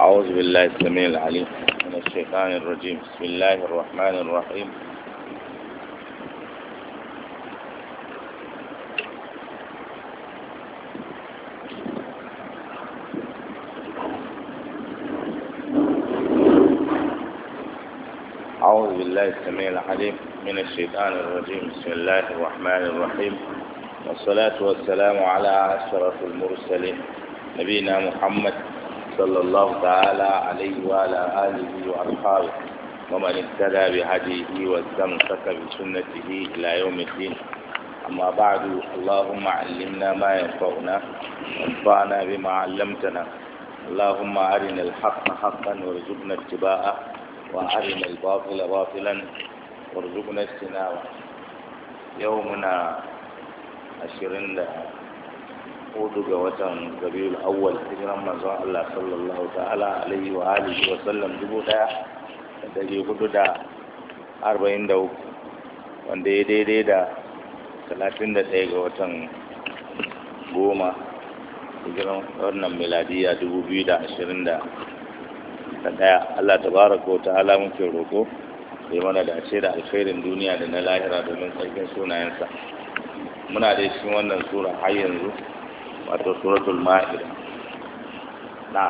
أعوذ بالله السميع العليم من الشيطان الرجيم بسم الله الرحمن الرحيم أعوذ بالله السميع العليم من الشيطان الرجيم بسم الله الرحمن الرحيم والصلاة والسلام على أشرف المرسلين نبينا محمد صلى الله تعالى عليه وعلى آله وأصحابه ومن اهتدى بهديه واستمسك بسنته إلى يوم الدين أما بعد اللهم علمنا ما ينفعنا وانفعنا بما علمتنا اللهم أرنا الحق حقا وارزقنا اتباعه وأرنا الباطل باطلا وارزقنا اجتنابه يومنا عشرين hudu ga watan gabiul awwal hijiran manzon Allah sallallahu ta'ala alaihi wa alihi wa sallam dubu daya da dari hudu da arba'in da uku wanda ya daidai da talatin da ɗaya ga watan goma hijiran wannan miladiya dubu biyu da ashirin da ɗaya Allah tabaraka wa ta'ala muke roƙo ya mana dace da alkhairin duniya da na lahira domin tsarkin sunayensa muna da cikin wannan sura har yanzu wato suratul ma'ida na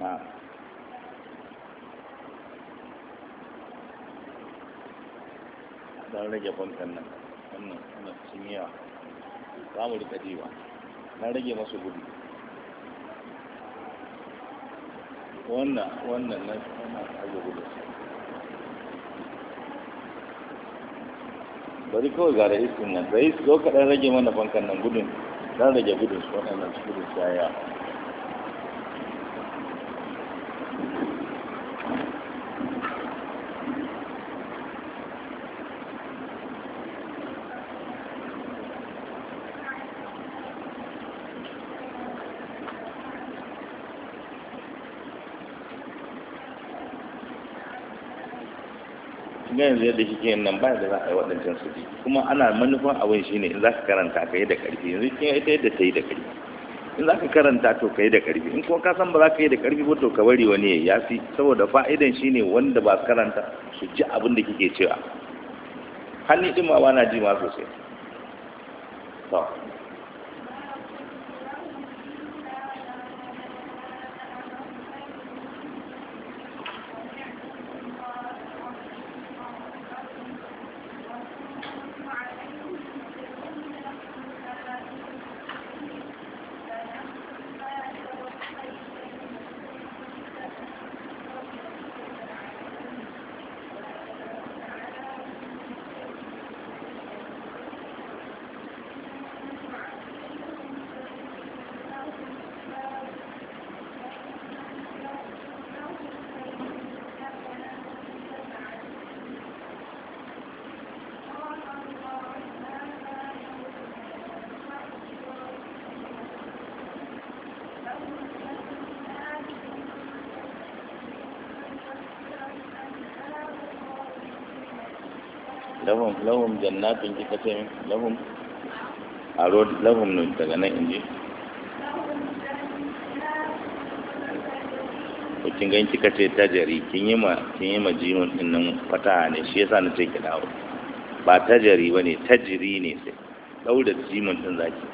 don rage fankan nan wannan suna sun yawa za mu rika jiwa na rage masu gudu wannan wannan na suna rage gudu bari kawai ga ra'isun nan ra'is zo kaɗan rage mana fankan nan gudun don rage gudun su waɗannan gudun su yawa ga yanzu yadda kike nan ba da za a yi waɗancan su ji kuma ana manufan abin ne in za ka karanta ka yi da ƙarfi yanzu kin ita yadda ta yi da ƙarfi in za ka karanta to ka yi da ƙarfi in kuma ka san ba za ka yi da ƙarfi ba to ka bari wani ya yasi saboda fa'idan shi ne wanda ba karanta su ji abin da kike cewa hannu ɗin ma ba na ji ma sosai lahum lahum jannatun kika kace min lahum a lahum nun daga nan inji ko kin ga kika ce tajari kin yi ma kin yi ma jimin din nan fata ne shi yasa na ce ki dawo ba tajari bane tajiri ne sai daura jimin din zaki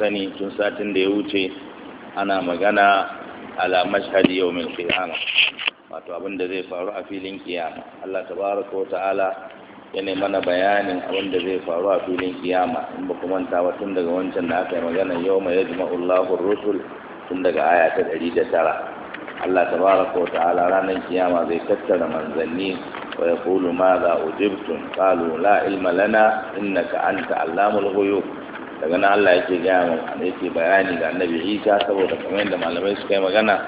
sani tun satin da ya wuce ana magana ala mashhadi yawmin qiyama wato abin da zai faru a filin kiyama Allah tabaraka wa ta'ala ya nemi mana bayanin abin da zai faru a filin kiyama in ba kuma ta ba tun daga wancan da aka yi magana yawma yajma'u Allahu ar-rusul tun daga aya ta 109 Allah tabaraka wa ta'ala ranar kiyama zai tattara manzanni wa yaqulu ma za ujibtum qalu la ilma lana innaka anta allamul ghuyub daga na Allah yake gaya mu yake bayani ga annabi Isa saboda kamar yadda malamai suka yi magana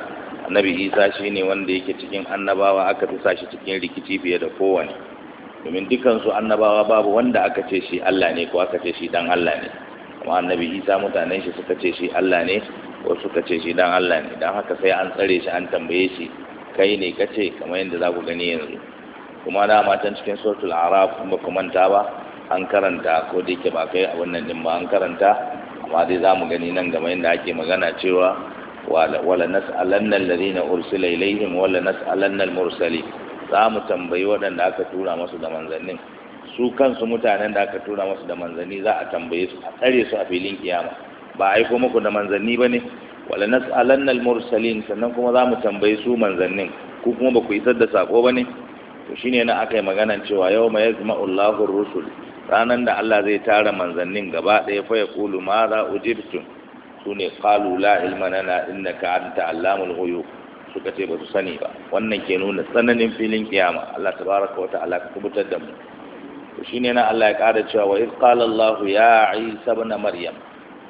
annabi Isa shi ne wanda yake cikin annabawa aka fi sa shi cikin rikici fiye da kowane domin dukansu annabawa babu wanda aka ce shi Allah ne ko aka ce shi dan Allah ne amma annabi Isa mutanen shi suka ce shi Allah ne ko suka ce shi dan Allah ne dan haka sai an tsare shi an tambaye shi kai ne kace kamar yadda za ku gani yanzu kuma da matan cikin suratul araf ba ku manta ba an karanta ko da yake ba kai a wannan din ba an karanta amma dai za mu gani nan gama yadda ake magana cewa wala nas'alanna alladhina ursila ilaihim wala nas'alanna al-mursalin za mu tambayi waɗanda aka tura masu da manzannin su kansu mutanen da aka tura masu da manzanni za a tambaye su a tsare su a filin kiyama ba a aiko muku da manzanni ba ne wala nas'alanna al-mursalin sannan kuma za mu tambaye su manzannin ku kuma ba ku isar da sako ba ne to shine na aka yi maganan cewa yau ma yazma'u Allahu rusul ranar da Allah zai tara manzannin gaba ɗaya fa ya kulu ma za su ne kalu la ilma lana innaka anta allamul ghuyub suka ce ba su sani ba wannan ke nuna tsananin filin kiyama Allah tabaraka wata ta'ala ka kubutar da mu to shine na Allah ya ƙara cewa wa iz qala Allah ya Isa ibn Maryam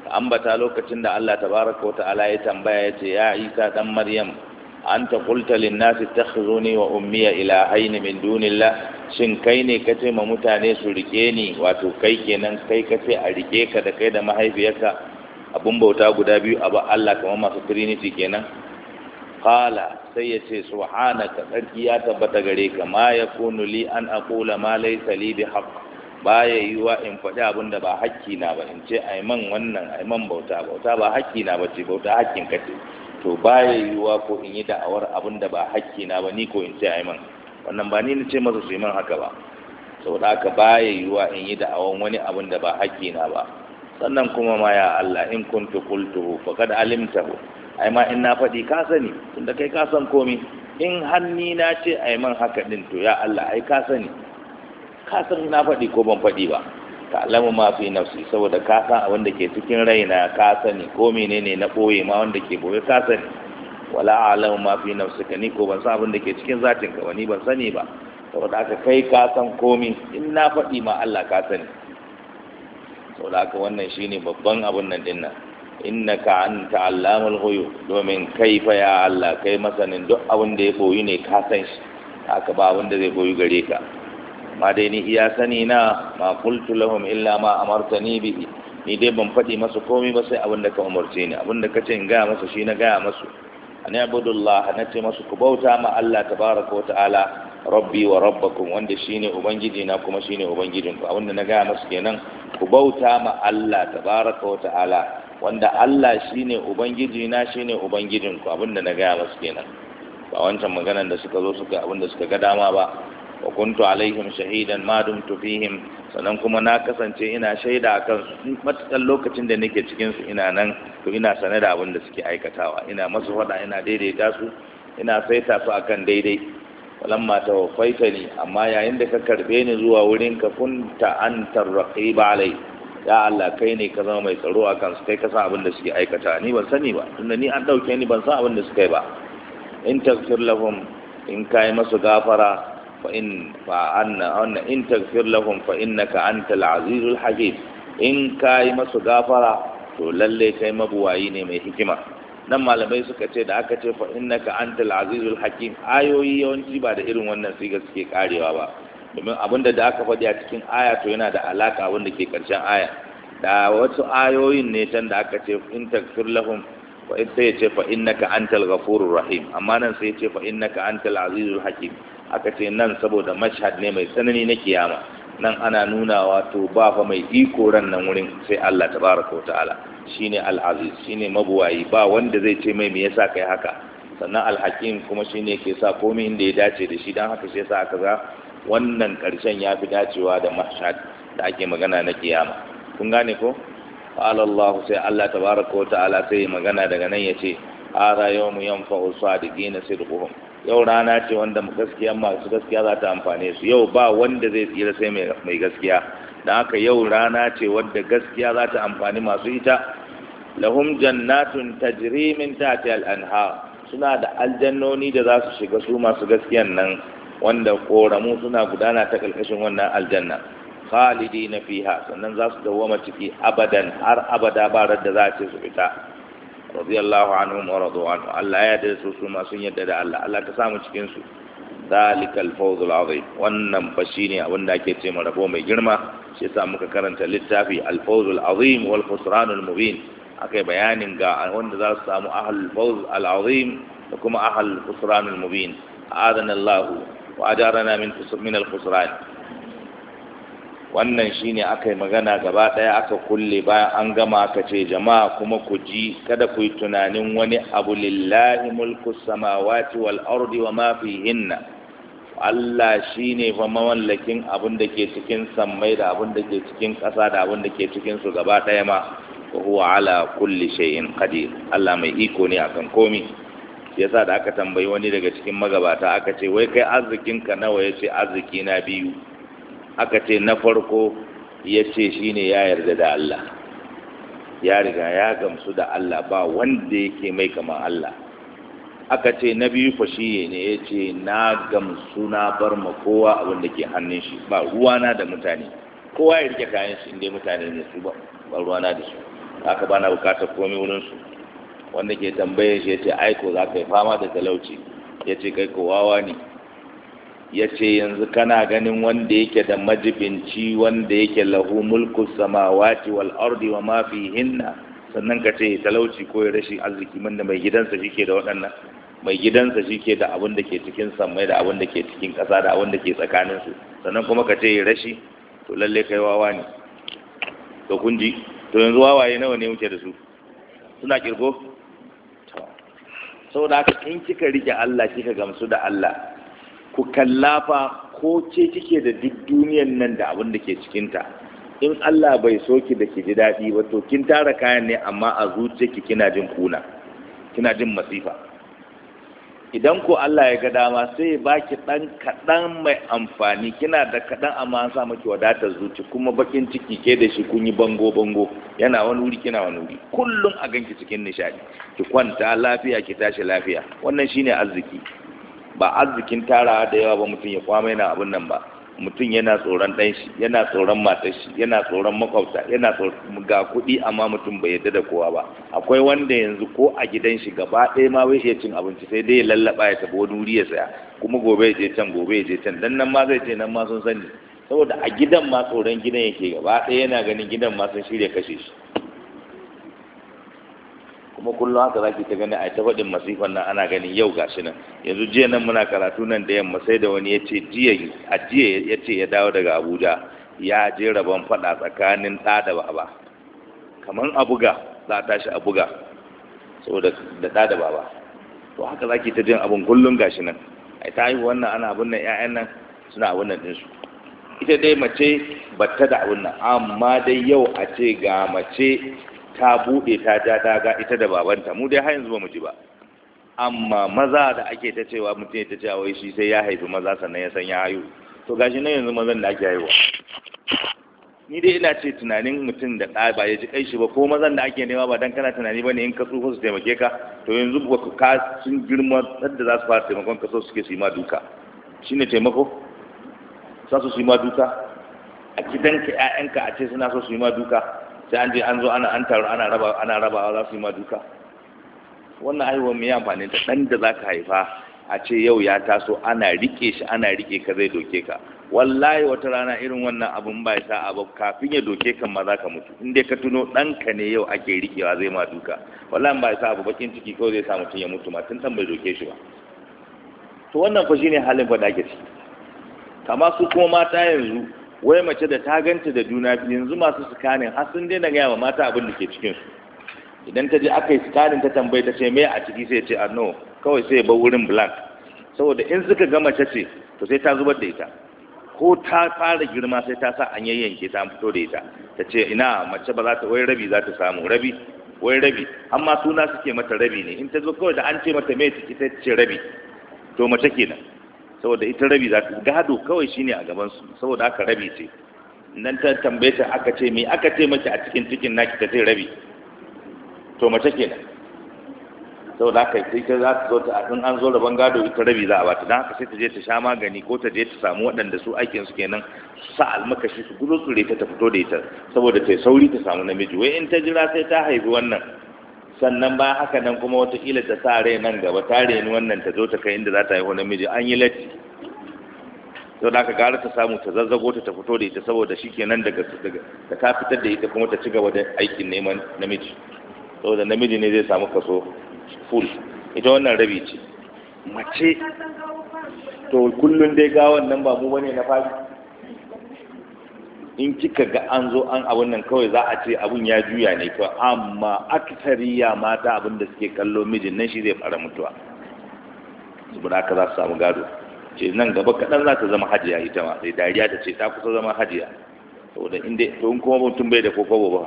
ka ambata lokacin da Allah tabaraka wa ta'ala ya tambaya ya ce ya Isa dan Maryam anta qulta lin nasi takhuzuni wa ummiya ilahaini min dunillah shin kai ne ka ce ma mutane su rike ni wato kai kenan kai ka ce a rike ka da kai da mahaifiyarka abun bauta guda biyu a ba Allah kamar masu trinity kenan qala sai ya ce subhanaka tsarki ya tabbata gare ka ma yakunu li an aqula ma laysa li bi haqq baya yiwa in faɗi abin da ba hakki na ba in ce aiman wannan aiman bauta bauta ba hakki na ba ce bauta hakkin ka ce to baya yiwuwa ko in yi da'awar abin da ba hakki na ba ni ko in ce a wannan ba ni na ce masa su yi man haka ba saboda haka baya yiwuwa in yi da'awan wani abin da ba hakki na ba sannan kuma ma ya Allah in kuntu qultuhu faqad alimtahu ai ma in na faɗi ka sani tunda kai ka san komai in hanni na ce ayman haka din to ya Allah ai ka sani ka san na faɗi ko ban faɗi ba ta'lamu ma fi nafsi saboda ka san abin da ke cikin raina ka sani ko menene na boye ma wanda ke boye ka sani wala a'lamu ma fi ka ni ko ban san abin da ke cikin zatin ka ba ni ban sani ba saboda haka kai ka san komi in na faɗi ma Allah ka sani saboda haka wannan shine babban abin nan din nan innaka anta allamul ghuyub domin kai fa ya Allah kai masanin duk abin da ya boyi ne ka san shi haka ba abin da zai boyi gare ka ma dai ni iya sani na ma qultu lahum illa ma amartani bihi ni dai ban faɗi masa komai ba sai abin da ka umarce ni abin da ka ce in gaya masa shi na gaya masu an abudullah na ce masu ku bauta ma Allah tabaraka wa ta'ala rabbi wa rabbakum wanda shine ubangiji na kuma shine ubangijin ku abinda na gaya masu kenan ku bauta ma Allah tabaraka wa ta'ala wanda Allah shine ubangiji na shine ubangijin ku abinda na gaya masu kenan ba wancan maganan da suka zo suka abinda suka ga dama ba wa kuntu alaihim shahidan ma dumtu fihim sannan kuma na kasance ina shaida akan su matakan lokacin da nake cikin su ina nan to ina sane da abin da suke aikatawa ina masu faɗa ina daidaita su ina saita su akan daidai walamma tawaffaitani amma yayin da ka karbe ni zuwa wurin ka kunta antar alai ya Allah kai ne ka zama mai tsaro akan su kai ka san abin da suke aikata ni ban sani ba tunda ni an dauke ni ban san abin da suka ba in tagfir lahum in kai masu gafara fa'in fa'anna in tagfir lahum in ka yi masu gafara to lalle kai mabuwayi ne mai hikima nan malamai suka ce da aka ce fa'innaka antal azizul hakim ayoyi yawanci ba da irin wannan siga suke karewa ba domin abinda da aka faɗi a cikin aya to yana da alaka wanda ke karshen aya da wasu ayoyin ne can da aka ce in tagfir lahum sai ya ce rahim amma nan sai ya ce fa innaka antal azizul hakim aka ce nan saboda mashhad ne mai tsanani na kiyama nan ana nuna wato ba fa mai iko ran nan wurin sai Allah tabaraka wa ta'ala shine al-aziz shine mabuwayi ba wanda zai ce mai me yasa kai haka sannan al-hakim kuma shine ke sa komai inda ya dace da shi dan haka sai sa aka ga wannan karshen ya fi dacewa da mashhad da ake magana na kiyama kun gane ko qala sai Allah tabaraka wa ta'ala sai magana daga nan yace ara yawmu yanfa'u sadiqina sidquhum yau rana ce wanda gaskiya masu gaskiya za ta amfane su yau ba wanda zai tsira sai mai gaskiya da haka yau rana ce wadda gaskiya za ta amfani masu ita lahum jannatun tajri min tahti al suna da aljannoni da za su shiga su masu gaskiyan nan wanda koramu suna gudana ta kalkashin wannan aljanna khalidina fiha sannan za su dawwama ciki abadan har abada ba da za a ce su fita radiyallahu anhum wa radu anhu Allah ya yarda su su ma sun yarda da Allah Allah ka samu cikin su zalikal fawzul azim wannan fa shine abin da ake ce ma rabo mai girma shi yasa muka karanta littafi al fawzul azim wal khusranul mubin akai bayanin ga wanda zasu samu ahlul fawz da kuma ahlul khusranul mubin a'adana Allah wa ajarana min min wannan shine aka yi magana gaba ɗaya aka kulle bayan an gama aka ce jama'a kuma ku ji kada ku yi tunanin wani abu lillahi mulku samawati wal ardi wa ma hinna. Allah ne fa mamallakin abin da ke cikin sammai da abin da ke cikin ƙasa da abin da ke cikin su gaba ɗaya ma wa huwa ala kulli shay'in qadir Allah mai iko ne akan komi yasa da aka tambayi wani daga cikin magabata aka ce wai kai arzikinka nawa yace arziki na biyu aka ce na farko ya ce shi ne ya yarda da Allah ya riga ya gamsu da Allah ba wanda yake mai kamar Allah aka ce na biyu shi ne ya ce na gamsu na bar ma kowa abin ke hannun shi ba ruwana da mutane kowa ya rike kayan shi inda mutane ne su ba ruwana da su haka ba na bukatar komai wurin su? wanda ke tambayar shi ya ce aiko za ka yi fama da talauci ya ce kai kowawa ne ya ce yanzu kana ganin wanda yake da majibinci wanda yake lahu mulku samawati wal ardi wa ma hinna. sannan ka ce talauci ko rashin arziki man da mai gidansa shike da waɗannan mai gidansa shike da abin da ke cikin samai, da abin da ke cikin ƙasa da abin da ke tsakanin su sannan kuma ka ce rashi to lalle kai wawa ne to kun ji to yanzu wawaye nawa ne muke da su suna kirgo saboda haka in kika rike Allah kika gamsu da Allah ku kallafa ko ce kike da duk duniyan nan da abin da ke cikinta in Allah bai so ki da ki ji daɗi ba to kin tara kayan ne amma a zuciyarki kina jin kuna kina jin masifa idan ko Allah ya ga dama sai ya baki dan kaɗan mai amfani kina da kaɗan amma an sa maki wadatar zuci kuma bakin ciki ke da shi kun yi bango bango yana wani wuri kina wani wuri kullum a ganki cikin nishadi ki kwanta lafiya ki tashi lafiya wannan shine arziki ba arzikin tarawa da yawa ba mutum ya kwama yana abin nan ba mutum yana tsoron ɗan shi yana tsoron matar shi yana tsoron makwabta yana tsoron ga kuɗi amma mutum bai yadda da kowa ba akwai wanda yanzu ko a gidan shi gaba ɗaya ma bai ya cin abinci sai dai ya lallaba ya tafi wani wuri ya saya kuma gobe ya je can gobe ya je can dan nan ma zai ce nan ma sun sani saboda a gidan ma tsoron gidan yake gaba ɗaya yana ganin gidan ma sun shirya kashe shi kuma kullum haka za ki ta gani a ta faɗin masifan nan ana gani yau ga shi nan yanzu jiya nan muna karatu nan da yamma sai da wani ya ce jiya a jiya ya ce ya dawo daga abuja ya je rabon faɗa tsakanin ɗa da baba kamar a buga za a tashi a buga saboda da ɗa da baba to haka za ki ta jin abin kullum ga shi nan a ta haihu wannan ana abin nan 'ya'yan nan suna abin nan ɗinsu ita dai mace ta da abin nan amma dai yau a ce ga mace ta buɗe ta ja daga ita da babanta mu dai har yanzu ba mu ji ba amma maza da ake ta cewa mutum ya ta cewa wai shi sai ya haifi maza sannan ya san ya haihu to gashi nan yanzu mazan da ake haihuwa ni dai ina ce tunanin mutum da ɗa ba ya ji kai shi ba ko mazan da ake nema ba dan kana tunani ba ne in ka tsufa su taimake ka to yanzu ba ku ka sun girma yadda za su fara taimakon ka so suke su yi ma duka Shi ne taimako sa su su yi ma duka a gidanka 'ya'yanka a ce suna so su yi ma duka sai an je an zo ana an taru ana raba ana rabawa za su yi ma duka wannan haihuwar mai amfani ta ɗan da za ka haifa a ce yau ya taso ana rike shi ana rike ka zai doke ka wallahi wata rana irin wannan abun ba ya sa a kafin ya doke kan ma za ka mutu in dai ka tuno ɗanka ne yau ake rikewa zai ma duka wallahi ba ya sa abu bakin ciki kawai zai sa mutum ya mutu ma tun san bai doke shi ba to wannan fa shine halin fa da ake ciki kama su kuma mata yanzu wai mace da ta ganta da juna biyu yanzu masu sikanin har sun daina gaya wa mata abin da ke cikin su idan ta je aka yi sikanin ta tambayi ta ce me a ciki sai ce a ah, no kawai sai ba wurin blank saboda in suka ga mace ce to sai ta zubar da ita ko ta fara girma sai ta sa an yayyanke ta fito da ita ta ce ina mace ba za ta wai rabi za ta samu rabi wai rabi amma suna suke mata rabi ne in ta zo kawai da an ce mata me ciki ta ce rabi to mace kenan saboda ita rabi za ta gado kawai shine a gaban su saboda aka rabi ce nan ta tambaye ta aka ce me aka ce mace a cikin cikin naki ta zai rabi to mace ke da saboda aka yi, ita za ta zo ta in an zo rabon gado ita rabi za a bata don haka sai ta je ta sha magani ko ta je ta samu waɗanda su aikin su kenan su sa almakashi su gudu su ta ta fito da ita saboda ta sauri ta samu namiji wai in ta jira sai ta haifi wannan sannan ba haka nan kuma wata ila ta sa rai nan gaba ta reni wannan ta zo ta kai inda za ta haihu namiji an yi latti to da ka gara ta samu ta zazzago ta ta fito da ita saboda shi kenan daga da ka fitar da ita kuma ta ci gaba da aikin neman namiji saboda namiji ne zai samu kaso full ita wannan rabi ce mace to kullum dai gawan nan ba mu bane na fari in kika ga an zo an abun nan kawai za a ce abun ya juya ne to amma ya mata abin da suke kallo mijin nan shi zai fara mutuwa saboda haka za su samu gado ce nan gaba kaɗan za ta zama hajiya ita ma sai dariya ta ce ta kusa zama hajiya saboda in dai to in kuma mutum bai da kokobo ba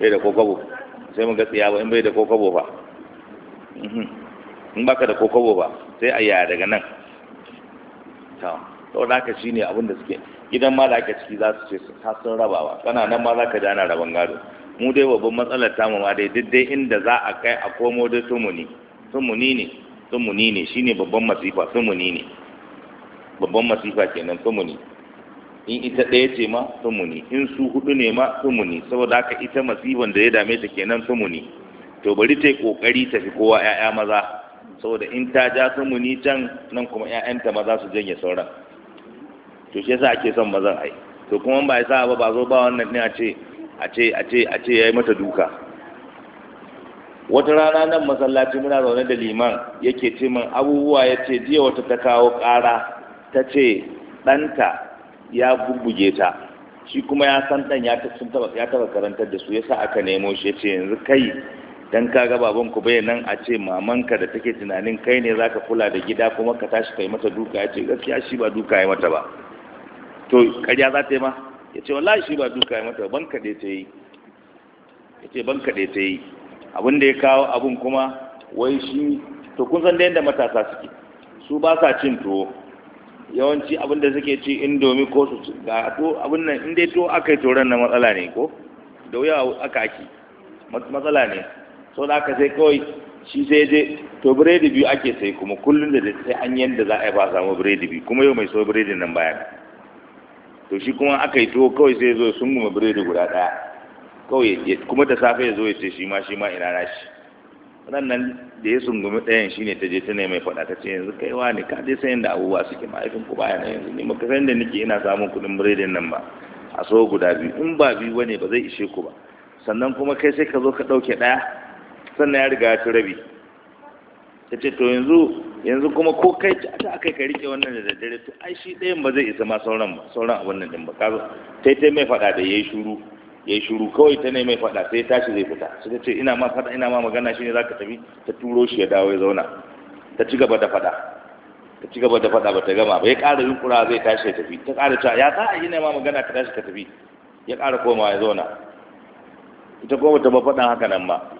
bai da kokobo sai mun ga tsiya ba in bai da kokobo ba mhm. in baka da kokobo ba sai a yaya daga nan to saboda haka shine abin da suke gidan ma da aka ciki za su ce ta sun rabawa ƙananan ma za ka jana rabon gado mu dai babban matsalar tamu ma dai duk dai inda za a kai a komo dai sumuni sumuni ne sumuni ne shine babban masifa sumuni ne babban masifa kenan sumuni in ita ɗaya ce ma sumuni in su hudu ne ma sumuni saboda haka ita masifan da ya dame ta kenan sumuni to bari ta yi ƙoƙari ta fi kowa 'ya'ya maza saboda in ta ja sumuni can nan kuma 'ya'yanta maza su janye sauran to shi yasa ake son mazan ai to kuma ba yasa ba ba zo ba wannan ne a ce a ce a ce a ce yayi mata duka wata rana nan masallaci muna zaune da liman yake ce min abubuwa ya ce jiya wata ta kawo ƙara ta ce ɗanta ya bubbuge ta shi kuma ya san ɗan ya taɓa karantar da su yasa aka nemo shi ya ce yanzu kai dan ga baban ku bai nan a ce mamanka da take tunanin kai ne zaka kula da gida kuma ka tashi kai mata duka ya ce gaskiya shi ba duka ya mata ba to karya za ta yi ma ya ce wallahi shi ba duka ya mata ban kaɗe ta yi ya ce ban kaɗe ta yi abin da ya kawo abin kuma wai shi to kun san da yadda matasa suke su ba sa cin tuwo yawanci abin da suke ci indomi ko su ga to abin nan in dai to aka yi toron na matsala ne ko da wuya aka aki matsala ne so da aka sai kawai shi sai je to biredi biyu ake sai kuma kullum da sai an yanda za a yi ba samu biredi biyu kuma yau mai so biredi nan bayan to shi kuma aka yi tuwo kawai sai zo sun guma biredi guda ɗaya kawai kuma ta safe ya zo ya ce shi ma shi ma ina na shi nan da ya sungumi ɗayan shi ne ta je ta nemi mai faɗa ta ce yanzu kai wa ne ka je sayan da abubuwa suke mahaifin ku baya na yanzu ne maka san da nake ina samun kuɗin biredin nan ba a so guda biyu in ba biyu ne ba zai ishe ku ba sannan kuma kai sai ka zo ka ɗauke ɗaya sannan ya riga ya ci rabi ta ce to yanzu yanzu kuma ko kai ta kai ka rike wannan da daddare to ai shi ɗayan ba zai isa ma sauran ba sauran abin nan din ba ka sai ta mai faɗa da yayi shuru yayi shuru kawai ta ne mai faɗa sai tashi zai fita ta ce ina ma faɗa ina ma magana shine zaka tafi ta turo shi ya dawo ya zauna ta ci gaba da faɗa ta ci gaba da faɗa ba ta gama ba ya ƙara kura zai tashi ya tafi ta ƙara cewa ya za a yi ne ma magana ka tashi ka tafi ya ƙara komawa ya zauna ita kuma ta ba faɗan haka nan ba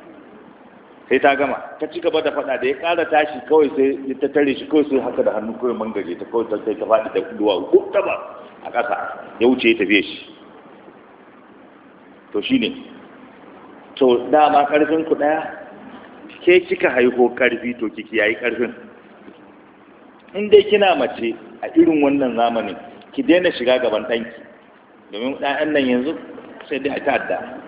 sai ta gama ta ci gaba da faɗa da ya kara tashi kawai sai ta tare shi kawai sai haka da hannu kawai mangare ta kawai sai ta faɗi da duwa ko ta a ƙasa ya wuce ya tafiye shi to shine to dama karfin ku ɗaya ke kika haiko karfi to kiki yayi ƙarfin in dai kina mace a irin wannan zamanin ki daina shiga gaban danki domin ɗayan nan yanzu sai dai a ta'adda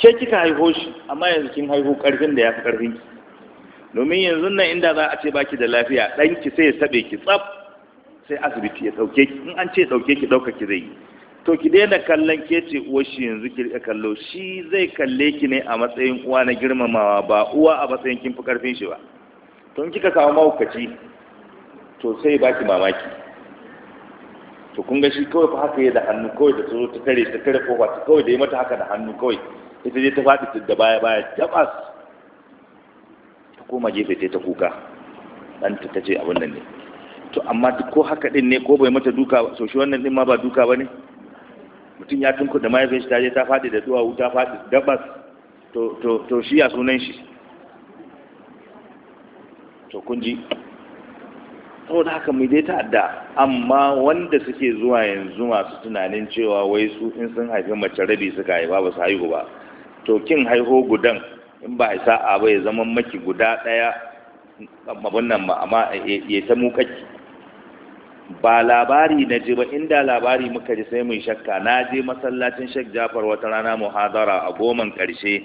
ke kika haiho shi amma yanzu kin haihu karfin da ya fi karfin ki domin yanzu nan inda za a ce baki da lafiya dan ki sai ya sabe ki tsaf sai asibiti ya dauke ki in an ce dauke ki dauka ki zai to ki daina kallon ke ce uwa shi yanzu ki rika kallo shi zai kalle ki ne a matsayin uwa na girmamawa ba uwa a matsayin kin fi karfin shi ba to in kika samu mahaukaci to sai baki mamaki to kun ga shi kawai fa haka ya da hannu kawai da tsoro ta kare ta kare kofa ta kawai da yi mata haka da hannu kawai ita dai ta faɗi da baya baya tabas ta koma gefe ta kuka ɗanta ta ce abin nan ne to amma ko haka ɗin ne ko bai mata duka so shi wannan ɗin ma ba duka ba ne mutum ya tunku da mai shi ta je ta faɗi da duwawu ta faɗi dabas to to to shi ya sunan shi to kun ji da haka mai dai ta adda. amma wanda suke zuwa yanzu masu tunanin cewa wai su in sun haifi mace rabi suka haifa ba su haihu ba to kin haiho gudan in ba isa a ba ya zama maki guda ɗaya abin nan ba amma ya ta mukaki ba labari na ji ba inda labari muka ji sai mun shakka na je masallacin shek jafar wata rana muhadara a goman karshe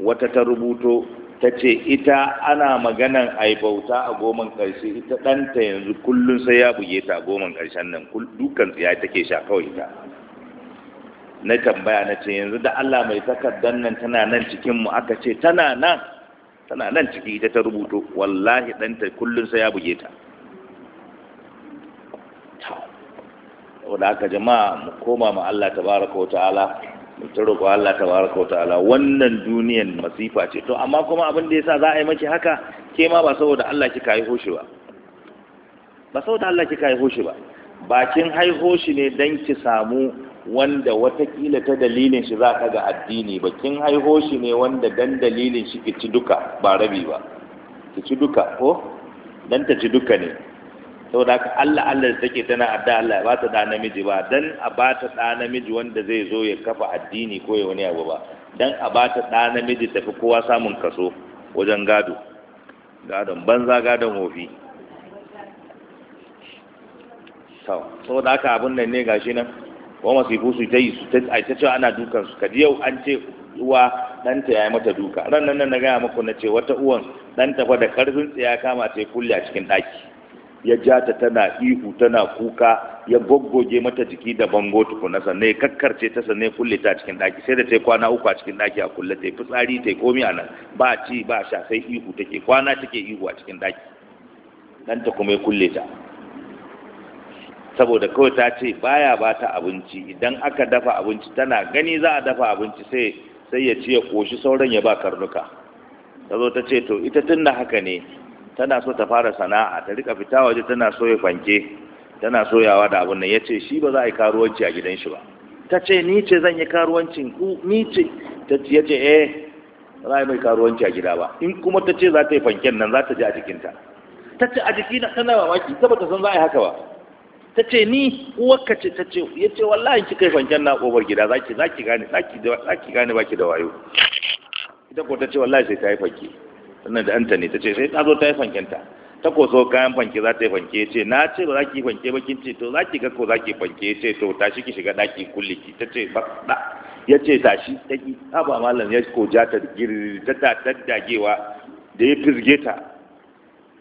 wata ta rubuto ta ce ita ana maganan a bauta a goman ƙarshe ita ɗanta yanzu kullum sai ya buge ta a goman ƙarshen nan dukkan tsaya take sha kawai ta. na tambaya na ce yanzu da Allah mai takardar nan tana nan cikinmu aka ce tana nan tana nan ciki ita ta rubuto wallahi ɗanta kullun sai ya buge ta wadda aka jama'a mu koma ma Allah tabaraka wa ta'ala mu ta roƙo Allah tabaraka wa ta'ala wannan duniyan masifa ce to amma kuma abin da yasa za a yi maki haka ke ma ba saboda Allah kika yi hoshi ba ba saboda Allah kika yi hoshi ba bakin haihoshi ne dan ki samu wanda watakila ta dalilin shi za ka ga addini ba kin haiho shi ne wanda dan dalilin shi ki ci duka ba rabi ba ki ci duka ko dan ta ci duka ne saboda haka Allah Allah da take tana adda Allah ya ba ta da namiji ba dan a ba ta da namiji wanda zai zo ya kafa addini ko ya wani abu ba dan a ba ta da namiji tafi kowa samun kaso wajen gado gadon banza gadon hofi saboda haka abin nan ne gashi nan wa masifu su ta yi su ta ta cewa ana dukan su kaji yau an ce uwa ɗanta ya yi mata duka ran nan na gaya muku na ce wata uwan ɗanta fa da karfin tsaya kama ta kulle a cikin ɗaki ya ja ta tana ihu tana kuka ya goggoge mata jiki da bango tukuna sannan ya kakkarce ta sanne kulle ta cikin ɗaki sai da ta kwana uku a cikin ɗaki a kulle ta fitsari ta komi a nan ba ci ba sha sai ihu take kwana take ihu a cikin ɗaki ɗanta kuma ya kulle ta saboda kawai ta ce baya ba ta abinci idan aka dafa abinci tana gani za a dafa abinci sai sai ya ci ya koshi sauran ya ba karnuka ta zo ta ce to ita tun da haka ne tana so ta fara sana'a ta rika fita waje tana so ya fanke tana soyawa da abin nan ya ce shi ba za a yi karuwanci a gidan shi ba ta ce ni ce zan yi karuwancin ku ni ce ta ya ce eh za a yi mai karuwanci a gida ba in kuma ta ce za ta yi fanken nan za ta ji a jikinta ta ce a jikina tana mamaki saboda san za a yi haka ba ta ce ni uwarka ce ta ce ya ce wallahi kika kai fanken na kobar gida za ki gane ki gane baki da wayo ita ko ta ce wallahi sai ta yi fanke sannan da anta ne ta ce sai ta zo ta yi fankenta ta ko so kayan fanke za ta yi fanke ce na ce ba za ki fanke ba kin ce to za ki ga ko za ki fanke ce to ta shi ki shiga daki kulle ki ta ce ba da ya ce shi ta ki haba malam ya ko ja ta girri ta ta daddagewa da ya fizge ta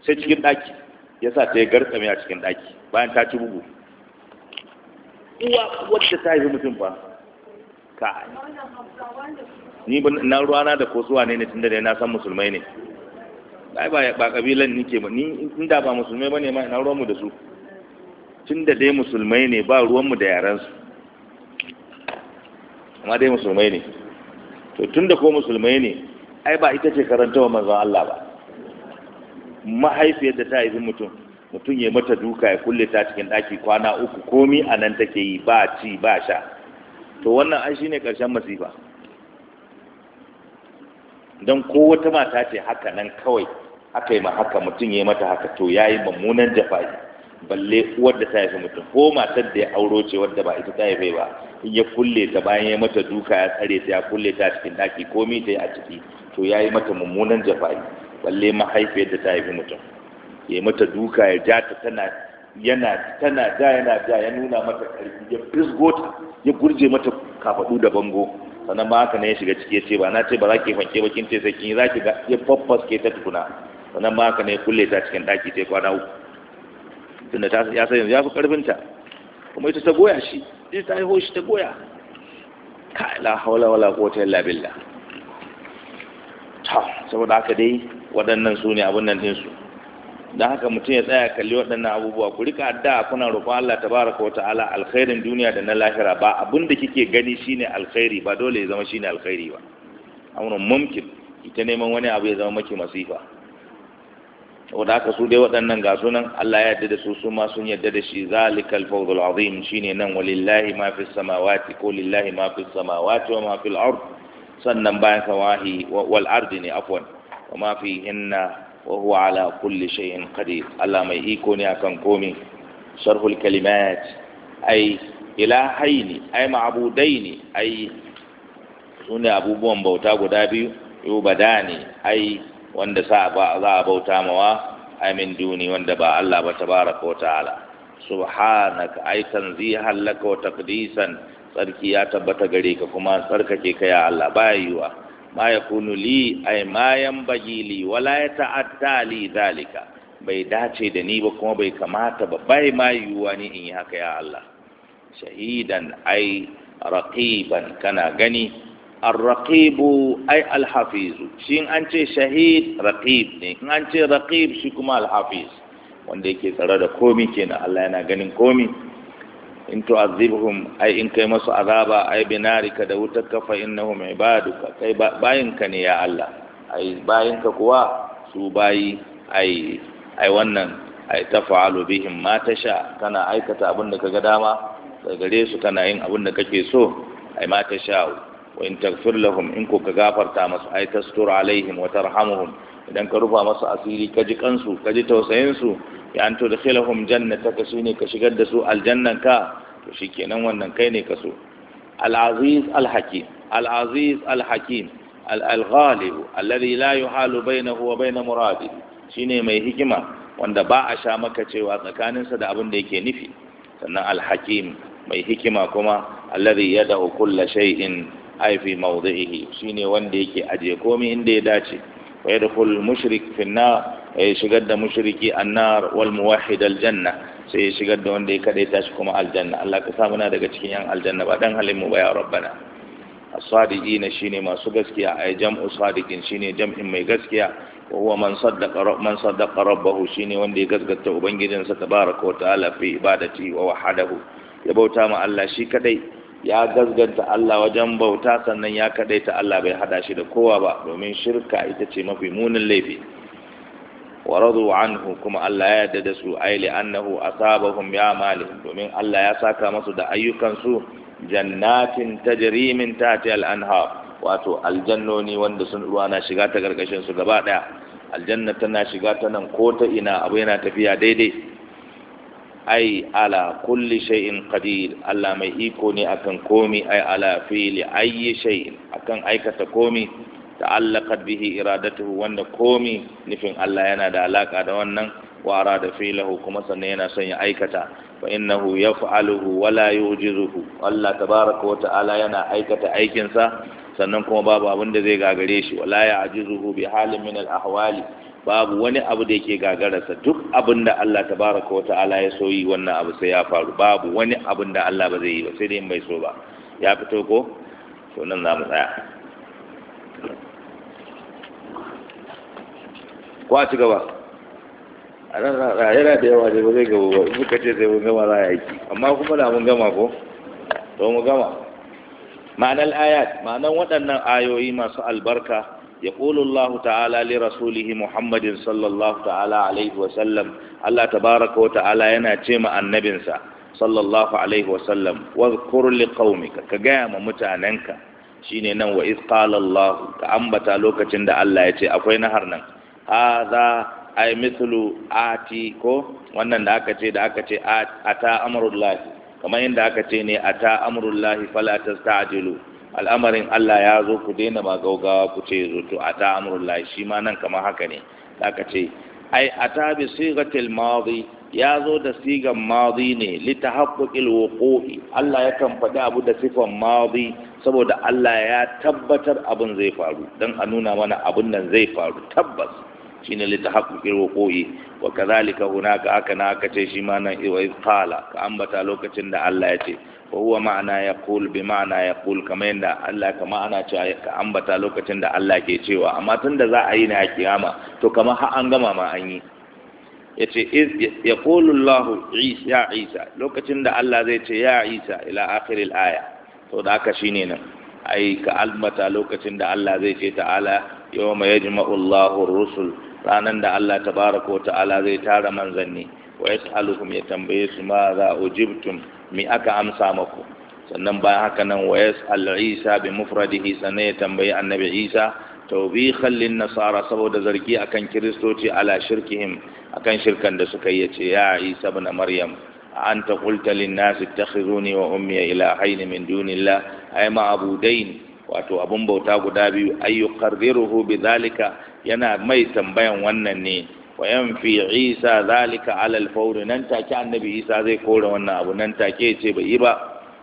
sai cikin daki ya sa ta yi garkame a cikin ɗaki bayan ta ci bugu uwa wadda ta haifi mutum ba ka ni na ruwana da ko zuwa ne ne tun da na san musulmai ne ai ba ba kabilan nike ba ni inda ba musulmai bane ma ina ruwanmu da su tun da dai musulmai ne ba ruwanmu da yaran su amma dai musulmai ne to tun da ko musulmai ne ai ba ita ce karanta wa manzon Allah ba mahaifiyar da ta haifi mutum mutum ya mata duka ya kulle ta cikin ɗaki kwana uku komi a nan take yi ba ci ba sha to wannan an shi ne ƙarshen masifa don ko wata mata ce haka nan kawai aka yi ma haka mutum ya mata haka to ya yi mummunan jafa'i balle uwar da ta haifi mutum ko matar da ya auro ce wadda ba ita ta haife ba in ya kulle ta bayan ya mata duka ya tsare ta ya kulle ta cikin ɗaki komi ta yi a ciki to ya yi mata mummunan jafa'i balle mahaifiyar da ta haifi mutum ya mata duka ya ja ta tana yana tana ja yana ja ya nuna mata ƙarfi ya fisgota ya gurje mata kafaɗu da bango sannan ma haka ne ya shiga ciki ya ce ba na ce ba za ki fanke ba kin ce sai kin za ki ga ya ke ta tukuna sannan ma haka ne ya kulle ta cikin ɗaki ta kwana uku tunda ta ya san ya fi ƙarfinta kuma ita ta goya shi ita ta haihu shi ta goya ka la haula wala quwwata illa billah ta saboda haka dai waɗannan su ne abin nan ɗinsu don haka mutum ya tsaya kalli waɗannan abubuwa ku rika adda kuna roƙon Allah ta baraka wa ta'ala alkhairin duniya da na lahira ba abin da kike gani shine alkhairi ba dole ya zama shine alkhairi ba amurin mumkin ita neman wani abu ya zama maki masifa saboda haka su dai waɗannan ga sunan Allah ya yarda da su su ma sun yarda da shi zalikal fawzul azim shine nan walillahi ma fis samawati ko lillahi ma fis samawati wa ma fil ard sannan bayan kawahi wal ardi ne afwan wa ma fi hinna wa huwa ala kulli shay'in qadir Allah mai iko ne akan komai sharhul kalimat ai ilahaini ai ma'budaini ai sune abubuwan bauta guda biyu yubadani ai wanda sa ba za a bauta mawa ai min duni wanda ba Allah ba tabaraka wa ta'ala subhanaka ai tanzihan laka wa taqdisan tsarki ya tabbata gare ka kuma tsarkake ka ya Allah ba yiwa ma yakunu li ai ma yanbaghi li wala yata'atta li zalika bai dace da ni ba kuma bai kamata ba bai ma yiwuwa ni in yi haka ya Allah shahidan ai raqiban kana gani ar-raqibu ai al shi an ce shahid raqib ne in an ce raqib shi kuma al-hafiz wanda yake tsare da komi kenan Allah yana ganin komi in tu'azibhum ai in kai masu azaba ai binarika da wuta ka fa innahum ibaduka kai ne ya Allah ai ka kuwa su bayi ai ai wannan ai tafa'alu bihim ma tasha kana aikata abin da kaga dama daga gare su kana yin abin da kake so ai ma tasha wa in taghfir lahum in ku ka gafarta masu ai tastur alaihim wa tarhamuhum idan ka rufa masu asiri ka ji kansu ka ji tausayinsu ya an tudkhilahum jannataka shine ka shigar da su aljannan ka to shikenan wannan kai ne ka so al-aziz al-hakim al-aziz al-hakim al-ghalib alladhi la yuhalu bainahu wa bain muradi shine mai hikima wanda ba a sha maka cewa tsakaninsa da abin da yake nufi sannan al-hakim mai hikima kuma alladhi yada'u kulla shay'in ay fi mawdi'ihi shine wanda yake aje komai inda ya dace wa yadkhul mushrik fi an-nar ya shigar da mushriki annar wal muwahhid janna. sai ya shigar da wanda ya kadaita shi kuma aljanna Allah ka samu muna daga cikin yan aljanna ba dan halin mu ba ya rabbana as-sadiqin shine masu gaskiya ay jam'u sadiqin shine jam'in mai gaskiya wa huwa man saddaqa man saddaqa rabbahu shine wanda ya gaskata ubangijinsa tabaraka wa ta'ala fi ibadati wa wahadahu ya bauta ma Allah shi kadai ya gazganta Allah wajen bauta sannan ya kadaita Allah bai hada shi da kowa ba domin shirka ita ce mafi munin laifi waradu anhu kuma Allah ya yarda da su aili annahu asabahum ya mali domin Allah ya saka masu da ayyukan su jannatin tajri min tahti al-anhar wato aljannoni wanda sun ruwa na shiga ta gargashin su gaba daya aljanna tana shiga ta nan ko ta ina abu yana tafiya daidai ai ala kulli shay'in qadir Allah mai iko ne akan komi ai ala fili ayyi shay'in akan aikata komi ta'allaqat bihi iradatuhu wanda komi nufin Allah yana da alaka da wannan wa arada filahu kuma sannan yana son ya aikata fa innahu yaf'aluhu wa la yujizuhu Allah tabaaraka wa ta'ala yana aikata aikin sa sannan kuma babu abin da zai gagare shi wala ya'jizuhu bi halin min al-ahwali babu wani abu da yake gagararsa duk abin da Allah baraka wa ta'ala ya so yi wannan abu sai ya faru babu wani abin da Allah ba zai yi ba sai dai bai so ba ya fito ko to nan za mu tsaya ko a ci gaba a nan yana da yawa ne ba zai gaba ba muka ce sai mun gama za a yi amma kuma da mun gama ko to mu gama ma'anar ayat ma'anar waɗannan ayoyi masu albarka يقول الله تعالى لرسوله محمد صلى الله تعالى عليه وسلم الله تبارك وتعالى ينا تيما النبي صلى الله عليه وسلم واذكر لقومك كجام متعننك shine nan wa iz qala ka ambata lokacin da Allah ya ce akwai nahar nan hadha ay mithlu ati ko wannan da aka ce da aka ce ata amrullah kamar aka ce ne ata amrullah fala al'amarin Allah ya zo ku daina ma gaugawa ku ce zo to ta amrullahi shi ma nan kamar haka ne zaka ce ai a ta bi sigatil madi ya zo da sigan madi ne li tahaqqiqil wuqu'i Allah ya kan faɗi abu da sifan madi saboda Allah ya tabbatar abin zai faru dan a nuna mana abin nan zai faru tabbas shine li tahaqqiqil wuqu'i wa kadhalika hunaka haka na aka ce shi ma nan iwai qala ka ambata lokacin da Allah ya ce wa huwa ma'ana yaqul bi ma'ana yaqul kamar yadda Allah kama ana cewa ka ambata lokacin da Allah ke cewa amma tunda za a yi na kiyama to kama ha an gama ma an yi yace iz yaqulu Allah ya Isa lokacin da Allah zai ce ya Isa ila akhiril aya to da haka shine nan ai ka almata lokacin da Allah zai ce ta'ala yawma yajma'u Allahu rusul ranan da Allah tabaraka wa ta'ala zai tara manzanni wa yas'aluhum ya tambaye su ma za ujibtum me aka amsa maku sannan bayan haka nan wa yas'al Isa bi mufradihi sannan ya tambayi annabi Isa tawbihan lin nasara saboda zargi akan kiristoci ala shirkihim akan shirkan da suka yi yace ya Isa ibn Maryam anta qulta lin nas ittakhizuni wa ummi ilahayn min dunillah ay ma abudain wato abun bauta guda biyu ayyuqarriruhu bidhalika yana mai tambayan wannan ne wayan fi isa zalika alal fauri nan take annabi isa zai kore wannan abu nan take yace bai yi ba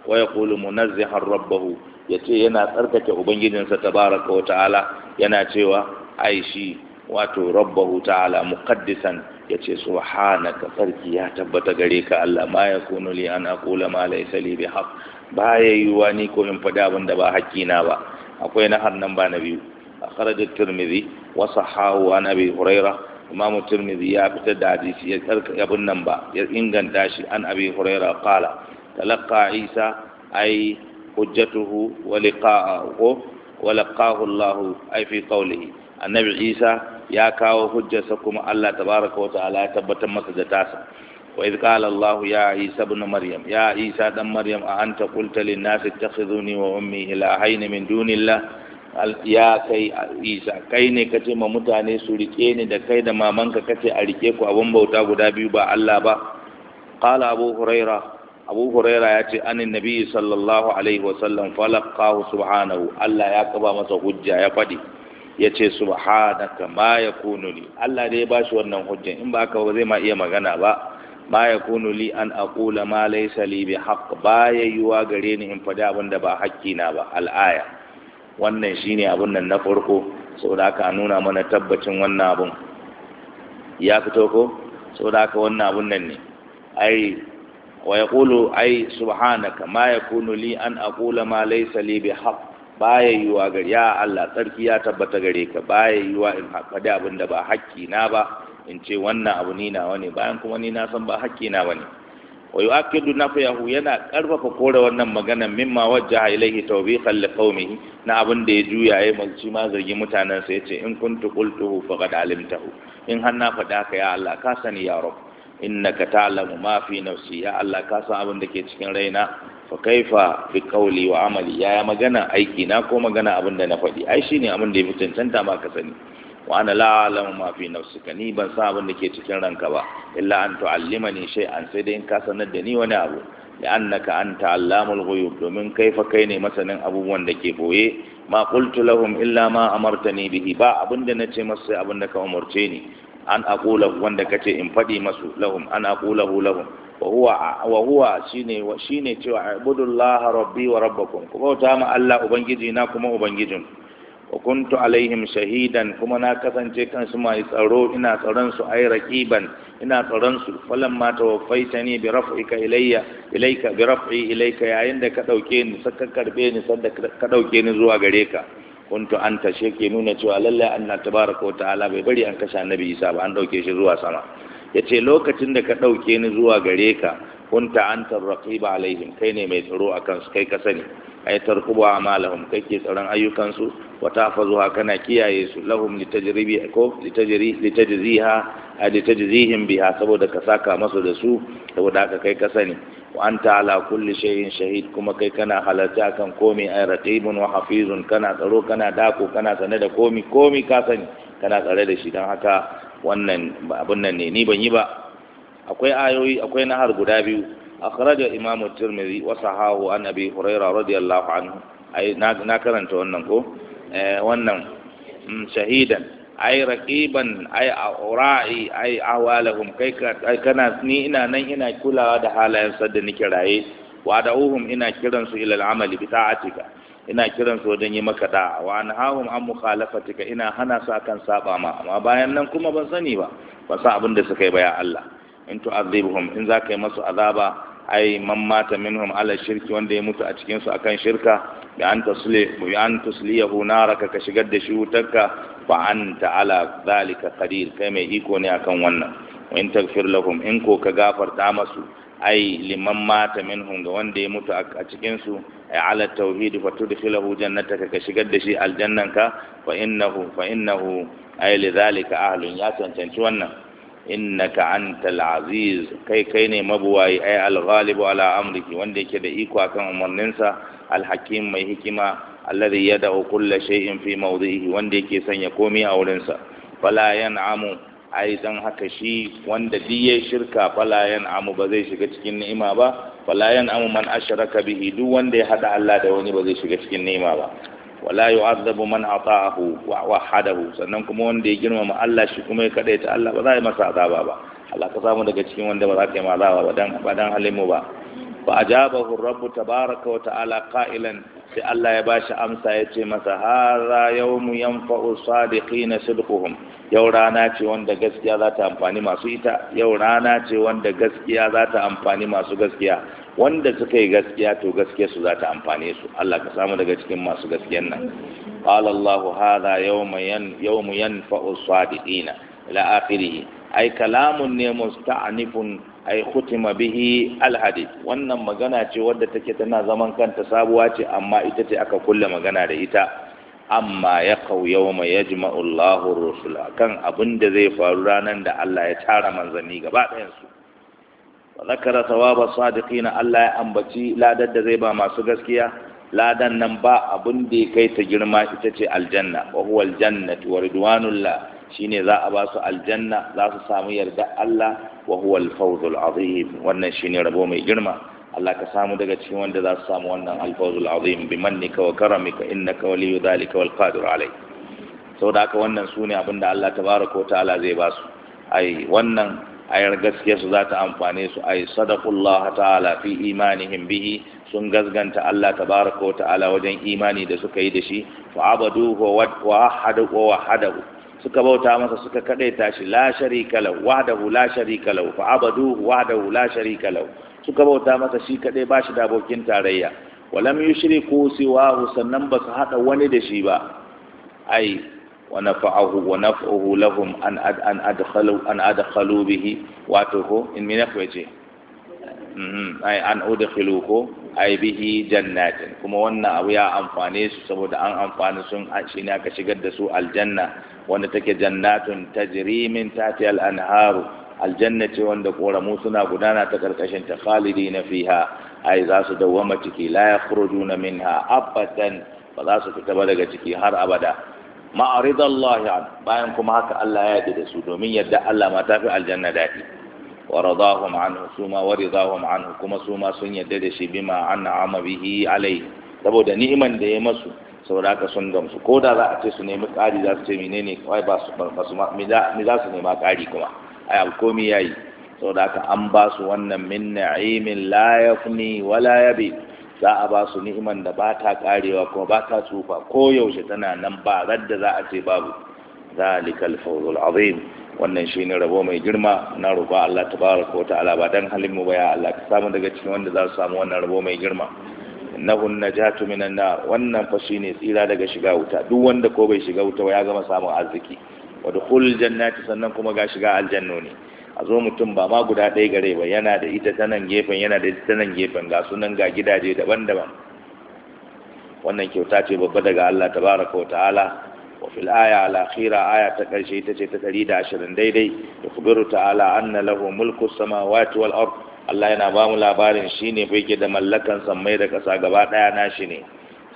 wa yaqulu munazzihan rabbahu ce yana tsarkake ubangijinsa tabaraka wa ta'ala yana cewa aishi wato rabbahu ta'ala muqaddisan yace subhanaka sarki ya tabbata gare ka Allah ma kunu li an aqula ma laysa li bihaq ba yi wa ni ko in fada abin da ba na ba akwai na har nan ba na biyu akhrajat tirmidhi wa sahahu an abi hurairah imamu tirmidhi ya fita da hadisi ya abin nan ba ya inganta shi an abi huraira qala talaqqa isa ay hujjatuhu wa liqa'ahu wa laqahu allah ay fi qawlihi annabi isa ya kawo hujjarsa kuma allah tabaraka wa ta'ala ya tabbatar masa da tasa wa idh qala allah ya isa ibn maryam ya isa dan maryam a anta qulta lin nas ittakhiduni wa ummi ilahayn min dunillah ya kai isa kai ne kace ma mutane su rike ni da kai da mamanka kace a rike ku abun bauta guda biyu ba Allah ba qala abu huraira abu huraira ya ce anin nabi sallallahu alaihi wasallam falaqahu subhanahu Allah ya kaba masa hujja ya fadi ya ce subhanaka ma yakunu li Allah da ya bashi wannan hujja in ba ka ba zai ma iya magana ba ma yakunu li an aqula ma laysa li bihaq ba yayuwa gare ni in faɗi abinda ba hakki na ba al-aya wannan shine abun nan na farko saboda aka nuna mana tabbacin wannan abun ya fito ko saboda aka wannan abun nan ne ai wa yaqulu ai subhanaka ma yakunu li an aqula ma laysa li bihaq baya wa gari ya Allah tsarki ya tabbata gare ka baya wa in faɗi abin da ba hakki na ba in ce wannan abu ni nawa ne bayan kuma ni na san ba hakki na ba ne wa yu'akkidu yana karfafa kore wannan maganan mimma wajjaha ilayhi tawbihan liqaumihi na abin da ya juya ya mulci ma zargi mutanen sa yace in kuntu qultuhu faqad alimtahu in har na ka ya Allah ka sani ya rabb innaka ta'lamu ma fi nafsi ya Allah ka san abin da ke cikin raina fa kaifa bi qawli wa amali yaya magana aiki na ko magana abin da na faɗi ai shine abin da ya fi cancanta ma ka sani wa ana la alamu ma fi nafsika ni ban san abin da ke cikin ranka ba illa an tu'allimani shay'an sai dai in ka sanar da ni wani abu li'annaka anta allamul ghuyub domin kai fa kai ne masanin abubuwan da ke boye ma qultu lahum illa ma amartani bihi ba abinda nace masu sai abin da ka umarce ni an aqula wanda kace in fadi masu lahum an aqulahu lahum wa huwa wa huwa shine shine cewa ibudullaha rabbi wa rabbakum ku bauta ma Allah ubangiji na kuma Ubangijin? kuntu alaihim shahidan kuma na kasance kansu mai tsaro ina tsaron su ai raqiban ina tsaron su falamma tawaffaitani bi raf'ika ilayya ilayka bi raf'i ilayka yayin da ka dauke ni saka karbe ni sanda ka dauke ni zuwa gare ka kuntu anta shi ke nuna cewa lallai Allah tabaraka wa ta'ala bai bari an kashe annabi Isa ba an dauke shi zuwa sama yace lokacin da ka dauke ni zuwa gare ka kunta anta raqiba alaihim kai ne mai tsaro akan su kai ka sani ay tarkubu amalahum kake tsaron ayyukansu wa ha kana kiyaye su lahum litajribi ko litajri litajziha a litajzihim biha saboda ka saka masu da su saboda haka kai ka sani wa anta ala kulli shay'in shahid kuma kai kana halarta kan komi ay raqibun wa hafizun kana tsaro kana dako kana sane da komi komi ka sani kana tsare da shi dan haka wannan abun nan ne ni ban yi ba akwai ayoyi akwai nahar guda biyu أخرج إمام الترمذي وصحاه عن أبي هريرة رضي الله عنه أي ناكرنت وننكو ونن شهيدا أي رقيبا أي أراعي أي أحوالهم كي كان أثني إنا نين إنا كل هذا حالا يصد نكرعي وأدعوهم إنا كرنس إلى العمل بطاعتك ina kiran su wajen yi maka da wa anhahum an mukhalafatika ina hana su akan saba ma amma bayan nan kuma ban sani ba ba sa abin da suka yi ba ya Allah in tu'adhibhum in zaka yi masu azaba ai man mata minhum ala shirki wanda ya mutu a cikin su akan shirka bi an tasli bi an naraka ka shigar da shi wutarka fa anta ala zalika qadir kai mai iko ne akan wannan wa in tagfir lahum in ko ka gafarta masu ai liman mata minhum ga wanda ya mutu a cikin su ai ala tauhid fa tudkhilahu jannataka ka shigar da shi aljannanka fa innahu fa innahu ai ahlun ya cancanci wannan innaka antal aziz kai kai ne mabuwayi ai al-ghalibu ala amriki wanda yake da iko akan umarninsa al-hakim mai hikima alladhi yad'u kulla shay'in fi mawdihi wanda yake sanya komai a wurinsa fala yan'amu ai dan haka shi wanda duk shirka fala yan'amu ba zai shiga cikin ni'ima ba fala yan'amu man ashraka bihi duk wanda ya hada Allah da wani ba zai shiga cikin ni'ima ba wala yu'azzabu man ata'ahu wa wahadahu sannan kuma wanda ya girmama Allah shi kuma ya kadaita Allah ba za a yi masa azaba ba Allah ka samu daga cikin wanda ba za ka yi azaba ba dan ba dan halin mu ba fa ajabahu rabbu tabaraka wa ta'ala qailan sai Allah ya bashi amsa ya ce masa hadha yawmu yanfa'u sadiqina sidquhum yau rana ce wanda gaskiya za ta amfani masu ita yau rana ce wanda gaskiya za ta amfani masu gaskiya wanda suka yi gaskiya to gaskiya su za ta amfane su Allah ka samu daga cikin masu gaskiyan nan qala Allahu hadha yawma yan yawmu yanfa'u sadiqina ila akhirih ay kalamun ne musta'nifun ay khutima bihi alhadith wannan magana ce wadda take tana zaman kanta sabuwa ce amma ita ce aka kulle magana da ita amma ya kau yawma yajma'u Allahu rusula kan abin da zai faru ranar da Allah ya tara manzanni gaba ɗayan su zakara sawaba sadiqina Allah ya ambaci ladar da zai ba masu gaskiya ladan nan ba abun da ya kai ta girma ita ce aljanna wa huwa aljannatu wa ridwanullah shine za a ba su aljanna za su samu yarda Allah wa huwa alfawzul azim wannan rabo mai girma Allah ka samu daga cikin wanda za su samu wannan alfawzul azim bi mannika wa karamika innaka waliyyu dhalika wal qadir alai saboda haka wannan sune abinda Allah tabaraka wa ta'ala zai basu. su ayar gaskiya su za ta amfane su a yi sadaqullah ta'ala fi imanihim bihi sun gazganta Allah tabaraka wa ta'ala wajen imani da suka yi da shi fa abaduhu wa wahadu wahadahu suka bauta masa suka kadaita shi la sharika lahu wahdahu la sharika lahu fa abaduhu wahdahu la sharika lahu suka bauta masa shi ba shi da abokin tarayya walam yushriku siwahu sannan ba su hada wani da shi ba ai wana fa'ahu wana fa'ahu lahum an ad an bihi wato ko in mina fɛ ce an o de ko ayi bihi janna kuma wannan abu ya amfane su saboda an amfani sun a shi ne aka shigar da su aljanna wanda take janna ta jiri min ta ce al an aljanna ce wanda koramu suna gudana ta karkashin ta khalidi na fi ha ayi za su dawwama ciki la ya furo juna min ha abadan. ba za su fita ba daga ciki har abada ma'aridallahi an bayan kuma haka Allah ya yarda da su domin yadda Allah ma tafi aljanna dadi wa radahum anhu suma wa ridahum anhu kuma suma sun yarda da shi bima an'ama bihi alai saboda ni'iman da ya masu saboda haka sun gamsu ko da za a ce su nemi ƙari za su ce menene wai ba su ba su mi za su nema ƙari kuma ai abu komi yayi saboda haka an ba su wannan min na'imin la yafni wala yabi za a ba su ni'iman da ba ta karewa kuma ba ta tsufa ko yaushe tana nan ba radda za a ce babu zalikal fawzul azim wannan shi ne rabo mai girma na roƙon Allah tabaraka wa ta'ala ba dan halin mu ba ya Allah ka samu daga cikin wanda za su samu wannan rabo mai girma innahu najatu minan na wannan fa shi ne tsira daga shiga wuta duk wanda ko bai shiga wuta ba ya gama samun arziki wa dukhul jannati sannan kuma ga shiga aljannu ne a zo mutum ba ma guda ɗaya gare ba yana da ita ta nan gefen yana da ita ta nan gefen ga sunan ga gidaje daban-daban wannan kyauta ce babba daga Allah tabaraka wa ta'ala wa fil aya ala khira aya ta karshe ita ce ta 120 daidai da kubiru ta'ala anna lahu mulku samawati wal ard Allah yana ba mu labarin shine bai ke da mallakan sammai da kasa gaba daya nashi ne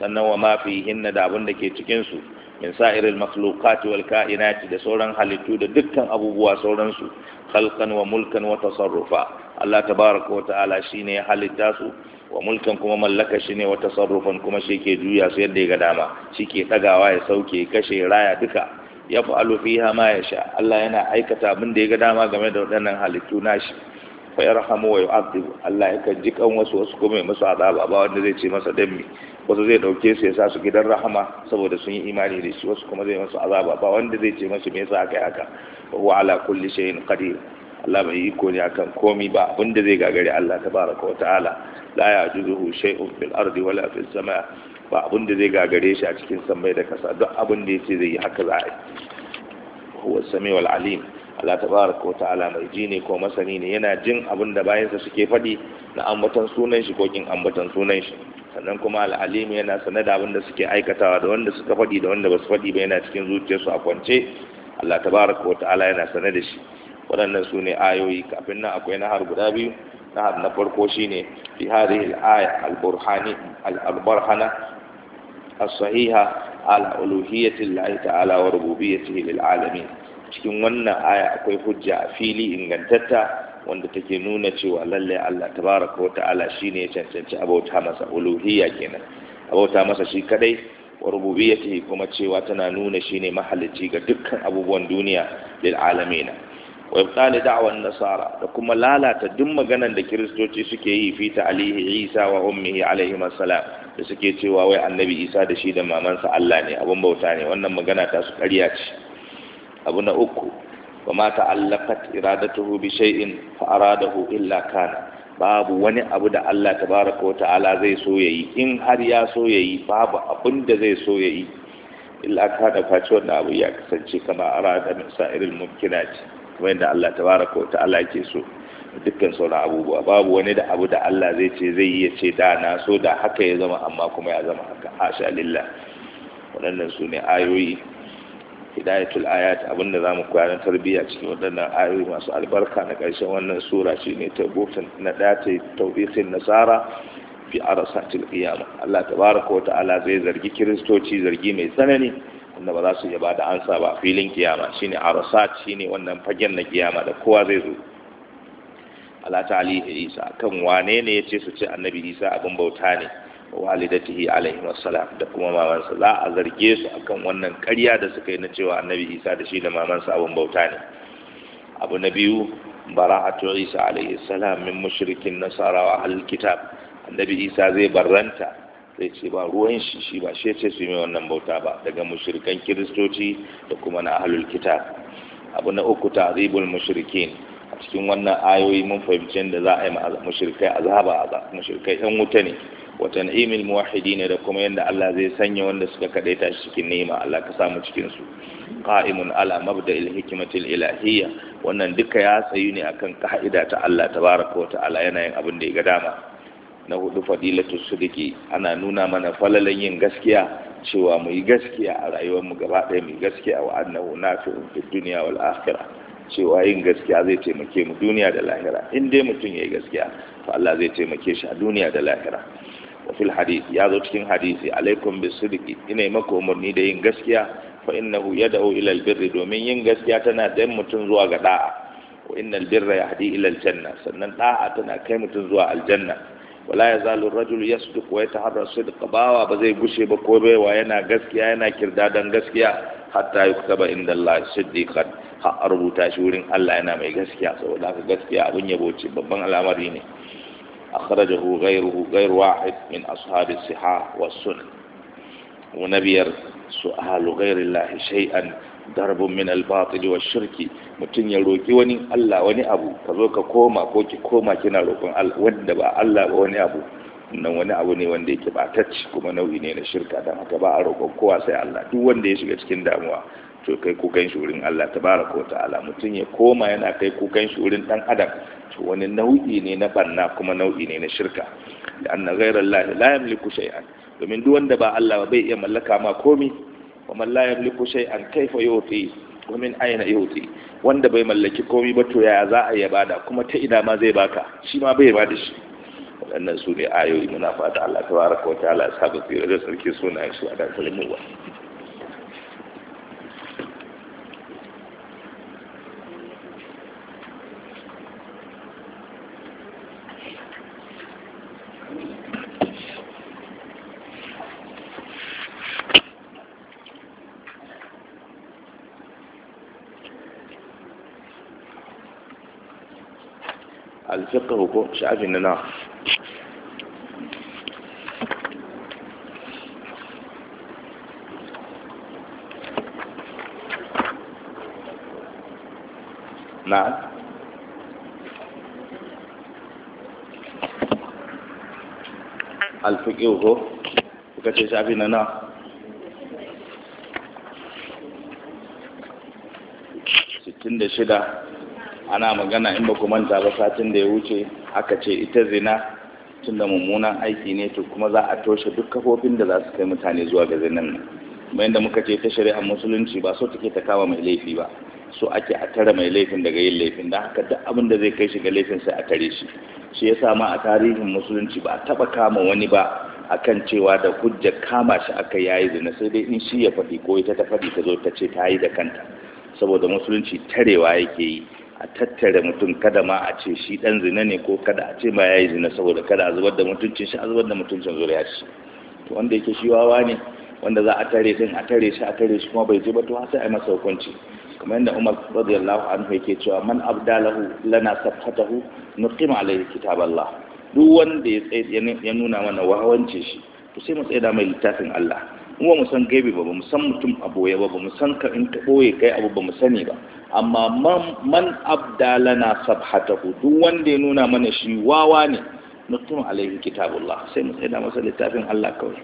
sannan wa ma hinna da abin da ke cikin su min sa'iril makhluqati wal kainati da sauran halittu da dukkan abubuwa sauransu khalqan wa mulkan wa tasarrufa Allah tabaraka wa ta'ala shine ya halitta su wa mulkan kuma mallaka shi ne wa tasarrufan kuma shi ke juya su yadda ya ga dama shi ke tagawa ya sauke kashe raya duka ya fa'alu fiha ma yasha Allah yana aikata abin da ya ga dama game da waɗannan halittu nashi fa yarhamu wa yu'adhibu Allah yakan ji kan wasu wasu kuma musu azaba ba wanda zai ce masa dammi wasu zai dauke su ya sa su gidan rahama saboda sun yi imani da shi wasu kuma zai masu azaba ba wanda zai ce masu me yasa aka yi haka wa ala kulli shay'in qadir Allah bai yi ne akan komi ba abinda zai gagare Allah tabaraka wa ta'ala la ya'juzuhu shay'un fil ardi wala fis sama ba abinda zai gagare shi a cikin sammai da kasa duk ya yace zai yi haka za a yi huwa samiul alim Allah tabaraka wa ala mai ji ne ko masani ne yana jin abin da bayansa suke faɗi na ambatan sunan shi ko kin ambatan sunan shi sannan kuma al'alimi yana sanar da abin da suke aikatawa da wanda suka faɗi da wanda ba su faɗi ba yana cikin zuciyarsu a kwance Allah tabaraka wa ala yana sanar da shi waɗannan su ne ayoyi kafin nan akwai nahar guda biyu nahar na farko shine fi hadhihi al-aya al-burhani al-barhana as-sahiha ala uluhiyyati Allah ta'ala wa rububiyatihi lil alamin cikin wannan aya akwai hujja a fili ingantatta wanda take nuna cewa lalle Allah tabaraka wa ta'ala shine ya cancanci abauta masa uluhiyya kenan abauta masa shi kadai wa rububiyyati kuma cewa tana nuna shine mahalicci ga dukkan abubuwan duniya lil alamin wa ibtal da'wan nasara da kuma lalata duk maganan da kiristoci suke yi fita ta'alihi Isa wa ummihi alaihi salam da suke cewa wai annabi Isa da shi da mamansa Allah ne abun bauta ne wannan magana ta su ƙarya ce abu na uku ba ma ta'allaqat iradatuhu bi shay'in fa aradahu illa kana babu wani abu da Allah tabaraka wa ta'ala zai so yayi in har ya so yayi babu abin da zai so yayi illa kana face wanda abu ya kasance kama arada min sa'iril ce, kamar yadda Allah wa ta'ala yake so dukkan sauran abubuwa babu wani da abu da Allah zai ce zai yi ya ce da na so da haka ya zama amma kuma ya zama haka asha lillah waɗannan su ne ayoyi hidayatul ayat abinda zamu koya na tarbiyya cikin wadannan ayoyi masu albarka na karshen wannan sura ta gofin na data tawbihin nasara fi arasatil qiyama Allah tabaraka wa ta'ala zai zargi kiristoci zargi mai tsanani wanda ba za su iya da ansa ba filin kiyama shine arasat shine wannan fagen na kiyama da kowa zai zo Allah ta'ala Isa kan wane ne yace su ce annabi Isa abin bauta ne walidatihi alaihi wassalam da kuma mamansa za a zarge su akan wannan ƙarya da suka yi na cewa annabi isa da shi da mamansa abin bauta ne abu na biyu bara'atu isa alaihi salam min mushrikin nasara wa ahlul kitab annabi isa zai barranta zai ce ba ruwan shi shi ba shi ce su yi wannan bauta ba daga mushrikan kiristoci da kuma na ahlul kitab abu na uku ta'zibul mushrikin a cikin wannan ayoyi mun fahimci da za a yi mushrikai azaba mushrikai yan wuta ne imil muwahidi ne da kuma yadda Allah zai sanya wanda suka kadaita shi cikin nema, Allah ka samu cikinsu. su ala mabda il hikimatil ilahiyya wannan duka ya tsayu ne akan ka'ida ta Allah ta bara wa ta'ala yana yin abin da ya ga dama na hudu fadilatu sidiki ana nuna mana falalan yin gaskiya cewa mu yi gaskiya a rayuwar mu gaba ɗaya mu yi gaskiya wa annahu nafi'un fid dunya wal akhirah cewa yin gaskiya zai taimake mu duniya da lahira in dai mutum ya yi gaskiya to Allah zai taimake shi a duniya da lahira fil hadith ya zo cikin hadisi alaikum bisidiki ina maka umarni da yin gaskiya fa innahu yad'u ila albirri domin yin gaskiya tana da mutum zuwa ga da'a wa innal birra yahdi ila aljanna sannan da'a tana kai mutum zuwa aljanna wala yazalu ar-rajulu yasduq ta yataharra sidqa bawa ba zai gushe ba ko baiwa yana gaskiya yana kirdadan gaskiya hatta yuktaba inda Allah siddiqan har rubuta shi wurin Allah yana mai gaskiya saboda haka gaskiya abin yabo ce babban al'amari ne أخرجه غيره غير واحد من أصحاب الصحاح والسنن ونبير سؤال غير الله شيئا ضرب من الباطل والشرك mutum ya roki wani Allah wani abu ka zo ka koma ko ki koma kina roƙon wanda ba Allah ba wani abu nan wani abu ne wanda yake batacci kuma nau'i ne na shirka don haka ba a roƙon kowa sai Allah duk wanda ya shiga cikin damuwa to kai kukan shurin wurin Allah tabaraka ta'ala mutum ya koma yana kai kukan shurin wurin dan adam to wani nau'i ne na barna kuma nau'i ne na shirka da anna ghayra Allah la yamliku shay'an domin duk wanda ba Allah bai iya mallaka ma komi wa man la yamliku shay'an kaifa yuti wa min ayna yuti wanda bai mallaki komi ba to yaya za a yi bada kuma ta ina ma zai baka shi ma bai bada shi waɗannan su ne ayoyi muna fata Allah tabaraka wa ta'ala ya saba tsira da sarki sunayen su a dakalin mu fiƙa hukun sha'afi na na na alfiƙi hukun suka ce sha'afi na na sittin da shida ana magana in ba ku manta ba satin da ya wuce aka ce ita zina tun da mummunan aiki ne to kuma za a toshe duk kafofin da za su kai mutane zuwa ga zinan nan kuma yadda muka ce ta shari'ar musulunci ba so take ta kama mai laifi ba so ake a tare mai laifin daga yin laifin da haka duk abin da zai kai shi ga laifin sai a tare shi shi ya sa ma a tarihin musulunci ba a taba kama wani ba a kan cewa da hujja kama shi aka yayi zina sai dai in shi ya faɗi ko ita ta faɗi ta zo ta ce ta yi da kanta saboda musulunci tarewa yake yi a tattare mutum kada ma a ce shi dan zina ne ko kada a ce ma yayi zina saboda kada a zubar da mutuncin shi a zubar da mutuncin zuriya shi to wanda yake shi wawa ne wanda za a tare din a tare shi a tare shi kuma bai je ba to sai ai masa hukunci kamar yadda Umar radiyallahu anhu yake cewa man abdalahu lana sabqatahu nuqima alayhi kitaballah duk wanda ya ya nuna mana wawancin shi to sai mu tsaya da mai littafin Allah mu ba mu san gaibe ba ba mu san mutum a boye ba mu san ka in ta boye kai abu ba mu sani ba amma man Abdala abdalana sabhatahu duk wanda ya nuna mana shi wawa ne mutum alaihi kitabullah sai mu sai da masa littafin Allah kawai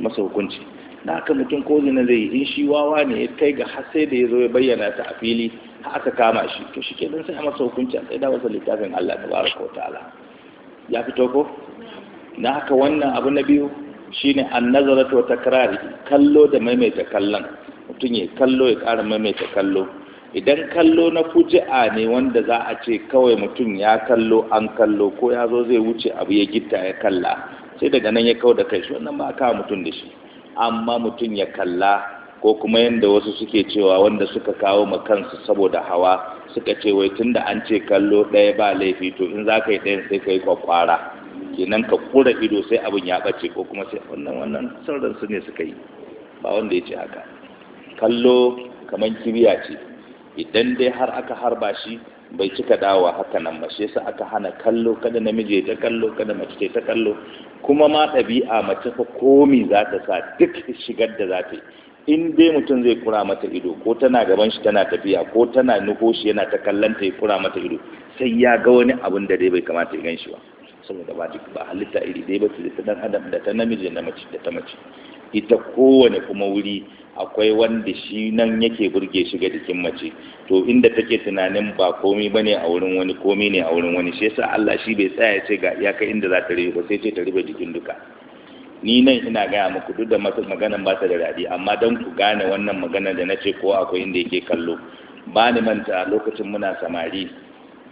masa hukunci da haka mutum ko zina zai yi in shi wawa ne ya kai ga har sai da ya zo ya bayyana ta a fili har aka kama shi to shi kenan sai masa hukunci a tsaye da masa littafin Allah tabaraka wa ta'ala ya fito ko na haka wannan abu na biyu shine annazaratu wata kirari kallo da maimaita kallon mutum ya kallo ya ƙara maimaita kallo idan kallo na fuji'a ne wanda za a ce kawai mutum ya kallo an kallo ko ya zo zai wuce abu ya gita ya kalla sai daga nan ya kawo da kai shi wannan ba kawo mutum da shi amma mutum ya kalla ko kuma yadda wasu suke cewa wanda suka kawo ma kansu saboda hawa suka ce wai tunda an ce kallo ɗaya ba laifi to in za ka yi ɗayan sai ka yi kwakwara kenan ka kura ido sai abin ya bace ko kuma sai wannan wannan sauran su ne suka yi ba wanda ya ce haka kallo kamar kibiya ce idan dai har aka harba shi bai cika dawa haka nan ba shi yasa aka hana kallo kada namiji ta kallo kada mace ta kallo kuma ma ɗabi'a mace fa komi za ta sa duk shigar da za ta yi in dai mutum zai kura mata ido ko tana gaban shi tana tafiya ko tana nufo shi yana ta kallon ta ya kura mata ido sai ya ga wani abun da dai bai kamata ya gan shi ba saboda ba duk ba halitta iri dai ba da ta dan adam da ta namiji da mace da ta mace ita kowane kuma wuri akwai wanda shi nan yake burge shi ga jikin mace to inda take tunanin ba komi bane a wurin wani komi ne a wurin wani shi yasa Allah shi bai tsaya ce ga 'ya kai inda za ta rufe ba sai ce ta rufe jikin duka ni nan ina gaya muku duk da maganan ba ta da radi amma don ku gane wannan magana da na ce ko akwai inda yake kallo ba ni manta lokacin muna samari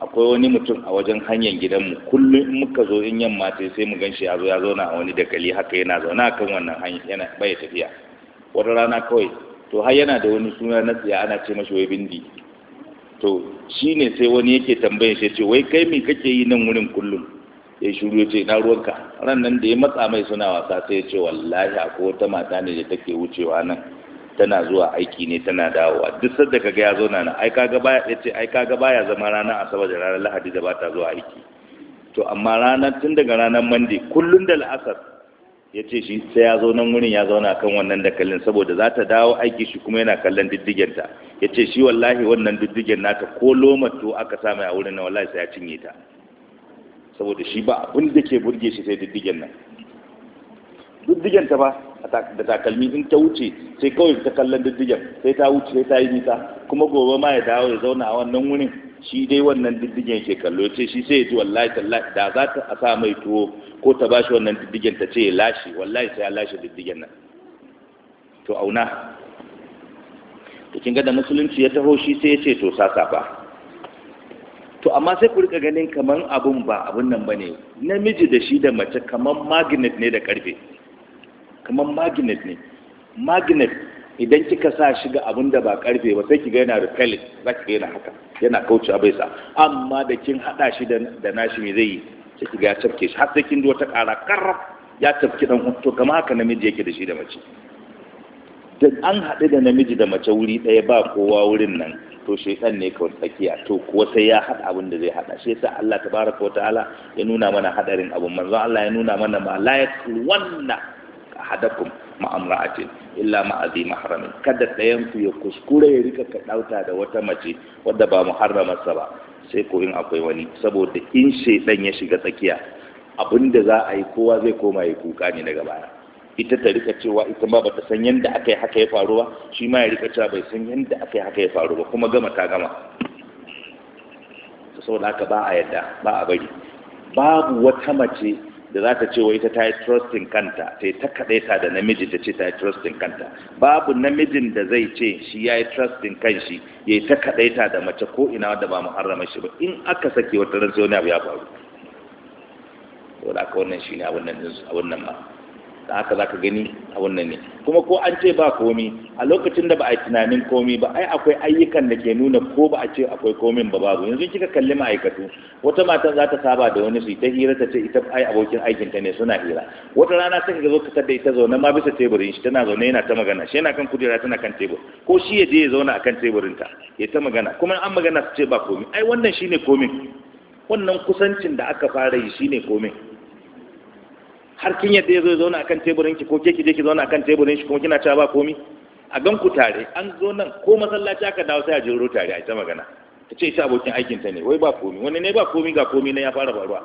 akwai wani mutum a wajen hanyar gidanmu kullum in muka zo in yamma ce sai mu gan shi zo ya zauna a wani dakali haka yana zauna kan wannan hanya yana bai tafiya wata rana kawai to har yana da wani suna na tsaya ana ce mashi wai bindi to shine sai wani yake tambaye shi ce wai kai me kake yi nan wurin kullum ya shiru ce na ruwanka ran nan da ya matsa mai suna wasa sai ya ce wallahi akwai wata mata ne da take wucewa nan tana zuwa aiki ne tana dawowa duk sadda kaga ya zauna na ai kaga baya ce ai kaga baya zama ranar asabar da ranar lahadi da bata zuwa aiki to amma ranar tun daga ranar mande kullum da la'asar ya ce shi sai ya zo nan wurin ya zauna kan wannan dakalin saboda za ta dawo aiki shi kuma yana kallon diddigenta ya ce shi wallahi wannan diddigen nata ko lomato aka sa a wurin na wallahi sai ya cinye ta saboda shi ba abin da ke burge shi sai diddigen nan diddigen ta ba da takalmi in ta wuce sai kawai ta kallon diddigen sai ta wuce sai ta yi nisa kuma gobe ma ya dawo ya zauna a wannan wurin shi dai wannan diddigen ke kallo ce shi sai ya ji wallahi tallahi da za ta sa mai tuwo ko ta bashi wannan diddigen ta ce ya lashe wallahi sai ya lashe diddigen nan to auna to kin ga da musulunci ya taho shi sai ya ce to sasa ba to amma sai ku rika ganin kaman abun ba abun nan bane namiji da shi da mace kaman magnet ne da karfe kamar magnet ne magnet idan kika sa shi ga abin da ba karfe ba sai ki ga yana repelling za ki yana haka yana kauce bai sa amma da kin hada shi da nashi me zai yi sai kiga ya tafke shi har sai kin ji wata ƙara kar ya tafki dan hoto kamar haka namiji yake da shi da mace da an haɗu da namiji da mace wuri ɗaya ba kowa wurin nan to shaitan ne kawai tsakiya to kuwa sai ya haɗa abin da zai haɗa shi yasa Allah tabaraka wa ta'ala ya nuna mana hadarin abun manzon Allah ya nuna mana ma wannan. ahadakum ma'amra'atin illa ma'azi mahramin kada ɗayan ku ya kuskure ya rika ka ɗauta da wata mace wadda ba muharramarsa ba sai ko in akwai wani saboda in shaidan ya shiga tsakiya abinda za a yi kowa zai koma ya kuka ne daga baya ita ta rika cewa ita ma bata san yadda aka yi haka ya faru ba shi ma ya rika cewa bai san yadda aka yi haka ya faru ba kuma gama ta gama saboda haka ba a yadda ba a bari babu wata mace da za ta ce wai ta yi trustin kanta sai ta kaɗai ta da namiji ta ce ta yi trustin kanta babu namijin da zai ce shi ya yi trustin kan shi ya yi ta kaɗai ta da mace ko ina wadda ba muharrama shi ba in aka sake wata ran wani abu ya faru wadda da aka wannan shi ne a wannan ma da haka za ka gani a wannan ne kuma ko an ce ba komi a lokacin da ba a yi tunanin komi ba ai akwai ayyukan da ke nuna ko ba a ce akwai komin ba babu yanzu kika kalli ma'aikatu wata mata za ta saba da wani su ta hira ta ce ita ai abokin aikin ta ne suna hira wata rana sai ka zo ka tada ita zaune ma bisa teburin shi tana zaune yana ta magana shi yana kan kudura tana kan tebur ko shi ya je ya zauna akan teburin ta ya ta magana kuma an magana su ce ba komi ai wannan shine komin wannan kusancin da aka fara yi shine komin har kin yadda ya zo ya zauna akan teburin ki ko ke ki je ki zauna akan teburin shi kuma kina cewa ba komi a gan ku tare an zo nan ko masallaci aka dawo sai a jiro tare a ita magana ta ce ita abokin aikin ta ne wai ba komi wani ne ba komi ga komi na ya fara faruwa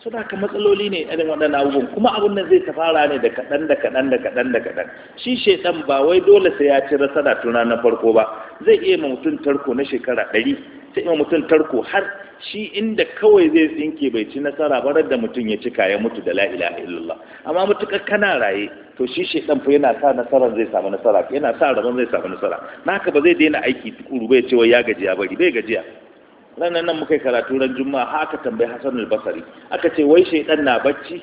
suna ka matsaloli ne irin waɗannan abubuwan kuma abun nan zai ta fara ne da kaɗan da kaɗan da kaɗan da kaɗan shi shaidan ba wai dole sai ya ci rasada tuna na farko ba zai iya ma mutum tarko na shekara ɗari ta ima mutum tarko har shi inda kawai zai tsinke bai ci nasara ba da mutum ya cika ya mutu da la'ila a illallah amma mutuka kana raye to shi shi fa yana sa nasara zai samu nasara yana sa rabon zai samu nasara naka ba zai daina aiki tukuru bai ce ya gajiya bari bai gajiya ranar nan muka karatu ran juma'a haka tambayi hasan basari aka ce wai ɗan na bacci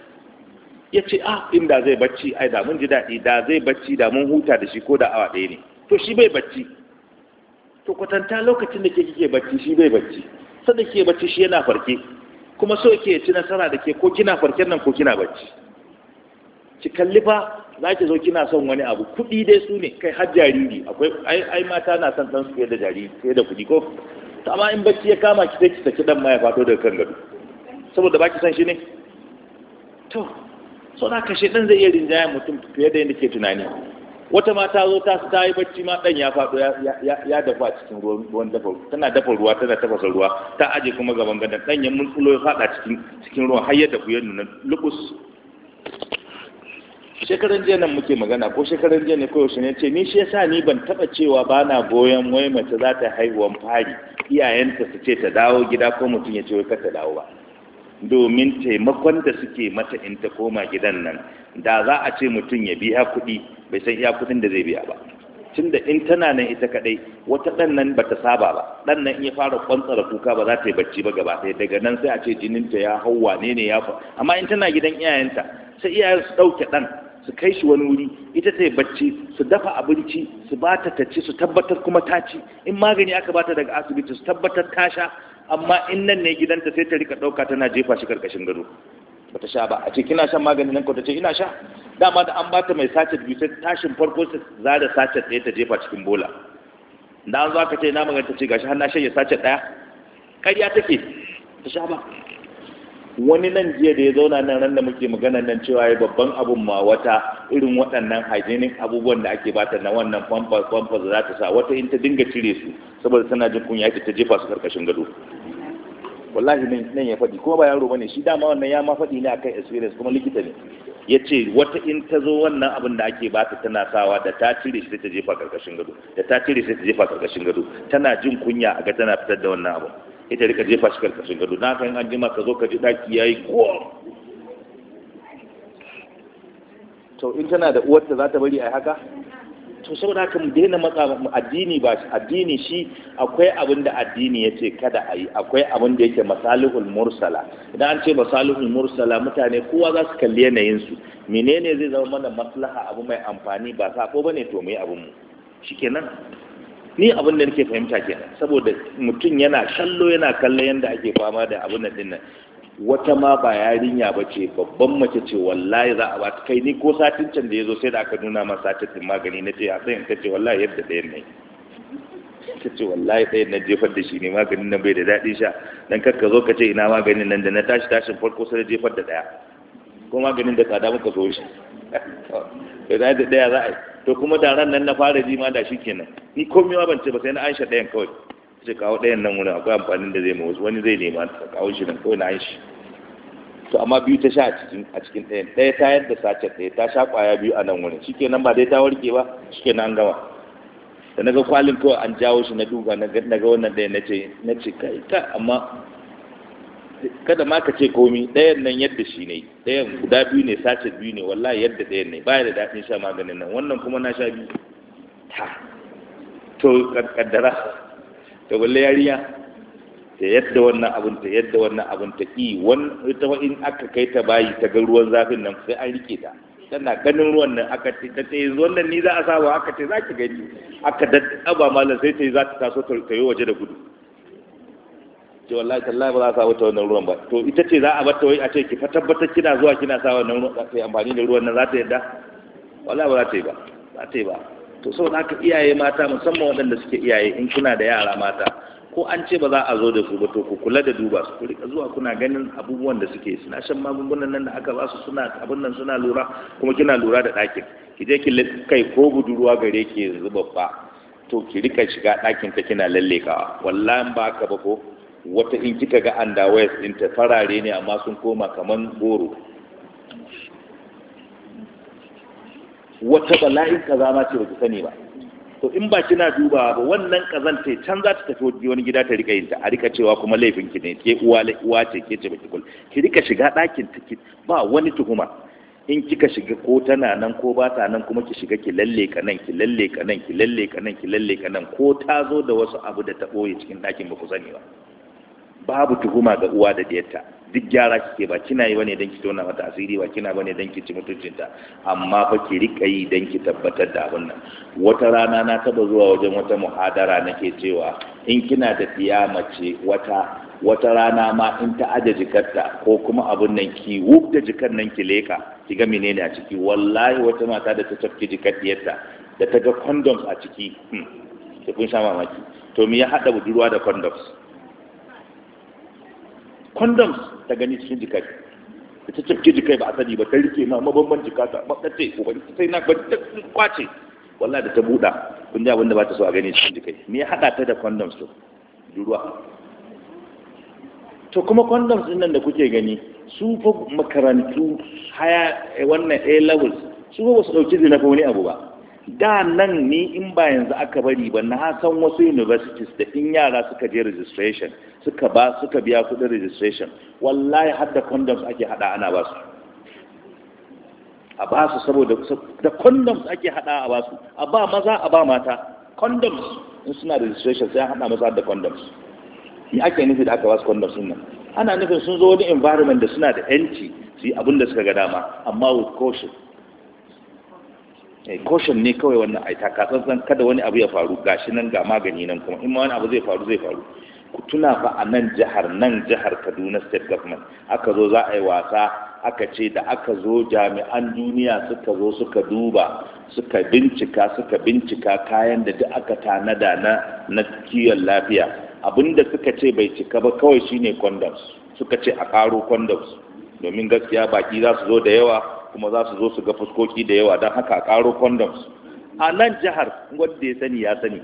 ya ce ah inda zai bacci ai da mun ji daɗi da zai bacci da mun huta da shi ko da awa ɗaya ne to shi bai bacci to kwatanta lokacin da ke kike bacci shi bai bacci sanda ke bacci shi yana farke kuma so ke ci nasara da ke ko kina farken nan ko kina bacci ki kalli fa za ki zo kina son wani abu kuɗi dai su ne kai har jariri akwai ai mata na son ɗansu fiye da jariri fiye da kuɗi ko to amma in bacci ya kama ki sai ki saki ɗan ma ya fato daga kan gado saboda ba ki son shi ne to so na kashe ɗan zai iya rinjaya mutum fiye da yadda ke tunani wata ma ta zo ta ta yi bacci ma dan ya faɗo ya dafa a cikin ruwan dafa tana dafa ruwa tana tafasa ruwa ta aje kuma gaban gadan dan ya mulkulo ya faɗa cikin cikin ruwan har ya dafu ya nuna lukus shekaran jiya nan muke magana ko shekaran jiya ne ko yaushe ne ce ni shi yasa ni ban taba cewa ba na goyon wai mace za ta haihuwan fari iyayenta su ce ta dawo gida ko mutum ya ce wai ka ta dawo ba domin taimakon da suke mata in ta koma gidan nan da za a ce mutum ya biya kuɗi bai san iya kuɗin da zai biya ba tunda in tana nan ita kaɗai, wata ɗan nan bata saba ba ɗan nan ya fara kwantsara kuka ba za ta yi bacci ba gaba ɗaya daga nan sai a ce jininta ya hau wane ne ya fa amma in tana gidan iyayenta sai iyayen su ɗauke ɗan su kai shi wani wuri ita ta yi bacci su dafa abinci su ba ta ta su tabbatar kuma ta ci in magani aka bata daga asibiti su tabbatar ta sha amma in nan ne gidanta sai ta rika ɗauka tana jefa shi karkashin gado bata sha ba a ce kina shan maganin nan ko ta ce ina sha dama da an bata mai sachet biyu sai tashin farko sai za da sachet ɗaya ta jefa cikin bola da an zo aka ce na magani ta ce gashi har na shanye sachet ɗaya ƙarya take ta sha ba wani nan jiya da ya zauna nan ran da muke magana nan cewa ya babban abun ma wata irin waɗannan hygienic abubuwan da ake bata na wannan pampers pampers za ta sa wata in ta dinga cire su saboda tana jin kunya ita ta jefa su karkashin gado wallahi nan ya faɗi kuma ba yaro bane shi dama wannan ya ma faɗi ne akan experience kuma likita ne ya ce wata in ta zo wannan abin da ake bata tana sawa da ta cire shi ta jefa karkashin gado da ta cire shi ta jefa karkashin gado tana jin kunya a ga tana fitar da wannan abun. ita rika jefa shi karkashin gado na kan an jima ka zo ka ji daki yayi ko to in tana da uwarta za ta bari a haka to saboda haka mu daina matsa addini ba shi addini shi akwai abin da addini yace kada a akwai abin da yake masalihul mursala idan an ce masalihul mursala mutane kowa za su kalli su, menene zai zama mana maslaha abu mai amfani ba sako bane to mu yi abin mu shikenan ni abin da nake fahimta kenan saboda mutum yana shallo yana kallon yadda ake fama da abin da, dinnan wata ma ba yarinya ba ce babban mace ce wallahi za a ba ta kai ni ko satin can da ya zo sai da aka nuna ma satin din magani na ce a tsayin ta ce wallahi yadda ɗayan ne ta ce wallahi ɗayan na jefar da shi ne maganin nan bai da daɗi sha dan ka zo ka ce ina maganin nan da na tashi tashin farko sai jefar da ɗaya ko maganin da tsada muka zo shi da ɗaya za a yi to kuma da ran nan na fara ji ma da shi kenan ni komai ma ban ce ba sai na aisha ɗayan kawai sai kawo ɗayan nan wurin akwai amfanin da zai ma wasu wani zai nema ta kawo shi nan kawai na aisha to amma biyu ta sha a cikin a cikin ɗayan ɗaya ta yadda sace ɗaya ta sha ƙwaya biyu a nan wurin shikenan ba dai ta warke ba shikenan an gama da naga kwalin kawai an jawo shi na duba na ga wannan ɗaya na ce na ce kai ta amma kada ma ka ce komi ɗayan nan yadda shi ne ɗayan guda biyu ne sace biyu ne wallahi yadda ɗayan ne baya da daɗin sha maganin nan wannan kuma na sha biyu ta to kaddara to wallahi yariya ta yadda wannan abin ta yadda wannan abin ta ki wani ita in aka kai ta bayi ta ga ruwan zafin nan sai an rike ta tana ganin ruwan nan aka ce ta ce wannan ni za a wa aka ce za ki gani aka daddaba malam sai ta yi za ta taso ta yi waje da gudu ce wallahi tallahi ba za ka wata wannan ruwan ba to ita ce za a bata wai a ce ki fa tabbatar kina zuwa kina sa wannan ruwan za ka yi amfani da ruwan nan za ta yadda wallahi ba za ta yi ba za ta yi ba to saboda haka iyaye mata musamman waɗanda suke iyaye in kuna da yara mata ko an ce ba za a zo da su ba to ku kula da duba su ku rika zuwa kuna ganin abubuwan da suke suna shan magungunan nan da aka ba su suna abin nan suna lura kuma kina lura da ɗakin ki je ki kai ko budurwa gare ki yanzu babba to ki rika shiga ɗakin ta kina lallekawa wallahi ba ka ba ko wata in kika ga underwear din ta farare ne amma sun koma kaman goro wata bala'i kaza ma ce baki sani ba to in ba kina dubawa ba wannan kazanta can za ta tafi wani gida ta rika yin a rika cewa kuma laifin ki ne ke uwa uwa ce ke ce baki kula ki rika shiga ɗakin ta ba wani tuhuma in kika shiga ko tana nan ko ba ta nan kuma ki shiga ki lalle ka nan ki lalle ka nan ki lalle ka nan ki lalle ka nan ko ta zo da wasu abu da ta ɓoye cikin dakin ba ku sani ba babu tuhuma ga uwa da diyarta duk gyara kike ba kina yi wani dan ki tona mata asiri ba kina bane dan ki ci mutuncinta amma fa ki rika yi dan ki tabbatar da abun nan wata rana na taba zuwa wajen wata muhadara nake cewa in kina da tiya mace wata wata rana ma in ta aje jikarta ko kuma abun nan ki wuf da jikar nan ki leka ki ga menene a ciki wallahi wata mata da ta tafki jikar diyarta da ta ga condoms a ciki hmm. kun sha mamaki to me ya hada budurwa da condoms condoms ta gani cikin jikai da ta cafke jikai ba a sani ba ta rike ma mabamban jika ta makace ko ba sai na ba ta kwace wallahi da ta buɗa kun ji wanda ba ta so a gani cikin jikai me ya haɗa ta da condoms to duruwa to kuma condoms din nan da kuke gani su fa makarantu haya eh, wannan a levels su ba su dauki zina wani abu ba da nan ni in ba yanzu aka bari ba na san wasu universities da in yara suka je registration suka ba suka biya kudin registration wallahi har da condoms ake hada ana ba su a ba su saboda da condoms ake hada a ba su a ba maza a ba mata condoms in suna registration sai hada maza da condoms Ni ake nufi da aka ba su condoms din nan ana nufin sun zo wani environment da suna da yanci su yi abin da suka ga dama amma with caution Eh, caution ne kawai wannan aita takatsantsan kada wani abu ya faru gashi nan ga magani nan kuma in ma wani abu zai faru zai faru ku tuna fa a nan jihar nan jihar Kaduna state government aka zo za a yi wasa aka ce da aka zo jami'an duniya suka zo suka duba suka bincika suka bincika kayan da duk aka tanada na na kiyon lafiya abinda suka ce bai cika ba kawai shine condoms suka ce a karo condoms domin gaskiya baki za su zo da yawa kuma za su zo su ga fuskoki da yawa don haka a karo condoms a nan jihar wanda ya sani ya sani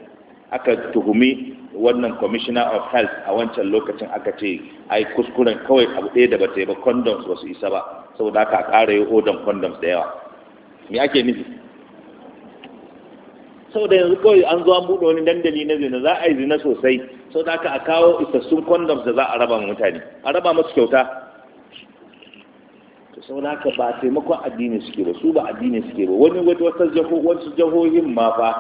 aka tuhumi wannan commissioner of health a wancan lokacin aka ce ai kuskuren kawai abu ɗaya da bata yi ba condoms ba su isa ba saboda aka ƙara yi odon condoms da yawa me ake nufi saboda yanzu kawai an zo an buɗe wani dandali na zina za a yi zina sosai saboda aka a kawo isassun condoms da za a raba mutane a raba masu kyauta sauna ka ba taimakon addini suke ba su ba addini suke ba wani wata wasu jahohin ma fa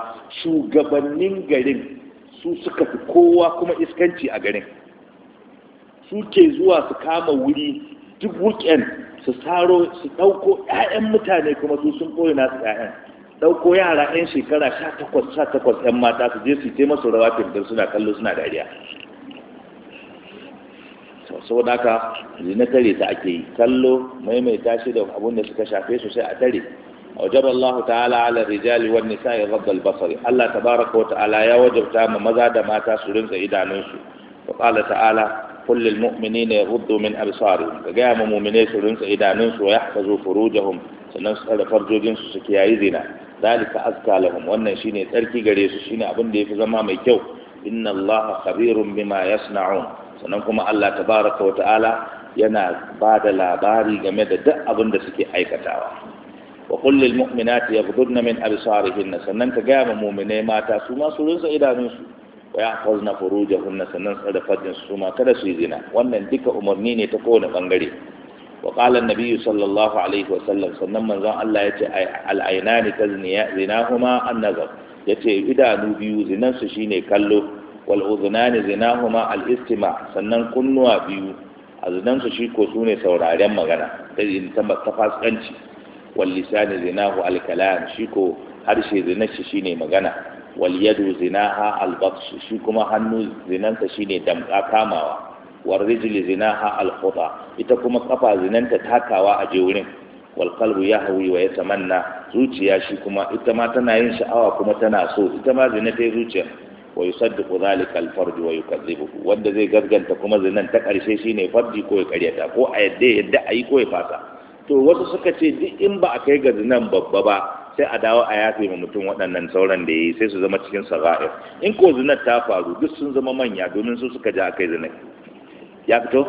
shugabannin garin su suka fi kowa kuma iskanci a garin su ke zuwa su kama wuri duk weekend su saro su ɗauko 'ya'yan mutane kuma su sun koyi nasu 'ya'yan ɗauko yara 'yan shekara 18-18 'yan mata su je su yi masu rawa fimfin suna kallo suna dariya saboda haka na tare ta ake yi kallo maimaita shi da abun da suka shafe su sai a tare wajabar Allah ta'ala ala rijali wa ya rabbal basari Allah tabaraka wa ta'ala ya wajabta ma maza da mata su rinsa idanunsu wa qala ta'ala kul lil mu'minina yaghuddu min absarihim ga ma mu'mine su rinsa idanunsu wa yahfazu furujahum sannan su tsare farjojin su su kiyayi zina zalika azka lahum wannan shine tsarki gare su shine abin da yafi zama mai kyau inna Allah khabirun bima yasna'un sannan kuma Allah tabaraka wa ta'ala yana ba da labari game da duk abin da suke aikatawa wa kullil mu'minati yaghdudna min absarihinna sannan ka ga mu'mine mata su ma su rinsa idanunsu wa yahfazna furujahunna sannan su da fadin su ma kada su yi zina wannan duka umarni ne ta kowane bangare wa qala an-nabiy sallallahu alaihi wa sallam sannan manzon Allah yace al-aynani tazni zinahuma an-nazar yace idanu biyu zinansu shine kallo wal uzunani zinahuma al'istima, sannan kunnuwa biyu zinansu shi ko su ne sauraren magana ta fasikanci wal lisani zinahu al shi ko harshe shi ne magana Walyadu zinaha al shi kuma hannu zinanta ne damƙa kamawa wal zinaha al ita kuma kafa zinanta takawa a je wurin ya qalbu yahwi wa yatamanna zuciya shi kuma ita ma tana yin sha'awa kuma tana so ita ma yi zuciya wa yusaddiqu dhalika al-farj wa yukadhibuhu wanda zai gaskanta kuma zinan ta karshe shine farji ko ya karyata ko a yadda yadda ayi ko ya fasa to wasu suka ce duk in ba a kai ga zinar babba ba sai a dawo a yafe ma mutum waɗannan sauran da yi, sai su zama cikin sara'ir in ko zinar ta faru duk sun zama manya domin su suka ja kai zinar ya fito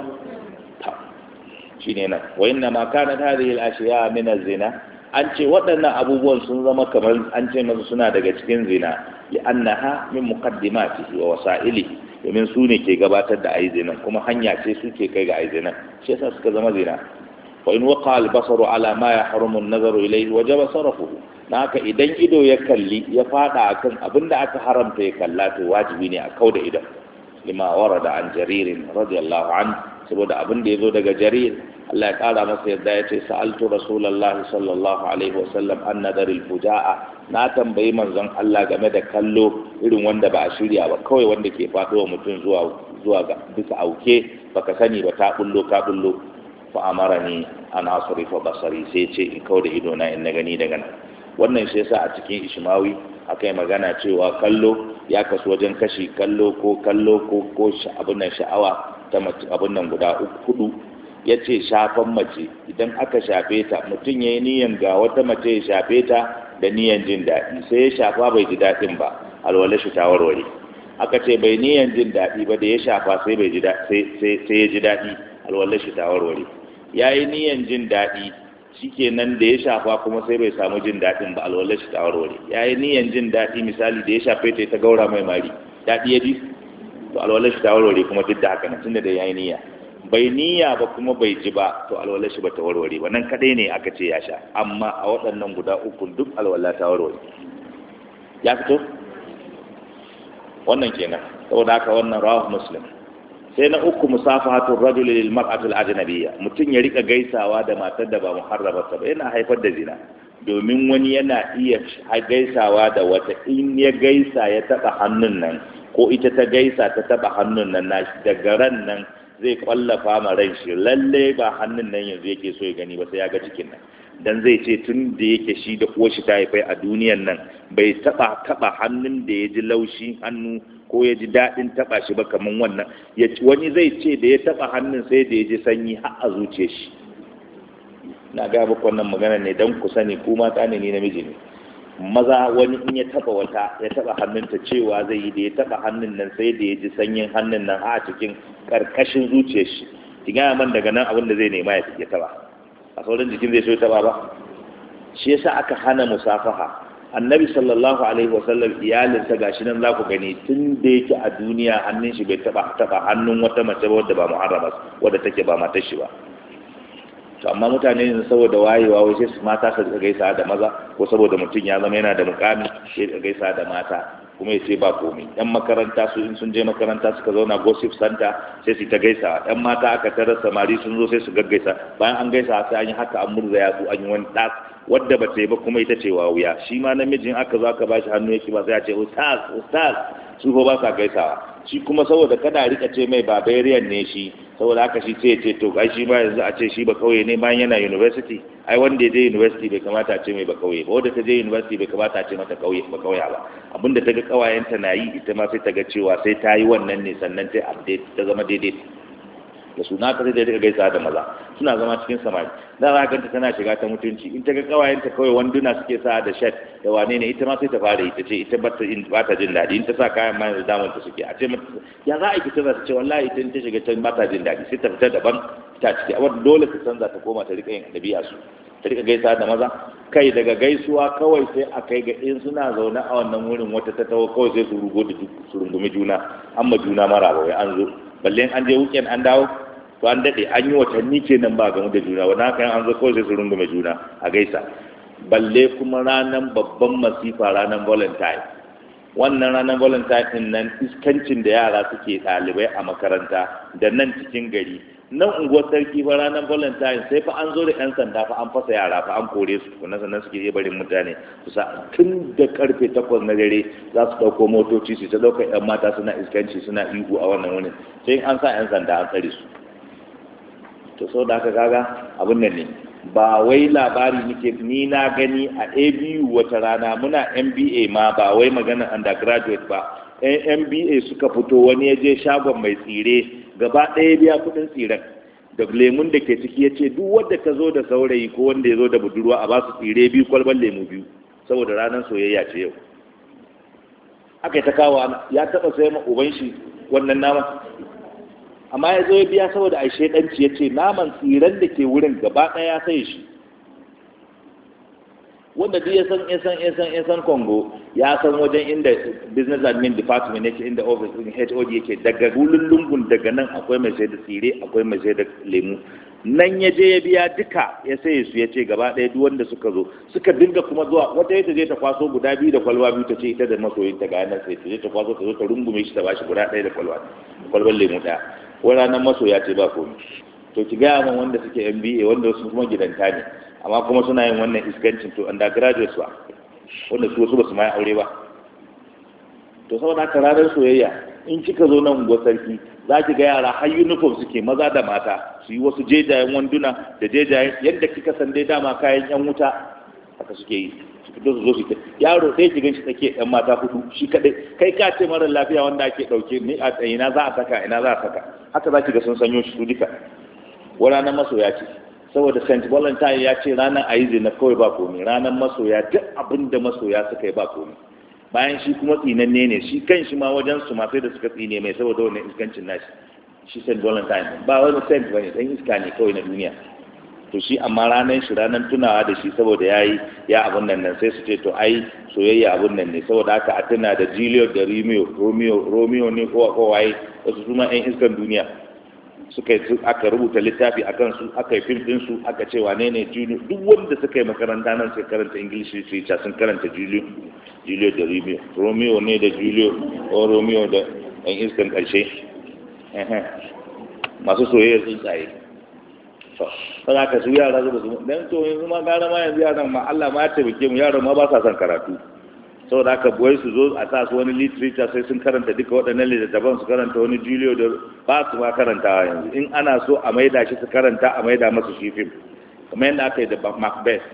shine nan wa inna ma kanat hadhihi al-ashiya min az-zina an ce waɗannan abubuwan sun zama kamar an ce masu suna daga cikin zina li annaha min muqaddimati wa wasa'ili domin su ne ke gabatar da ayi zinan kuma hanya ce su ke kai ga ayi zina shi yasa suka zama zina wa in waqa al basaru ala ma yahrumu an nazaru ilayhi wajaba sarfuhu na haka idan ido ya kalli ya fada akan abinda aka haramta ya kalla to wajibi ne a kauda idan lima warada an jaririn radiyallahu anhu saboda abin da ya zo daga jarir Allah ya kara masa yadda ya ce sa'altu rasulullahi sallallahu alaihi wasallam an nadaril fuja'a na tambayi manzon Allah game da kallo irin wanda ba a shirya ba kawai wanda ke fadowa mutum zuwa zuwa ga bisa auke baka sani ba ta bullo ka bullo fa amarani an asrifa basari sai ce in kawo da ido na in na gani daga nan wannan shi yasa a cikin ishmawi akai magana cewa kallo ya kasu wajen kashi kallo ko kallo ko ko abin nan sha'awa ta abin nan guda hudu ya ce shafan mace idan aka shafe ta mutum ya yi niyan ga wata mace ya shafe ta da niyan jin daɗi sai ya shafa bai ji daɗin ba alwala shi ta warware aka ce bai niyan jin daɗi ba da ya shafa sai bai ji sai ya ji daɗi alwala shi ta warware ya yi niyan jin daɗi shikenan da ya shafa kuma sai bai samu jin daɗin ba alwala shi ta warware ya yi niyan jin daɗi misali da ya shafe ta ta gaura mai mari daɗi ya ji to alwalar shi ta warware kuma duk da haka nan tunda da yayi niyya bai niyya ba kuma bai ji ba to alwalar shi ba ta warware ba nan kadai ne aka ce ya sha amma a waɗannan guda uku duk alwala ta warware ya fito wannan kenan saboda haka wannan rawahu muslim sai na uku musafahatul rajul lil mar'atil ajnabiyya mutun ya rika gaisawa da matar da ba muharrabata ba yana haifar da zina domin wani yana iya gaisawa da wata in ya gaisa ya taba hannun nan ko ita ta gaisa ta taba hannun nan nashi daga ran nan zai kwallafa ma ran shi lalle ba hannun nan yanzu yake so ya gani ba sai ya ga cikin nan dan zai ce tun da yake shi da kuwa shi ta a duniyan nan bai taba taba hannun da ya ji laushi hannu ko ya ji daɗin taba shi ba kamar wannan wani zai ce da ya taba hannun sai da ya ji sanyi har a zuce shi na ga muku wannan magana ne don ku sani ku mata ne ni namiji ne maza wani in ya taba wata ya taba hannunta cewa zai yi da ya taba hannun nan sai da ya ji sanyin hannun nan a cikin karkashin zuciyar shi ki gaya man daga nan abin da zai nema ya taba a sauran jikin zai so ya taba ba shi yasa aka hana musafaha annabi sallallahu alaihi wasallam iyalinsa gashi nan za ku gani tun da yake a duniya hannun shi bai taba taba hannun wata mace wadda ba muharrama wadda take ba mata shi ba to amma mutane ne saboda wayewa wai sai su mata su gaisa da maza ko saboda mutum ya zama yana da mukami sai ga gaisa da mata kuma ya ce ba komai yan makaranta su in sun je makaranta suka zauna gossip center sai su ta gaisa yan mata aka tara samari sun zo sai su gaggaisa bayan an gaisa sai an yi haka an murza yatsu an yi wani ɗas wadda ba ta yi ba kuma ita ce wawuya shi ma namijin aka zo aka ba shi hannu yake ba sai ya ce ustaz ustaz su ko ba sa gaisawa shi kuma saboda kada rika ce mai barbarian ne shi saboda haka shi ce ce to ai shi ba yanzu a ce shi ba kauye ne bayan yana university ai wanda ya je university bai kamata a ce mai ba kauye ba wanda ta je university bai kamata a ce mata kauye ba kauye ba abinda ta ga kawayenta na yi ita ma sai ta ga cewa sai ta yi wannan ne sannan ta update ta zama daidai da suna na kare da daga gaisa da maza suna zama cikin samari da za ganta tana shiga ta mutunci in ta ga kawayenta kawai wanduna suke sa da shat da wane ne ita ma sai ta fara ita ce ita ba ta jin daɗi in ta sa kayan mayan da damun ta suke a ce mata ya za a yi ta ce wallahi ita ta shiga can ba ta jin daɗi sai ta fita daban ta ciki a dole ta canza ta koma ta rika yin ɗabi'a su ta rika gaisa da maza kai daga gaisuwa kawai sai a kai ga in suna zaune a wannan wurin wata ta taho kawai sai su rugo da su rungumi juna amma juna mara bawai an zo balle an je wuken an dawo to an daɗe an yi watanni kenan ba game da juna wani haka an zo kawai sai su rungume juna a gaisa balle kuma ranar babban masifa ranar volunteer wannan ranar volunteer din nan iskancin da yara suke ɗalibai a makaranta da nan cikin gari nan unguwar sarki fa ranar valentine sai fa an zo da yan sanda fa an fasa yara fa an kore su tukuna sannan suke iya barin mutane su sa tun da karfe takwas na dare za su dauko motoci su ta dauka yan mata suna iskanci suna ihu a wannan wurin sai an sa yan sanda an tsare su to so da aka kaga abin nan ne ba wai labari nake ni na gani a abu wata rana muna mba ma ba wai magana undergraduate ba yan mba suka fito wani ya je shagon mai tsire gaba ɗaya biya kuɗin tsiren da lemun da ke ciki ya ce duk wanda ka zo da saurayi ko wanda ya zo da budurwa a ba su tsire biyu kwalban lemu biyu saboda ranar soyayya ce yau aka yi ta kawo ya taɓa sayan uban shi wannan nama amma ya zo ya biya saboda ai shaidanci ya ce naman tsiran da ke wurin gaba ɗaya ya sai shi wanda duk ya san ya san ya san ya san Congo ya san wajen inda business admin department yake inda office din HOD yake daga gulun lungun daga nan akwai mai sai da tsire akwai mai sai da lemu nan ya je ya biya duka ya saye su ya ce gaba ɗaya duk wanda suka zo suka dinga kuma zuwa wata yadda zai ta kwaso guda biyu da kwalwa biyu ta ce ita da masoyinta ga nan sai ta je ta kwaso ta zo ta rungume shi ta bashi guda ɗaya da kwalwa kwalban lemu ɗaya wani ranar masoya ce ba komi to ki gaya min wanda suke MBA wanda wasu kuma gidanta ne amma kuma suna yin wannan iskancin to undergraduates ba wanda su wasu ba su ma aure ba to saboda haka ranar soyayya in kika zo nan go sarki za ki ga yara har uniform suke maza da mata su yi wasu jejayen wanduna da jejayen yadda kika san dai dama kayan yan wuta haka suke yi fito su zo su yaro ɗaya ki ganshi take ɗan mata hudu shi kaɗai kai ka ce mara lafiya wanda ake ɗauke ni a ina za a saka ina za a saka haka za ki ga sun sanyo shi su duka wani ranar masoya ce saboda saint valentine ya ce ranar a yi zina kawai ba komai ranar masoya duk abin da masoya suka yi ba komai bayan shi kuma tsinanne ne shi kan shi ma wajen su sai da suka tsine mai saboda wannan iskancin nashi shi saint valentine ba wani saint bane dan iska ne kawai na duniya to shi amma ranar shi ranar tunawa da shi saboda ya yi ya abun nan nan sai su ce to ai soyayya abun nan ne saboda haka a tuna da Julio da Romeo Romeo Romeo ne kowa yi wasu suma yan iskan duniya suka yi aka rubuta littafi a kansu aka yi fim su aka ce wane ne Julio duk wanda suka yi makaranta nan sai karanta English literature sun karanta Julio Julio da Romeo Romeo ne da Julio ko Romeo da yan iskan ƙarshe masu soyayya tsuntsaye ba ka su yara zuba su dan to yanzu ma gara ma yanzu yaran ma Allah ma ya taimake mu yaran ma ba sa son karatu saboda haka boye su zo a sa su wani literature sai sun karanta duka waɗannan littattafan su karanta wani Julio da ba su ma karantawa yanzu in ana so a maida shi su karanta a maida masu shi fim kamar yadda aka yi da Macbeth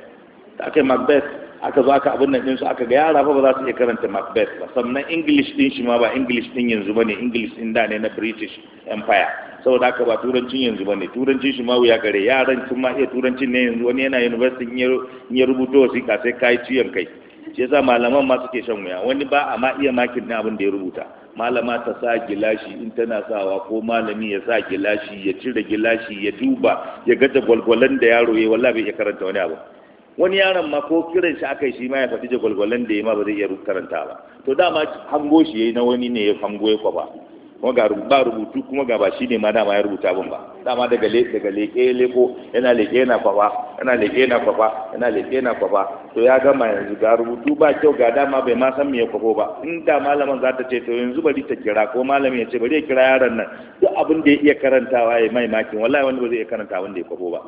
da aka yi Macbeth aka zo aka abin nan ɗinsu aka ga yara ba za su iya karanta Macbeth ba sannan English ɗin shi ma ba English ɗin yanzu ba ne English ɗin da ne na British Empire saboda haka ba turancin yanzu bane turancin shi ma wuya gare yaran sun ma iya turancin ne yanzu wani yana university in ya rubuta ka sai kayi ciyan kai shi yasa malaman ma suke shan wuya wani ba a ma iya makin na abin da ya rubuta malama ta sa gilashi in tana sawa ko malami ya sa gilashi ya cire gilashi ya duba ya gaja gwalgwalan da yaro ya wallahi bai karanta wani abu wani yaron ma ko kiran shi aka yi shi ma ya fadi gwalgwalan da ya ma ba zai iya karanta ba to dama hango shi ya yi na wani ne ya hango ya kwaba kuma ga ba rubutu kuma ga ba shi ne ma dama ya rubuta abin ba dama daga daga leke leko yana leke yana kwafa yana leke yana kwafa yana leke yana kwafa to ya gama yanzu ga rubutu ba kyau ga dama bai ma san me ya kwafo ba in da malamin za ta ce to yanzu bari ta kira ko malamin ya ce bari ya kira yaron nan duk abin da ya iya karantawa ya mai makin wallahi wani ba zai iya karanta wanda ya kwafo ba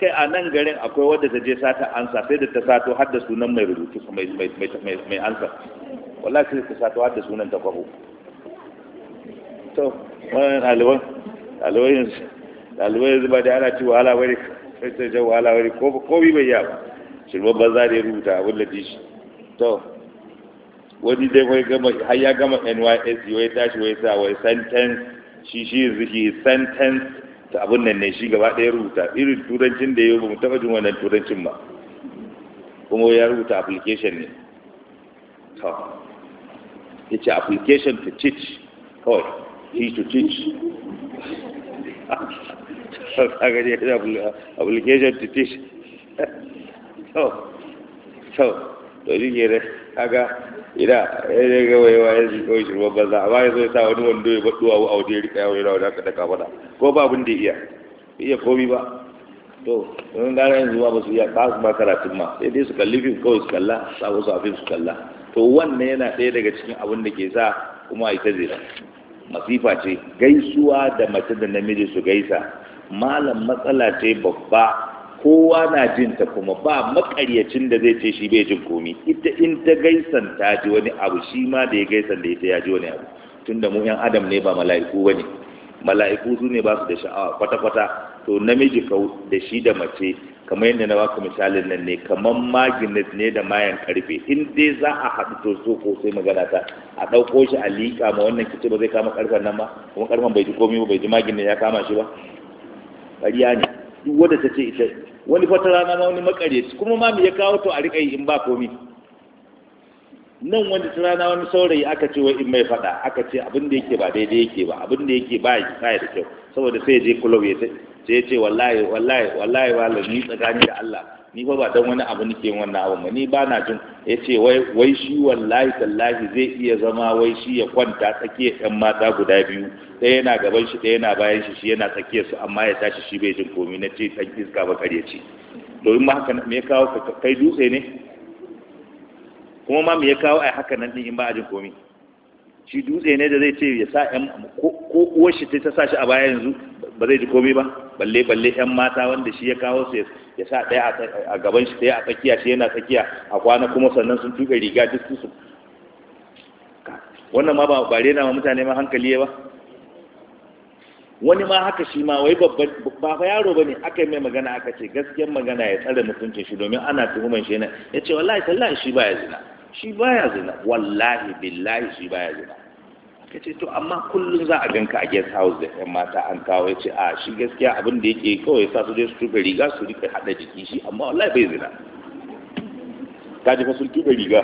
kai a nan garin akwai wadda ta je sata ansa sai da ta sato har da sunan mai rubutu mai mai mai ansa wallahi sai ta sato har da sunan ta kwafo to wannan ɗaliban ɗaliban yanzu ɗaliban yanzu ba da ana ci wahala bane sai ta jan wahala bane ko ko bi bai ya ba shirman banza ne rubuta abin da shi to wani dai wai gama har ya gama NYSC wai tashi wai sa wai sentence shi shi yanzu shi sentence ta abin nan ne shi gaba ɗaya rubuta irin turancin da ya yi ba mu taɓa jin wannan turancin ba kuma ya rubuta application ne to ya ce application to teach kawai he to teach kaga dai da obligation to teach to to to shi ke dai kaga ina ya eh, ne wai wayewa ya ji kawai shirwa banza amma ya zo sa wani wando ya baɗuwa a waje ya riƙa yawon yana wadda aka daka fada ko ba abin da iya iya komi ba to don gara yanzu ma ba su iya ba su ma karatun ma sai dai su kalli fim kawai su kalla sa wasu abin su kalla to wannan yana ɗaya daga cikin abin da ke sa kuma a yi ta zira masifa ce gaisuwa da mace da namiji su gaisa malam matsala ce babba kowa na jin ta kuma ba makaryacin da zai ce shi bai jin komi ita in ta gaisan ta ji wani abu shi ma da ya gaisan da ita ya ji wani abu tunda mu yan adam ne ba mala'iku ba ne mala'iku su ne ba su da sha'awa kwata-kwata to namiji kau da shi da mace kamar yadda na baka misalin nan ne kamar magnet ne da mayan karfe in dai za a haɗu to so ko sai magana ta a ɗauko shi a liƙa ma wannan kice ba zai kama karfen nan ba kuma karfen bai ji komai ba bai ji magnet ya kama shi ba ƙarya ne duk wanda ta ce ita wani fata rana ma wani makaryaci kuma ma me ya kawo to a riƙa yi in ba komi nan wani rana wani saurayi aka ce wai in mai faɗa aka ce abin da yake ba daidai yake ba abin da yake ba ya da kyau saboda sai ya je kulau ya sai ya ce wallahi wallahi wallahi malam ni tsakani da Allah ni ba ba dan wani abu nake wannan abu ni ba na jin ya ce wai wai shi wallahi tallahi zai iya zama wai shi ya kwanta tsakiya yan mata guda biyu ɗaya yana gaban shi ɗaya yana bayan shi shi yana tsakiya su amma ya tashi shi bai jin komai na ce ɗan iska ba ce domin ma haka me ya kawo kai dutse ne kuma ma me ya kawo ai haka nan din in ba a jin komai shi dutse ne da zai ce ya sa ko uwar shi ta sa shi a baya yanzu ba zai ji komai ba balle balle yan mata wanda shi ya kawo su ya sa ɗaya a gaban shi ɗaya a tsakiya shi yana tsakiya a kwana kuma sannan sun tuka riga duk su wannan ma ba rena ma mutane ma hankali ba wani ma haka shi ma wai babban ba fa yaro bane aka yi mai magana aka ce gaskiyar magana ya tsare mutuncin shi domin ana tuhuman shi ne ya ce wallahi tallahi shi baya zina shi baya zina wallahi billahi shi baya zina Ka ce to amma kullum za a ganka a guest house da yan mata an kawo ya ce a shi gaskiya abin da yake kawai sa su je su tuba riga su rika hada jiki shi amma wallahi bai zina ka ji fa sun tuba riga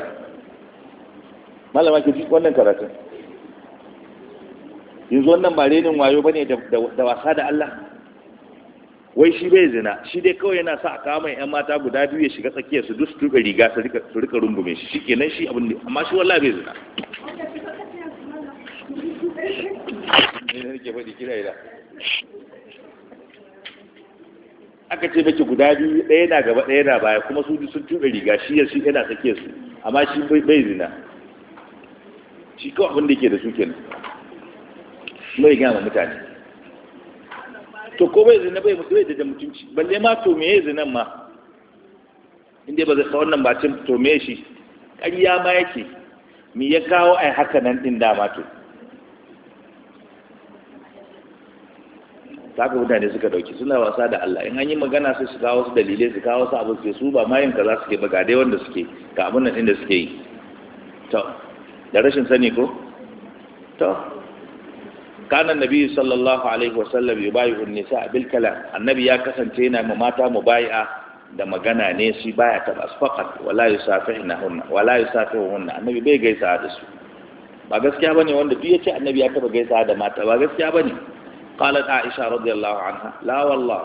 malama ke ji wannan karatun yanzu wannan ba renin wayo bane da wasa da Allah wai shi bai zina shi dai kawai yana sa a kawo mai yan mata guda biyu ya shiga tsakiyar su duk su tuba riga su rika rungume shi shikenan shi abin amma shi wallahi bai zina ne ne ke faɗi kira ila aka ce miki guda biyu ɗaya na gaba ɗaya na baya kuma su sun tuɓe riga shi ya shi yana sake su amma shi bai zina shi kawai abin da yake da su ke kuma ya gama mutane to ko bai zina bai mutu bai da mutunci balle ma to me zinan ma inda ba zai wannan ba cin to me shi ƙarya ma yake me ya kawo ai haka nan din dama to ta haka mutane suka dauki suna wasa da Allah in an yi magana sai su kawo wasu dalilai su kawo wasu abu su ba mayin kaza suke ba ga dai wanda suke ga abin nan inda suke yi to da rashin sani ko to kana nabi sallallahu alaihi wasallam yubayi'u nisa bil kalam annabi ya kasance yana ma mata mubai'a da magana ne shi baya taba faqat wala hunna wala yusafihunna annabi bai gaisa da su ba gaskiya bane wanda duk yace annabi ya taba gaisa da mata ba gaskiya bane قالت عائشة رضي الله عنها لا والله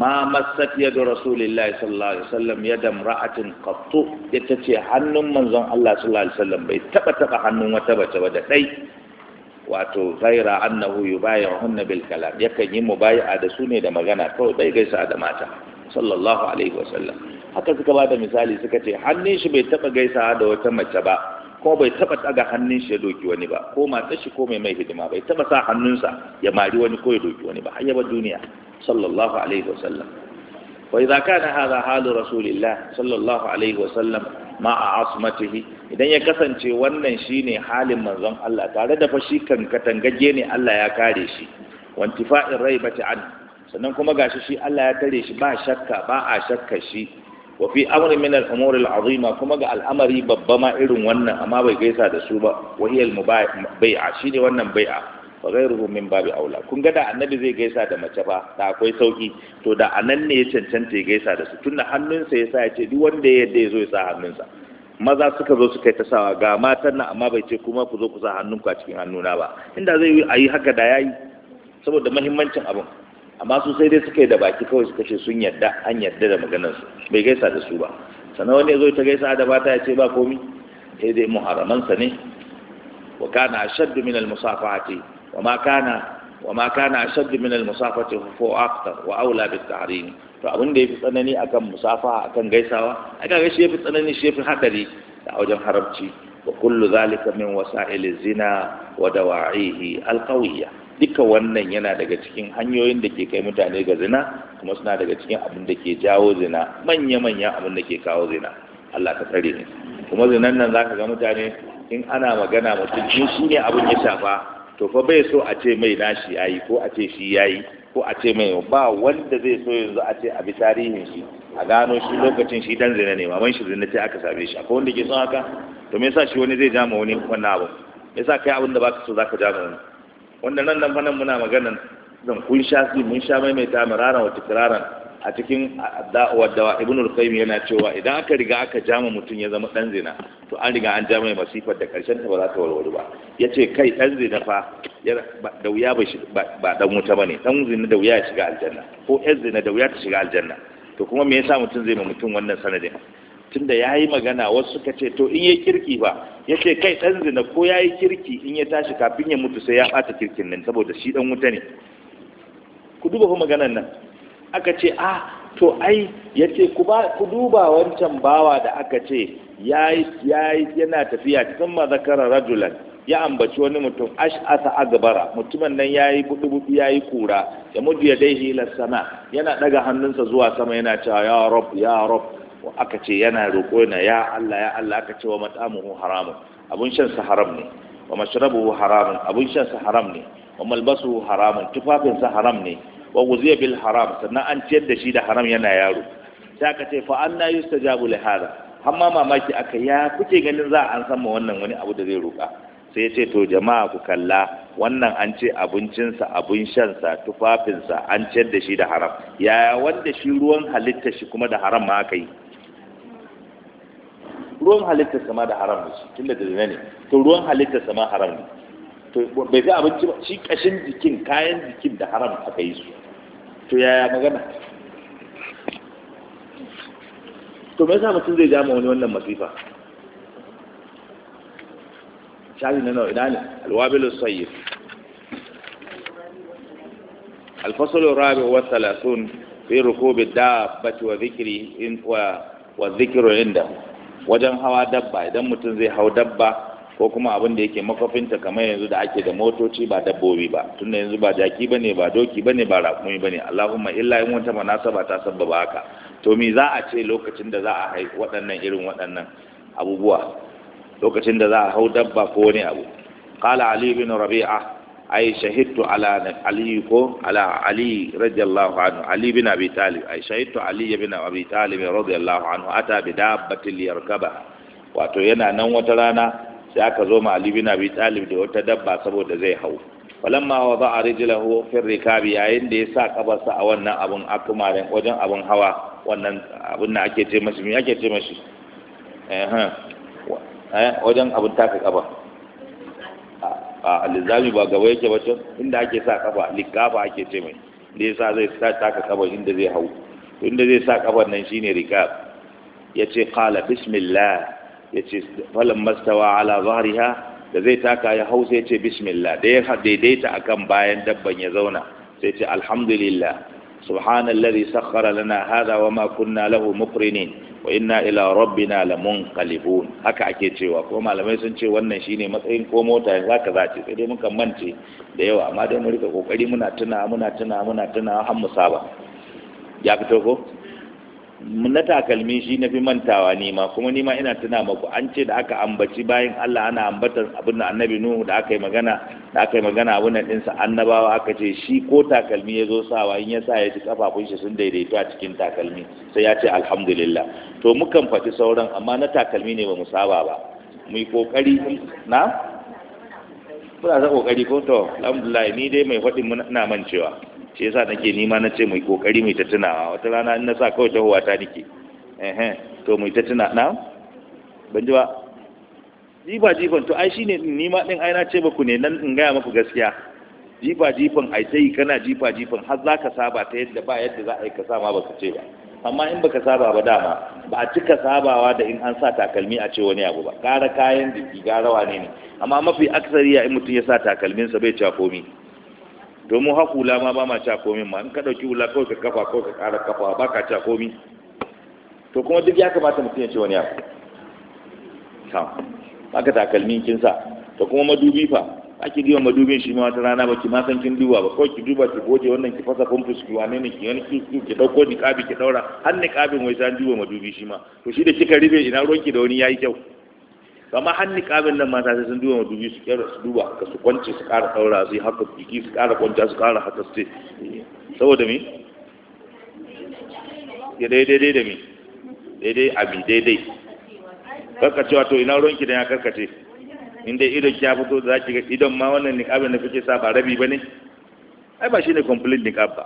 ما مست يد رسول الله صلى الله عليه وسلم يد امرأة قط يتتي حن من زن الله صلى الله عليه وسلم بيتبتب حن وتبتب دقي wato zaira annahu yubayi'uhunna bil kalam yakan yi mubayi'a da su ne da magana kawai bai gaisa da mata sallallahu alaihi wasallam haka suka ba da misali suka ce hannun shi bai taɓa gaisa da wata mace ba ko bai taba daga hannun shi ya doki wani ba ko matar shi ko mai mai hidima bai taba sa hannunsa ya mari wani ko ya doki wani ba har yaba duniya sallallahu alaihi wasallam wa idza kana hadha halu rasulillah sallallahu alaihi sallam. ma a asmatihi idan ya kasance wannan shine halin manzon Allah tare da fashi kan katangage ne Allah ya kare shi wantifa'in raibati an sannan kuma gashi shi Allah ya tare shi ba shakka ba a shakka shi wa fi amri min al umuri al-azima kuma ga al'amari babba ma irin wannan amma bai gaisa da su ba wa hiya al-bai'a shine wannan bai'a wa ghayruhu min babi aula kun ga da annabi zai gaisa da mace ba da akwai sauki to da anan ne ya cancanta ya gaisa da su tunda hannunsa ya sa ya ce duk wanda ya yadda ya zo ya sa hannunsa maza suka zo suka yi ta sawa ga matan nan amma bai ce kuma ku zo ku sa hannunku a cikin hannuna ba inda zai yi a yi haka da yayi saboda mahimmancin abin amma su sai dai suka yi da baki kawai suka ce sun yadda an yadda da maganarsu bai gaisa da su ba sannan wani ya zo ta gaisa da bata ya ce ba komi sai dai muharamansa ne wa kana ashaddu min al musafati wa ma kana wa ma kana ashaddu min al musafati fa aftar wa aula bit tahrim to abin da yafi tsanani akan musafa akan gaisawa ai ga shi yafi tsanani shi yafi hadari a wajen haramci wa kullu zalika min wasa'il zina wa dawa'ihi al qawiyyah duka wannan yana daga cikin hanyoyin da ke kai mutane ga zina kuma suna daga cikin abin da ke jawo zina manya manya abin da ke kawo zina Allah ka tsare kuma zinan nan zaka ga mutane in ana magana mutum in shi ne abin ya shafa to fa bai so a ce mai nashi yayi ko a ce shi yayi ko a ce mai ba wanda zai so yanzu a ce a bi tarihin shi a gano shi lokacin shi dan zina ne maman shi zina ce aka same shi akwai wanda ke son haka to me yasa shi wani zai jama wani wannan abu me yasa kai abin da baka so zaka jama wani wanda nan nan fanan muna maganan zan kun sha su mun sha maimaita mararan wa tikraran a cikin da'wa da ibn al-qayyim yana cewa idan aka riga aka jama mutum ya zama dan zina to an riga an jama masifar da karshen ta ba za ta warware ba yace kai dan zina fa da wuya ba dan wuta bane dan zina da wuya ya shiga aljanna ko yan zina da wuya ta shiga aljanna to kuma me yasa mutum zai ma mutum wannan sanadin tunda ya yi magana wasu suka ce to in ya kirki ba ya ce kai ɗan zina ko ya yi kirki in ya tashi kafin ya mutu sai ya ɓata kirkin nan saboda shi ɗan wuta ne ku duba ku maganan nan aka ce a to ai ya ce ku duba wancan bawa da aka ce yana tafiya cikin mazakarar rajulan ya ambaci wani mutum ash asa agbara mutumin nan yayi budu-budu yayi kura ya mudu ya dai hilar sama yana daga hannunsa zuwa sama yana cewa ya rob ya rob Wa aka ce yana roƙo na ya Allah ya Allah aka ce wa mat'amuhu haramun abun shan sa haram ne wa mashrabuhu haramun abun shan sa haram ne wa malbasuhu haramun tufafin sa haram ne wa wuziya bil haram sannan an ciyar da shi da haram yana yaro sai aka ce fa anna yustajabu li hada amma mamaki aka ya kuke ganin za a an san wannan wani abu da zai roƙa sai ya ce to jama'a ku kalla wannan an ce abincinsa abin shansa tufafinsa an ciyar da shi da haram yaya wanda shi ruwan halitta shi kuma da haram ma aka yi ruwan halittar sama da haram ne shi tunda da zina ne to ruwan halittar sama haram ne to bai fi abinci ba shi kashin jikin kayan jikin da haram aka yi su to yaya magana to me yasa mutum zai jama wani wannan masifa shari na nawa idan alwabilu sayyid الفصل الرابع والثلاثون في ركوب الدابة وذكر وذكر عنده wajen hawa dabba idan mutum zai hau dabba ko kuma abin da yake makwafinta kamar yanzu da ake da motoci ba dabbobi ba tunda yanzu ba jaki bane ba doki bane ba raƙumi bane Allahumma illa in wata munasaba ta sabbaba haka to me za a ce lokacin da za a haifi waɗannan irin waɗannan abubuwa lokacin da za a hau dabba ko wani abu qala ali bin rabi'a ai shahidtu ala ali ko ala ali radiyallahu anhu ali bin abi talib ai shahidtu ali bin abi talib radiyallahu anhu ata bi dabbatin yarkaba wato yana nan wata rana sai aka zo ma ali bin abi talib da wata dabba saboda zai hau falamma wada rijlahu fi rikabi yayin da ya sa kabarsa a wannan abun akumarin wajen abun hawa wannan abun na ake ce mashi me ake ce mashi eh eh wajen abun taka kabar a lizami ba gaba yake ba can inda ake sa kafa likafa ake ce mai da yasa zai sa taka kafa inda zai hau inda zai sa kafa nan shine rikab yace qala bismillah yace Falon mastawa ala zahriha da zai taka ya hau sai ce bismillah da ya daidaita kan bayan dabban ya zauna sai ce alhamdulillah سبحان الذي سخر لنا هذا وما كنا له مقرنين وإنا إلى ربنا لمنقلبون هكا ake cewa ko malamai sun ce wannan shine matsayin ko mota yanzu haka za ce sai dai muka mance da yawa amma dai mu rika kokari muna tuna muna tuna muna tuna har mu saba ya fito ko na takalmi shi na fi mantawa nima kuma nima ina tuna maku an ce da aka ambaci bayan Allah ana ambatar abin da annabi Nuhu da aka yi magana da aka yi magana abin nan ɗinsa annabawa aka ce shi ko takalmi ya zo sawa in ya sa ya ci kafafun shi sun daidaito a cikin takalmi sai ya ce alhamdulillah to mukan faci sauran amma na takalmi ne ba mu saba ba mu yi kokari na kuna ta kokari ko to alhamdulillah ni dai mai faɗin muna mancewa shi yasa nake nima na ce mai kokari mai ta tunawa wata rana in na sa kawai ta huwa ta nike eh to mai ta tuna na ban ji ba jifa jifan to ai shine nima din ai na ce ba ku ne nan in gaya maku gaskiya jifa jifan ai sai kana jifa jifan har za ka saba ta yadda ba yadda za a yi ka ba ka ce ba amma in baka saba ba dama ba a cika sabawa da in an sa takalmi a ce wani abu ba gara kayan jiki gara wane ne amma mafi aksariya in mutum ya sa takalminsa bai cewa komi domin haƙula ma ba ma ca komin ma in ka ɗauki hula kawai ka kafa kawai ka ƙara kafa ba ka ca komi to kuma duk ya kamata mutum ya ce wani abu sam aka takalmin kin sa to kuma madubi fa ake diwa madubin shi ma wata rana ba ki ma san kin duba ba kawai ki duba ki goje wannan ki fasa famfus ki wane ne ki wani ki ki dauko niqabi ki daura har ƙabin wai san duba madubi shi ma to shi da kika ribe ina ruwanki da wani yayi kyau amma hannu kamin nan mata sai sun duba mu dubi su kera su duba ka su kwance su kara daura su haka jiki su kara kwanta su kara haka su saboda me ya daidai da me daidai abi daidai cewa to ina ronki da ya karkace in dai idon ya fito za ki ga idan ma wannan niqabin da kuke sa ba rabi ba ne ai ba shine complete niqab ba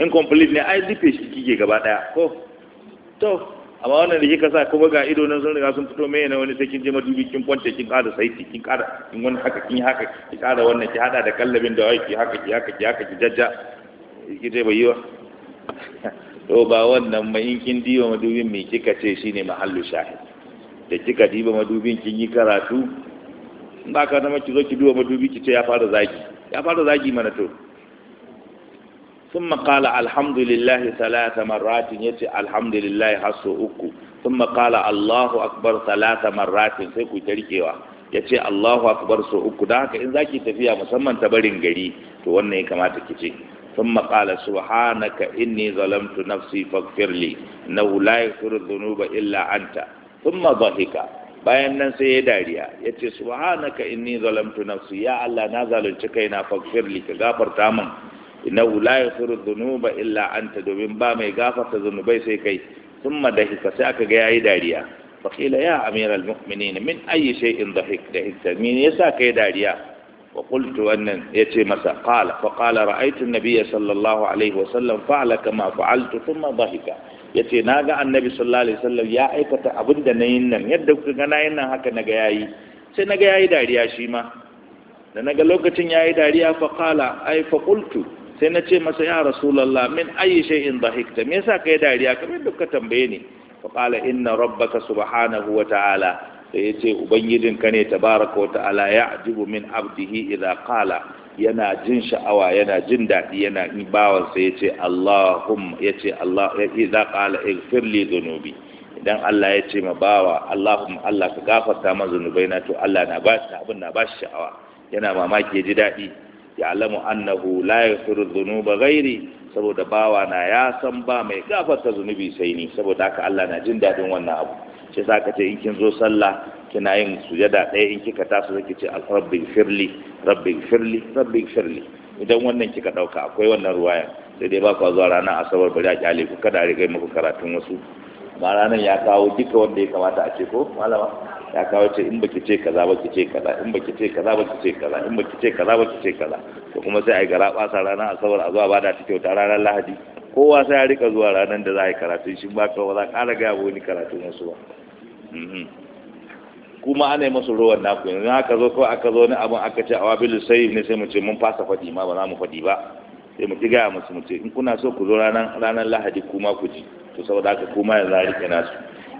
in complete ne ai dipe shi kike gaba daya ko to amma wannan da kika sa kuma ga ido nan sun riga sun fito mai na wani sai kin je madubi kin kwanta kin kada saiti kin kada in wani haka kin haka ki kada wannan ki hada da kallabin da aiki haka ki haka ki haka ki jajja ki je bai ba to ba wannan mai in kin diba madubin mai, kika ce shine mahallu shahid da kika diba madubin kin yi karatu in ba ka zama ki zo ki duba madubi ki ce ya fara zagi ya fara zagi mana to ثم قال الحمد لله ثلاث مرات يتي الحمد لله حسو أكو ثم قال الله أكبر ثلاث مرات سيكو تريكيوا يتي الله أكبر سو أكو داك إن ذاكي تفيا مسمى تبرين غري تو وني كما تكتي ثم قال سبحانك إني ظلمت نفسي فاغفر لي إنه لا يغفر الذنوب إلا أنت ثم ضحك bayan nan sai ya dariya ya ce subhanaka inni zalamtu nafsi ya Allah na zalunci kaina faghfir li ka gafarta min innahu la yaghfiru dhunuba illa anta domin ba mai gafarta zunubai sai kai thumma dahika sai aka ga yayi dariya fa qila ya al mu'minin min ayyi shay'in dahik dahikta min yasa kai dariya wa qultu wannan yace masa qala fa qala ra'aytu an-nabiy sallallahu alaihi wa sallam fa'ala kama fa'altu thumma dahika yace naga annabi sallallahu alaihi wasallam ya aikata abin da nayin nan yadda kuka ga nayin nan haka naga yayi sai naga yayi dariya shi ma da naga lokacin yayi dariya fa qala ay fa qultu sai na ce masa ya rasulallah min ayi shay'in dhahikta me yasa yi dariya kamar yadda ka tambaye ni fa qala inna rabbaka subhanahu wa ta'ala sai yace ubangijin ka ne tabaraka wa ta'ala ya'jibu min abdihi idza qala yana jin sha'awa yana jin dadi yana yi bawan sai yace allahum yace allah idza qala ighfir li dhunubi idan Allah ya ce ma bawa allahum Allah ka gafarta ma zunubaina to Allah na ba shi abin na ba shi sha'awa yana mamaki ya ji dadi ya'lamu annahu la yaghfiru dhunuba ghairi saboda bawa na ya san ba mai gafarta zunubi sai ni saboda haka Allah na jin dadin wannan abu sai saka ce in kin zo sallah kina yin sujada ɗaya in kika taso zaki ce rabbi firli rabbi firli firli idan wannan kika dauka akwai wannan ruwaya sai dai ba ku zuwa ranar asabar bari a kyale ku kada a rigai muku karatun wasu ma ranar ya kawo duka wanda ya kamata a ce ko malama ya kawo ce in baki ce kaza baki ce kaza in baki ce kaza baki ce kaza in baki ce kaza baki ce kaza to kuma sai a gara basa ranar asabar a zuwa ba da ta kyauta ranar lahadi kowa sai ya rika zuwa ranar da za a yi karatu shi ba ka za ƙara gaya ba wani karatu wasu ba mhm. kuma ana yi masu ruwan naku yanzu haka zo kawai aka zo ni abin aka ce a bilu sai ne sai mu ce mun fasa faɗi ma ba za mu faɗi ba sai mu gaya musu mu ce in kuna so ku zo ranar lahadi kuma ku ji to saboda haka kuma yanzu a rike nasu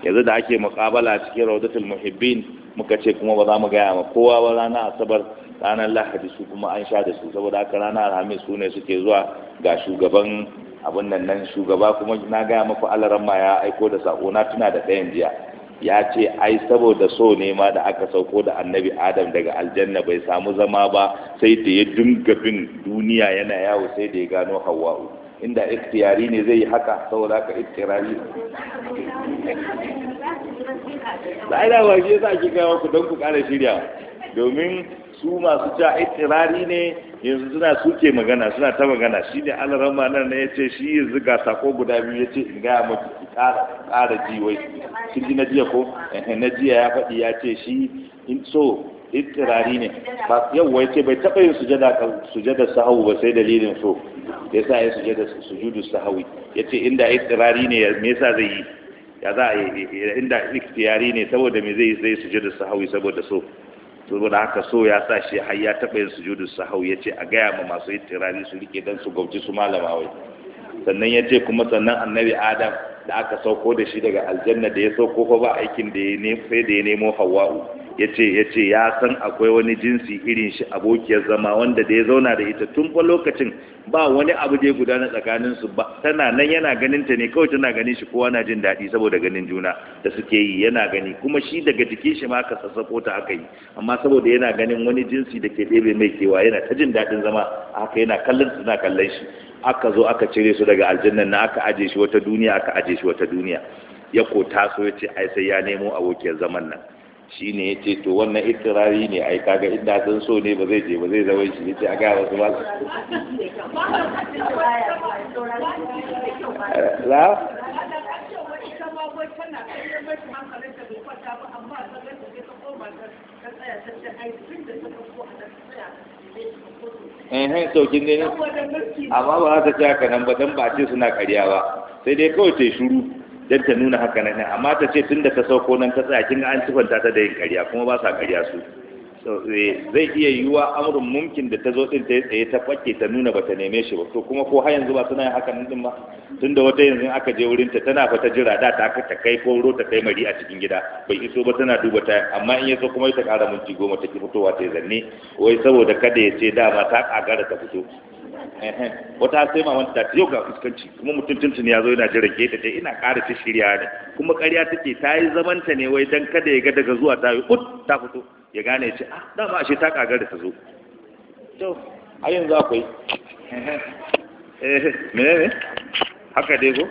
yanzu da ake mukabala cikin raudatul muhibbin muka ce kuma ba za mu gaya ma kowa ba rana asabar ranar lahadi su kuma an sha da su saboda haka rana alhamis su ne suke zuwa ga shugaban abin nan nan shugaba kuma na gaya maku alaramma ya aiko da sako na tuna da ɗayan jiya ya ce ai saboda so ne ma da aka sauko da annabi adam daga aljanna bai samu zama ba sai da ya dinga bin duniya yana yawo sai da ya gano hawa'u inda ikhtiyari ne zai yi haka saboda ka ikhtiyari sai da ba shi yasa ki kawo ku don ku kare shirya domin su masu ja ikhtiyari ne yanzu suna suke magana suna ta magana shi ne alarama nan ne yace shi yanzu ga sako guda biyu yace in gaya maki ki kara ji wai kin ji na jiya ko na jiya ya faɗi ya ce shi in so Ittirari ne ba yawwa ce bai taba yin sujada sujada sahawu ba sai dalilin so yasa ya sujada sujudu sahawi yace inda ittirari ne me yasa zai yi ya za a yi inda ikhtiyari ne saboda me zai zai sujada sahawi saboda so saboda haka so ya sa shi har ya taba yin sujudu sahawi yace a gaya ma masu ittirari su rike dan su gauci su malama wai sannan yace kuma sannan annabi adam da aka sauko da shi daga aljanna da ya sauko fa ba aikin da ya nemo sai da ya nemo hawa'u yace yace ya san akwai wani jinsi irin shi abokiyar zama wanda da ya zauna da ita tun fa lokacin ba wani abu da ya gudana tsakanin su ba tana nan yana ganin ta ne kawai tana ganin shi kowa na jin daɗi saboda ganin juna da suke yi yana gani kuma shi daga jikin shi ma ka sassako ta aka yi amma saboda yana ganin wani jinsi da ke ɗebe mai kewa yana ta jin daɗin zama haka yana kallon suna kallon shi aka zo aka cire su daga aljannan na aka aje shi wata duniya aka aje shi wata duniya ya ko taso ya ce ai sai ya nemo abokiyar zaman nan shi ne ya ce to wannan ikirari ne ai kaga inda sun so ne ba zai je ba zai zama shi ya ce a gaya wasu ba su eh saukin eh, eh, ne amma ba za ta ce haka nan ba don ba ce suna karya ba sai dai kawai ce shuru don ta nuna haka nan amma ta ce tun da ta sauko nan ta tsaya kinga an tufanta ta da yin karya kuma ba sa karya su eh, zai iya yiwuwa amurin mumkin da ta zo din ta tsaye ta fakke ta nuna ba ta neme shi ba to kuma ko har yanzu ba suna yin haka nan din ba tun da wata yanzu aka je wurin ta tana fata jira da ta ta kai ko ro ta kai mari a cikin gida bai iso ba tana duba ta amma in yaso kuma ta kara minti goma take fitowa ta zanne wai saboda kada ya ce da, dama ta kagara ta fito wata sai ma wanda ta yau ga fuskanci kuma mutum tuntun ya zo yana jiran ke ta ina ƙara ta shirya da kuma ƙarya take ta yi zamanta ne wai dan kada ya ga daga zuwa ta yi ut ta fito ya gane ya ce ah dama ashe ta kagar da ta zo to a yanzu akwai eh menene haka dai go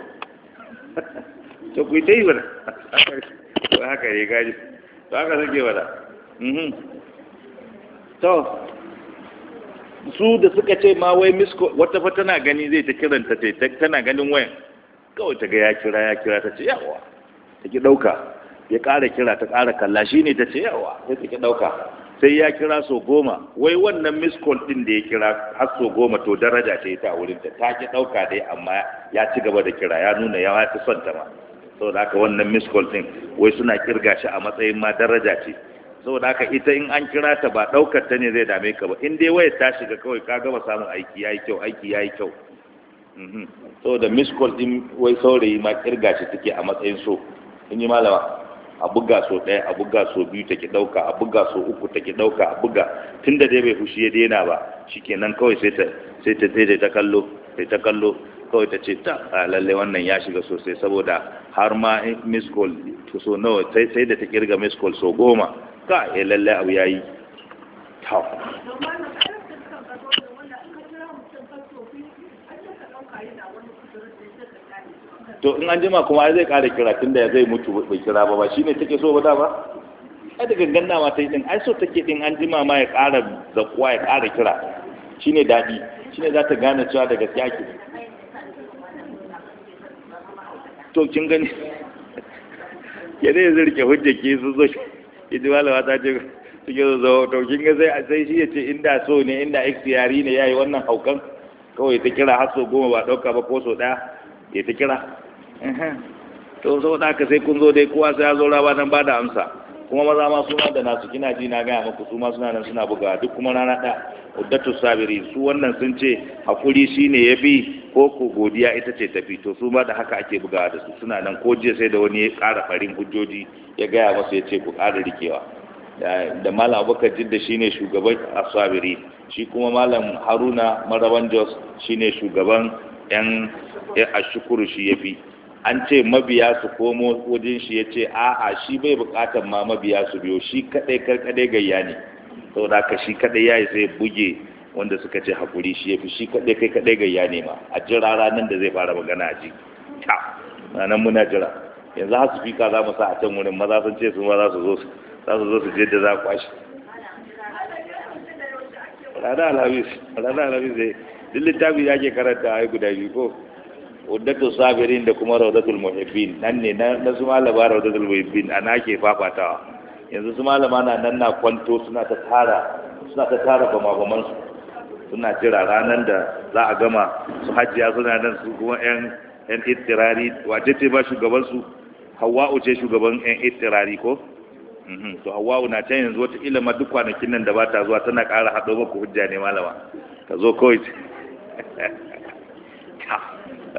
to ku dai wala haka ne gaji to haka sake wala mhm to su da suka ce ma wai misko wata fa tana gani zai ta kiranta ta tana ganin wayan kawai ta ga ya kira ya kira ta ce yawa ta ki ɗauka ya ƙara kira ta ƙara kalla shi ne ta ce yawa sai ta ki ɗauka sai ya kira so goma wai wannan miskol ɗin da ya kira har so goma to daraja ta yi ta wurin ta ta ki ɗauka dai amma ya ci gaba da kira ya nuna ya fi son ta ma saboda haka wannan miskol ɗin wai suna kirga shi a matsayin ma daraja ce saboda haka ita in an kira ta ba daukar ta ne zai dame ka ba in dai wayar ta shiga kawai ka gama samun aiki yayi kyau aiki yayi kyau mhm. saboda miss call din wai saurayi ma kirga shi take a matsayin so in yi malama a buga so ɗaya a buga so biyu take dauka a buga so uku take dauka a buga tun da dai bai fushi ya daina ba shikenan kawai sai ta sai ta sai ta kallo sai ta kallo kawai ta ce ta a lalle wannan ya shiga sosai saboda har ma miss call so nawa sai da ta kirga miss call so goma ka ya eh, lallai abu yayi ta to in an jima kuma zai kare kira tun da zai mutu bai kira ba ba shine take so ba da ba ai da ganganna ma ta yi din ai so take din an jima ma ya kara zakuwa ya kara kira shine dadi shine za ta gane cewa daga gaskiya ke to kin gani ke dai zai rike hujja ke su zo yaji malama ta ce suke zo to kin ga sai sai shi yace inda so ne inda ikhtiyari ne yayi wannan haukan kawai ta kira har so goma ba dauka ba ko so daya ya ta kira to da haka sai kun zo dai kowa sai ya zo raba nan ba da amsa kuma maza ma suna da nasu kina ji na gaya muku su ma suna nan suna buga duk kuma rana da uddatu sabiri su wannan sun ce hakuri shine ya bi ko ko godiya ita ce tafi to su ma da haka ake buga da su suna nan ko jiya sai da wani ya kara farin hujjoji ya gaya masa ya ce ku kara rikewa da malam abubakar jidda shine shugaban asabiri shi kuma malam haruna maraban jos shine shugaban yan ashukuru shi ya fi an ce mabiya su komo wajen shi ya ce a'a shi bai bukatan ma mabiya su biyo shi kadai karkadai gayya ne sau da ka shi kadai yi zai buge wanda suka ce hakuri shi ya fi shi kadai kai kadai gayya ne ma a jira ranar da zai fara magana a ji ta ranar muna jira yanzu har su ka za mu sa a can wurin maza sun ce su ma za su zo su za su zo su je da za kwashi rana alhamis rana alhamis zai duk littafi ya ke karanta yi guda biyu ko uddatu sabirin da kuma raudatul muhibbin nan ne na su malama raudatul muhibbin a ke fafatawa yanzu su malama na nan na kwanto suna ta tara suna ta tara bama su suna jira ranar da za a gama su hajjiya suna nan su kuma yan yan itirari wace ce ba shugaban su hawa'u ce shugaban yan itirari ko mhm. to hawa'u na can yanzu wata ilima duk kwanakin nan da ba ta zuwa tana ƙara haɗo maku hujja ne malama ka zo kawai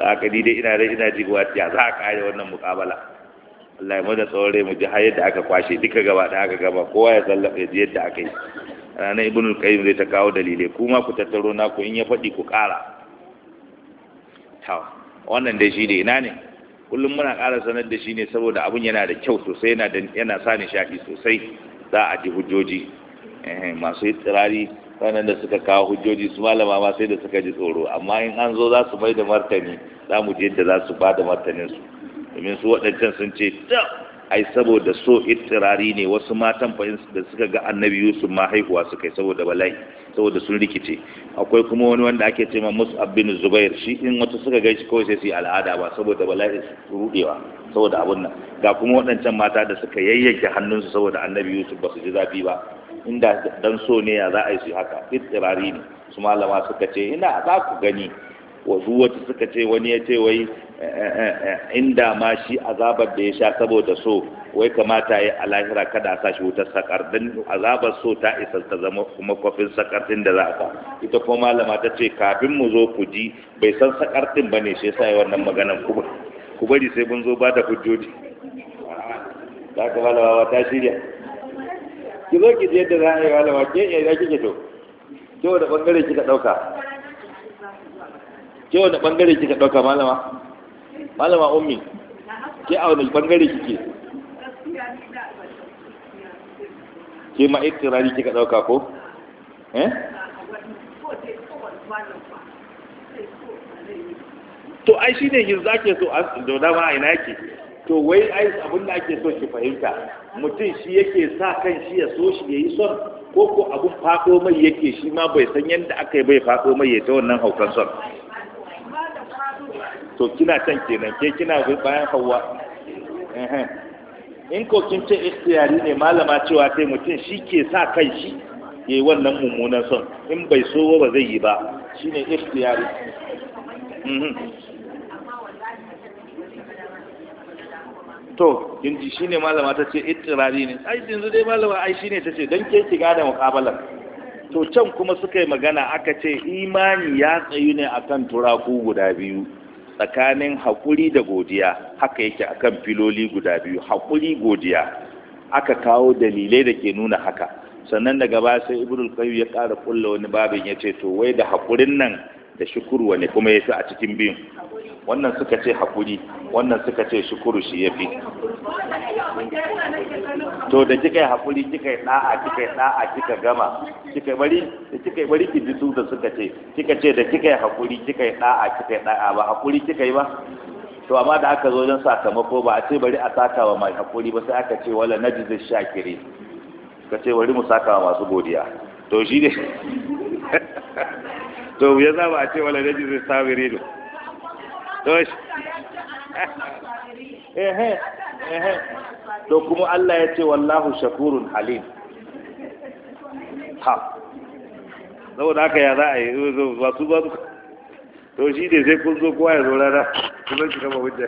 haka ni dai ina ina ji ya za a kare wannan mukabala Allah ya mada tsawon rai mu ji har yadda aka kwashe duka gaba da aka gaba kowa ya tsallaka ji yadda aka yi ranar ibn qayyim zai ta kawo dalilai kuma ku tattaro na ku in ya faɗi ku ƙara ta wannan dai shi da ina ne kullum muna ƙara sanar da shi ne saboda abun yana da kyau sosai yana yana sa nishaɗi sosai za a ji hujjoji Eh, masu tsirari wannan da suka kawo hujjoji su malama ma sai da suka ji tsoro amma in an zo za su mai da martani za mu je da za su ba da martanin su domin su waɗancan sun ce ai saboda so ittirari ne wasu matan fa da suka ga annabi yusuf ma haihuwa suka yi saboda bala'i saboda sun rikice akwai kuma wani wanda ake ce ma mus'ab bin zubair shi in wata suka ga shi kawai sai su yi al'ada ba saboda bala'i su rudewa saboda abun nan ga kuma waɗancan mata da suka yayyanke hannunsu saboda annabi yusuf ba su ji zafi ba inda dan so ne ya za a yi su haka fitirari ne su malama suka ce ina za ku gani wasu wata suka ce wani ya ce wai eh, eh, eh, inda ma shi azabar da ya sha saboda so wai kamata ya a lahira kada a sashi wutar sakar don azabar so ta isa ta zama kuma kwafin din da za a ita kuma malama ta ce kafin mu zo ku ji bai san din ba ne shi sa yi wannan maganan kuma ku bari sai mun zo ba da hujjoji za ka malama ta shirya ki zo ki yadda za a yi malama ke ya kike to ke wani bangare kika ɗauka ke wani bangare kika ɗauka malama malama ummi ke a wani bangare kike ke ma ikirari kika ɗauka ko eh? to ai shi ne yin zake so a dama a ina yake to wai ai abin da ake so fahimta mutum shi yake sa kan shi ya so shi ya yi son ko ko abin fado mai yake shi ma bai san yadda aka yi bai fado mai ya ta wannan haukan son to kina can kenan ke kina bayan hawa in ko kin ce ikhtiyari ne malama cewa sai mutum shi ke sa kan shi ya yi wannan mummunan son in bai so ba zai yi ba shine ikhtiyari mhm. to inji shi ne malama ta ce itirari ne ai yanzu dai malama ai ne ta ce don ke gane muqabalan to can kuma suka yi magana aka ce imani ya tsayu ne akan turaku guda biyu tsakanin haƙuri da godiya haka yake akan filoli guda biyu haƙuri godiya aka kawo dalilai da ke nuna haka sannan daga gaba sai ibrul kayu ya ƙara kulla wani babin ya ce to wai da haƙurin nan da shukuru wane kuma ya fi a cikin biyun wannan suka ce hakuri wannan suka ce shukuru shi ya fi to da kika yi hakuri kika yi ɗa'a kika yi ɗa'a kika gama kika bari da kika bari ki ji da suka ce kika ce da kika yi hakuri kika yi ɗa'a kika yi ɗa'a ba hakuri kika yi ba to amma da aka zo don sakamako ba a ce bari a saka wa mai hakuri ba sai aka ce wala sha shakiri ka ce bari mu saka wa masu godiya to shi ne to ya za ba a ce wala da jizai sabiri do to shi ehe ehe to kuma Allah ya ce wallahu shakurun halim ha saboda haka ya za a yi ba su ba to shi ne sai kun zo kowa ya zo rana kuma shi kama hujja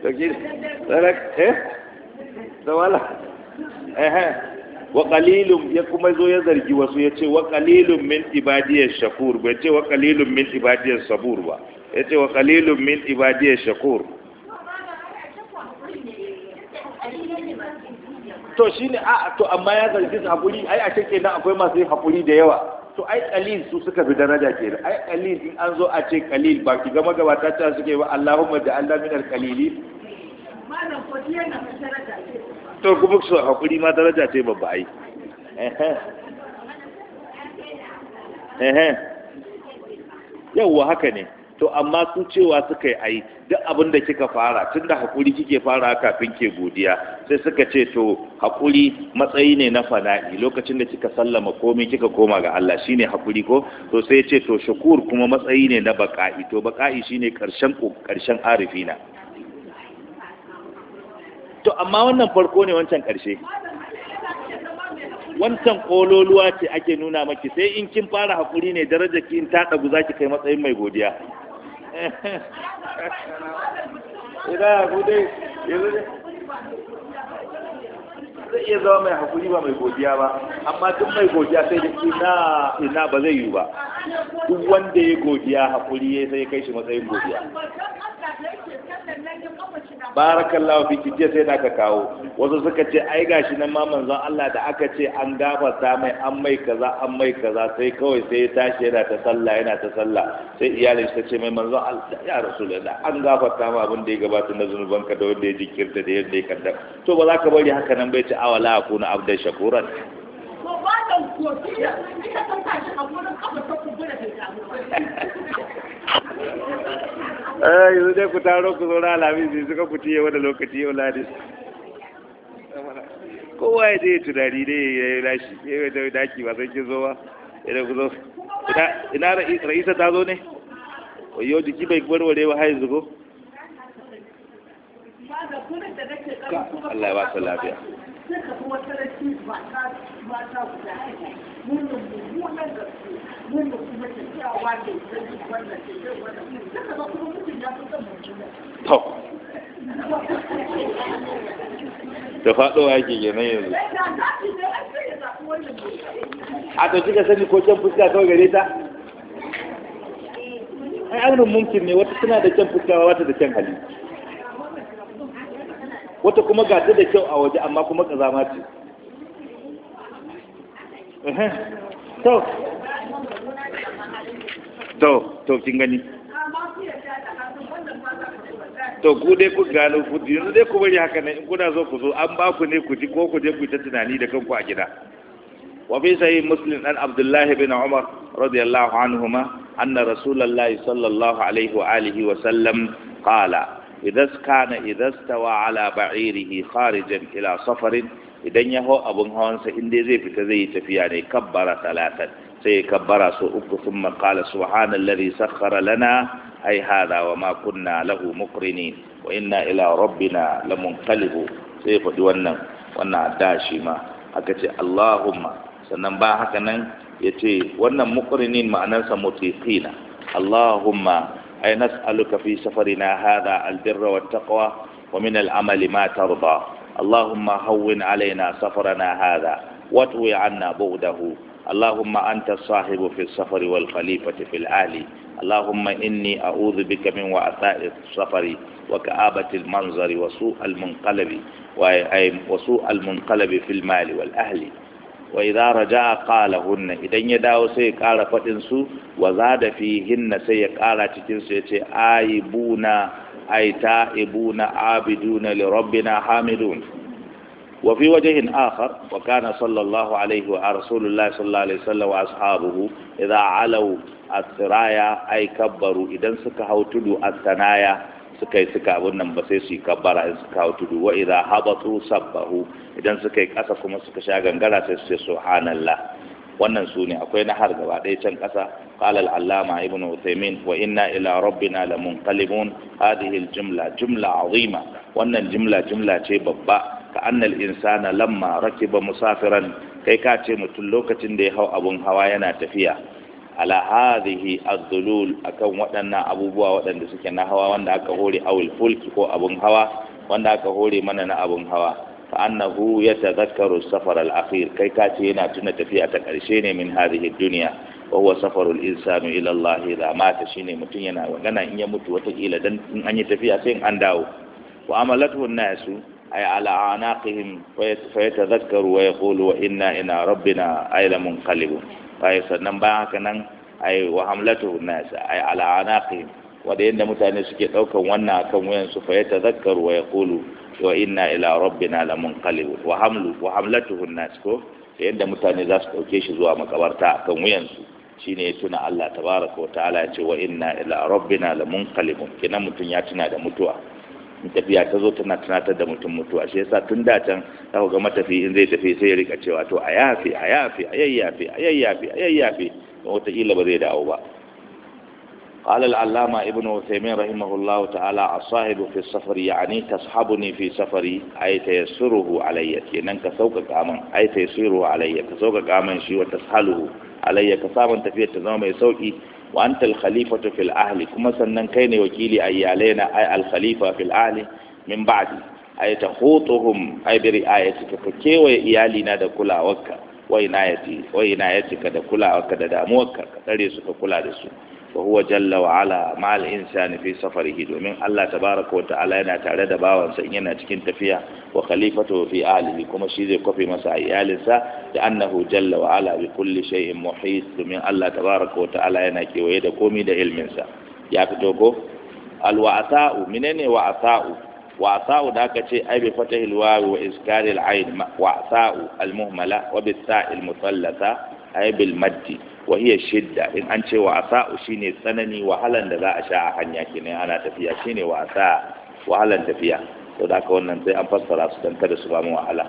to ki da wala eh wa qalilum ya kuma zo ya zargi wasu ya ce wa qalilum min ibadiyash shakur bai ce wa qalilum min ibadiyash sabur ba ya ce wa qalilum min ibadiyash shakur to shine a to amma ya zargi su hakuri ai a cikin nan akwai masu yin hakuri da yawa to ai qalil su suka fi daraja kenan ai qalil in an zo a ce qalil ba ki gama gabata ta suke ba Allahumma ja'alna min al-qalili malam ko masharata ce to kuma su hakuri ma daraja ce babba ai yauwa haka ne to amma su cewa suka yi ai duk abin da kika fara tunda da haƙuri kike fara kafin ke godiya sai suka ce to haƙuri matsayi ne na fana'i lokacin da kika sallama komai kika koma ga Allah shine haƙuri ko to sai ce to shukur kuma matsayi ne na baka'i to baka'i shine karshen karshen arifina to amma wannan farko ne wancan ƙarshe wancan kololuwa ce ake nuna maki sai in kin fara hakuri ne daraja ki in ta ɗagu zaki kai matsayin mai godiya ya zai iya zama mai hakuri ba mai godiya ba amma duk mai godiya sai da ina ina ba zai yi ba duk wanda ya godiya hakuri ya sai kai shi matsayin godiya barakallahu fi kice sai da ka kawo wasu suka ce ai gashi nan ma manzon Allah da aka ce an gafarta mai an mai kaza an mai kaza sai kawai sai ya tashi yana ta sallah yana ta sallah sai iyalin ta ce mai manzon Allah ya rasulullah an gafarta ma abin da ya gabata na zunubanka da wanda ya jinkirta da yadda ya kaddar to ba za ka bari haka nan bai ce awala akuna abdan shakuran eh, yanzu dai ku taro ku zo na sai suka ku tiye wani lokaci yau ladis kowa ya je tunani ne ya yi lashi ya yi da daki ba sai kin zo ba ina ku zo ina ra'isa ta zo ne wayo jiki bai warware ba hayin ko Allah ya ba su lafiya sai ka kuma sarki da mummunan gaske yake yanzu a to kika sani ko can fuska kawai gare ta ai amurin mumkin ne wata tana da can fuska wata da can hali wata kuma gata da kyau a waje amma kuma kazama ce to to kin gani to ku dai ku gano ku yanzu dai ku bari haka ne in kuna zo ku zo an ba ku ne ku ji ko ku je ku ta tunani da kanku a gida wa fi sahih muslim an abdullah bin umar radiyallahu anhuma anna rasulullahi sallallahu alaihi wa alihi wa sallam qala idan kana idan stawa ala ba'irihi kharijan ila safarin idan ya hau abun hawansa in zai fita zai yi tafiya ne kabbara talatan sai kabbara so uku sun makala subhanallazi sakhkhara lana ai hada wa ma kunna lahu muqrinin wa inna ila rabbina lamunqalibu sai fadi wannan wannan adda ma aka ce Allahumma sannan ba haka nan yace wannan muqrinin ma'anarsa mutiqina Allahumma أي نسألك في سفرنا هذا البر والتقوى ومن العمل ما ترضى اللهم هون علينا سفرنا هذا واتوي عنا بغده اللهم أنت الصاحب في السفر والخليفة في الآلي اللهم إني أعوذ بك من وعثاء السفر وكآبة المنظر وسوء المنقلب وسوء المنقلب في المال والأهل wa idza a qala hunna idan ya dawo sai ya ƙara faɗin su wa zada fi hinna sai ya ƙara cikin su yace aibuna na, ta'ibuna abiduna li rabbina hamidun wa fi wajhin akhar wa kana sallallahu alaihi wa rasulullah sallallahu alaihi wasallam wa ashabuhu idza al'au at-siraya ay kabbaru idan suka hau tudu a tanaya suka yi suka abun nan ba sai su yi kabbara in suka hau tudu wa idan habatu sabbahu idan suka yi ƙasa kuma suka sha gangara sai su ce subhanallah wannan su ne akwai nahar gaba ɗaya can ƙasa qala al-allama ibn uthaymin wa inna ila rabbina lamunqalibun hadhihi al-jumla jumla azima wannan jumla jumla ce babba ka annal insana lamma rakiba musafiran kai ka ce mutum lokacin da ya hau abun hawa yana tafiya ala hadhihi az akan waɗannan abubuwa waɗanda suke na hawa wanda aka hore awil fulki ko abun hawa wanda aka hore mana na abun hawa fa annahu yatadhakkaru safar al-akhir kai ka ce yana tuna tafiya ta karshe ne min hadhihi dunya wa huwa safarul insani ila Allah mata shine mutun yana magana in ya mutu wata dan in an yi tafiya sai an dawo wa amalatu an-nasu ay ala anaqihim fa yatadhakkaru wa yaqulu wa inna Ina rabbina ayla munqalibun faye sannan bayan haka nan ai wa hamlatu nas ai ala anaqi wanda yanda mutane suke daukan wannan akan wayan su fa tazakkaru wa yaqulu wa inna ila rabbina munqalib wa hamlu wa hamlatu nas ko yadda mutane za su ɗauke shi zuwa makabarta a kan wuyansu shi ne ya tuna Allah tabaraka wa ta'ala ya ce wa inna ila rabbina munqalib kina mutum ya tuna da mutuwa tafiya ta zo tana tunatar da mutum mutu shi yasa tun da can ta ga matafi in zai tafi sai ya rika cewa to a yafe a yafe a yayyafe a yayyafe a yayyafe wata ila ba zai dawo ba qala al-allama ibnu uthaymin rahimahullahu ta'ala as-sahibu fi safari yani tashabuni fi safari ay tayassuruhu alayya kenan ka sauka gaman ay tayassuruhu alayya ka sauka gaman shi wa tashaluhu alayya ka saban tafiyar ta zama mai sauki wa anta khalifatu fil ahli kuma sannan kai ne wakili a iyalaina ai al-khalifa fil ahli min ba'di ay tahutuhum ay bi ri'ayatika ka kewaye iyali na da kulawarka wa inayati wa inayatika da kulawarka da damuwarka ka tsare su ka kula da su fa huwa jalla wa ala ma'al insani fi safarihi domin Allah tabaraka wata'ala yana tare da bawansa in yana cikin tafiya wa khalifatu fi alihi kuma shi zai kofe masa a iyalinsa da annahu jalla wa ala bi kulli shay'in muhit domin Allah tabaraka wata'ala yana kewaye da komai da ilminsa. sa ya fito ko al wa'sa'u menene wa'sa'u wa'sa'u da aka ce ai wa iskaril ain wa'sa'u al muhmala wa bis sa'il musallata wa shidda in an ce wa asa'u shine tsanani wahalan da za a sha a hanya kenan ana tafiya shine wa asa wahalan tafiya to da wannan sai an fassara su dan kada su ba mu wahala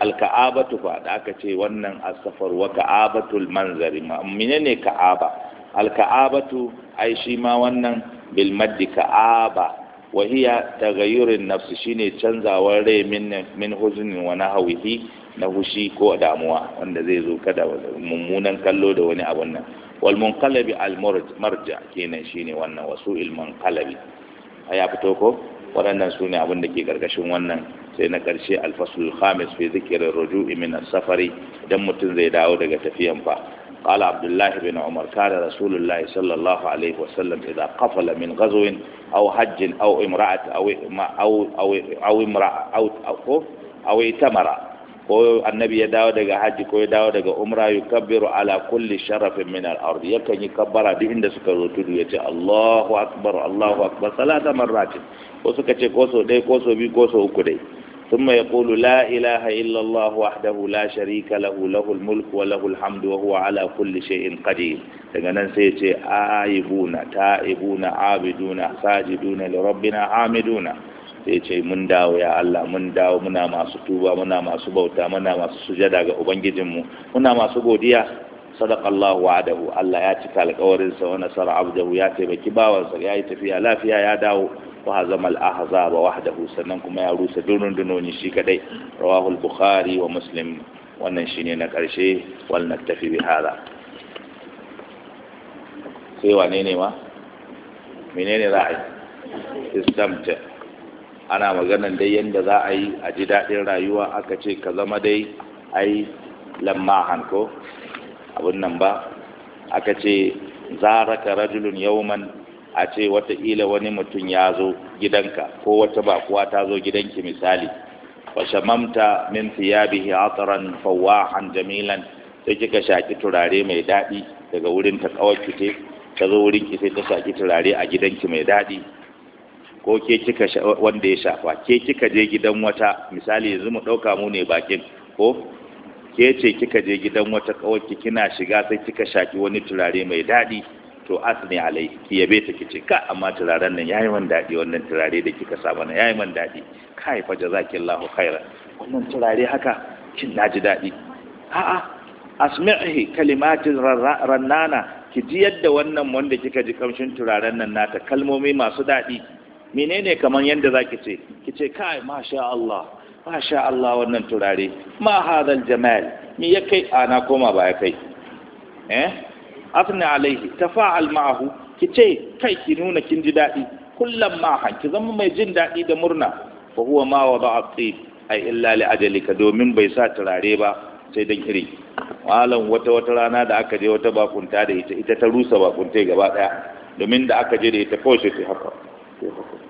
alka'abatu fa da aka ce wannan asafar wa ka'abatul manzari ma menene ka'aba alka'abatu ai shi ma wannan bil maddi ka'aba wa hiya taghayyurun nafsi shine canzawar rai min min huzunin wa nahwihi na hushi ko damuwa wanda zai zo kada mummunan kallo da wani abun nan wal munqalabi al marja kenan shine wannan wasu il munqalabi ya fito ko waɗannan su ne abin da ke ƙarƙashin wannan sai na ƙarshe alfasul khamis fi zikirin ruju'i min safari idan mutum zai dawo daga tafiyan fa qala abdullahi bin umar kana rasulullah sallallahu alaihi wasallam idza qafala min ghazwin aw hajjin aw imra'at aw aw aw imra'a aw aw ko annabi ya dawo daga haji ko ya dawo daga umra yukabbiru ala kulli sharafin min al-ard yakan yi kabbara duk inda suka zo tudu ya ce Allahu akbar Allahu akbar salata marratin ko suka ce ko so dai ko so bi ko so uku dai ثم يقول لا إله إلا الله وحده لا شريك له له الملك وله الحمد وهو على كل شيء قدير daga nan sai ce aibuna ta'ibuna abiduna sajiduna sai ce mun dawo ya Allah mun dawo muna masu tuba muna masu bauta muna masu sujada ga ubangijinmu muna masu godiya Allah wa'adahu Allah ya cika alƙawarin sa wa nasara abdahu ya taimaki bawansa ya yi tafiya lafiya ya dawo wa hazama al-ahzaba wahdahu sannan kuma ya rusa dunun shi kadai rawahu al-bukhari wa muslim wannan shine na karshe wal naktafi bi hada sai wane ne ma menene ra'ayi istamta ana magana dai yadda za a yi a ji daɗin rayuwa aka ce ka zama dai ai lammahan ko abin nan ba aka ce za zaraka rajulun yawman a ce wataƙila wani mutum ya zo gidanka ko wata bakuwa ta zo gidanki misali fashamamta min thiyabihi ataran fawahan jamilan sai kika shaki turare mai daɗi daga wurin ta kawar ta zo wurin ki sai ta shaki turare a gidanki mai daɗi ko ke kika wanda ya shafa ke kika je gidan wata misali yanzu mu ɗauka mu ne bakin ko ke ce kika je gidan wata kawai kina shiga sai kika shaki wani turare mai daɗi to asni alai ki yabe ta kice ka amma turaren nan yayi man daɗi wannan turare da kika sa mana yayi man daɗi kai fa jazakillahu Khaira? wannan turare haka kin naji daɗi a'a asmi'i kalimatin rannana ki ji yadda wannan wanda kika ji kamshin turaren nan nata kalmomi masu daɗi menene yadda za zaki ce ki kice kai masha Allah masha Allah wannan turare ma hadal jamal ni ya kai ana koma ba ya kai eh afna alaihi tafa'al ma'ahu ki ce kai ki nuna kin ji dadi kullum ma ki zama mai jin dadi da murna fa huwa ma a tib ai illa li ajalika domin bai sa turare ba sai dan iri malam wata wata rana da aka je wata bakunta da ita ita ta rusa bakuntai gaba daya domin da aka je da ita kawai sai haka haka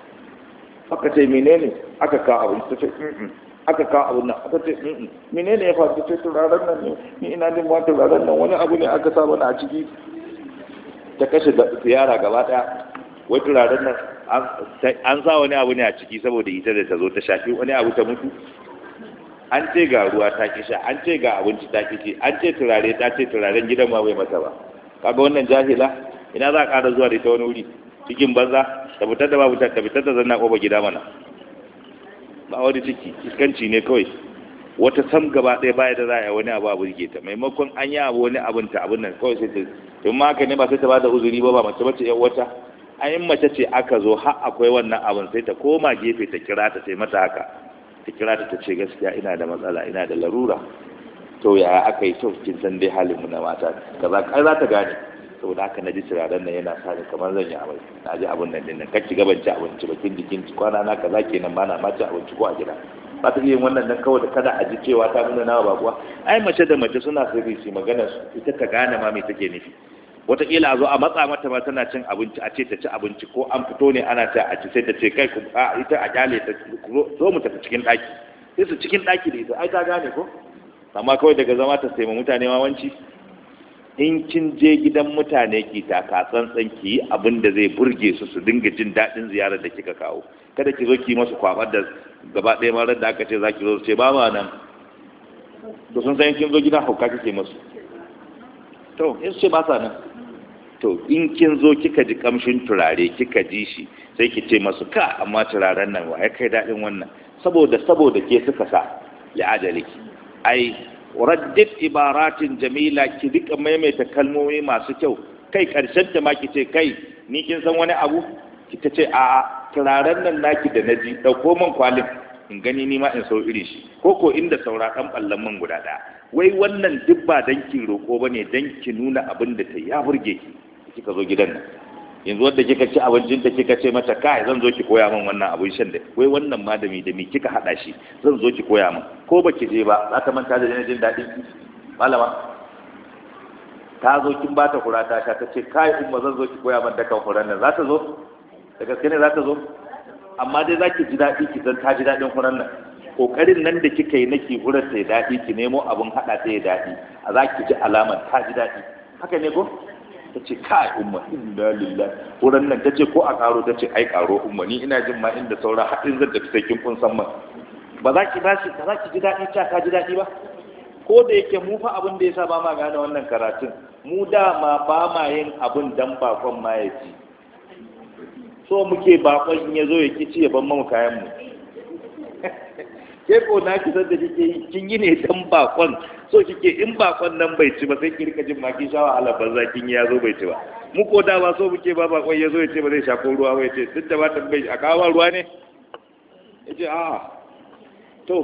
aka ce menene aka ka abu ta ce aka ka abu nan aka ce menene ya faru ta ce turaren nan ne ni ina jin ba turaren nan wani abu ne aka samu na a ciki ta kashe ziyara gaba daya wai turaren nan an sa wani abu ne a ciki saboda ita da ta zo ta shafi wani abu ta mutu an ce ga ruwa ta kisha an ce ga abinci ta kishi an ce turare ta ce turaren gidan ma bai mata ba kaga wannan jahila ina za a ƙara zuwa da ita wani wuri cikin banza da fitar da babu ta fitar da zanna ko ba gida mana ba wani ciki iskanci ne kawai wata sam gaba ɗaya baya da za a yi wani abu abu rike ta maimakon an yi abu wani abin ta abin nan kawai sai ta in ma kai ne ba sai ta ba da uzuri ba ba mace bace yan wata a yin mace ce aka zo har akwai wannan abin sai ta koma gefe ta kira ta sai mata haka ta kira ta ta ce gaskiya ina da matsala ina da larura to ya aka yi to kin san dai halin mu na mata kaza kai za ta gane saboda haka na ji turaren nan yana sa ni kamar zan yi amai na ji abin nan dinnan kacci gaban ci abinci bakin jikin ci kwana na kaza kenan ba na ma ci abinci ko a gida ba ta yin wannan dan kawai da kada a ji cewa ta nuna nawa babuwa. ai mace da mace suna sirri su magana su ita ka gane ma me take nufi wataƙila a zo a matsa mata ma tana cin abinci a ce ta ci abinci ko an fito ne ana ta a ci sai ta ce kai ku a ita a kyale ta zo mu tafi cikin ɗaki sai su cikin ɗaki da ita ai ta gane ko amma kawai daga zama ta sai mutane ma wanci in kin je gidan mutane ki ka tsantsan ki yi abin da zai burge su su dinga jin daɗin ziyarar da kika kawo kada ki zo ki masu kwafar da gaba ɗaya marar da aka ce za ki zo su ce ba ma nan to sun san kin zo gidan hauka kike masu to in su ce ba sa nan to in kin zo kika ji kamshin turare kika ji shi sai ki ce masu ka amma turaren nan wa ya kai daɗin wannan saboda saboda ke suka sa ya li'ajaliki ai raddit ibaratin jamila ki rika maimaita kalmomi masu kyau kai karshen ta ma ki ce kai ni kin san wani abu ki ta ce a turaren nan naki da naji dauko man kwalin in gani ni ma in sau iri shi ko ko inda saura dan ballan man guda daya wai wannan duk ba dan ki roko bane dan ki nuna abin da ta ya burge ki kika zo gidan nan yanzu wanda kika ci abincin da kika ce mata kai zan zo ki koya min wannan abin shan da wai wannan ma da mi da mi kika hada shi zan zo ki koya min ko baki je ba za ta manta da jin daɗin ki malama ta zo kin ba ta kura ta sha ta ce kai ba zan zo ki koya min dakan furan nan za ta zo da gaske ne za ta zo amma dai za ki ji daɗi ki zan ta ji daɗin furan nan kokarin nan da kika yi nake furar ta ya daɗi ki nemo abin hada ta ya daɗi a za ki ji alamar ta ji daɗi haka ne ko ta ce kai umma inna lillahi wurin nan ta ce ko a karo ta ce ai karo umma ni ina jin ma inda saura haɗin zarda tafi kun san man ba za ki bashi ba za ki ji daɗi ta ka ji daɗi ba ko da yake mu fa abin da yasa ba ma gane wannan karatun mu dama ba ma yin abin dan bakon ma ya so muke bakon ya zo ya kici ya ban mu kayan mu ke ko na ki san da kike yi kin yi ne dan bakon so kike in bakon nan bai ci ba sai ki rika jin maki shawa ala banza kin ya zo bai ci ba mu ko da ba so muke ba bakon ya zo ya ce ba zai sha ko ruwa ba ya ce duk da ba tambayi a kawo ruwa ne ya ce a to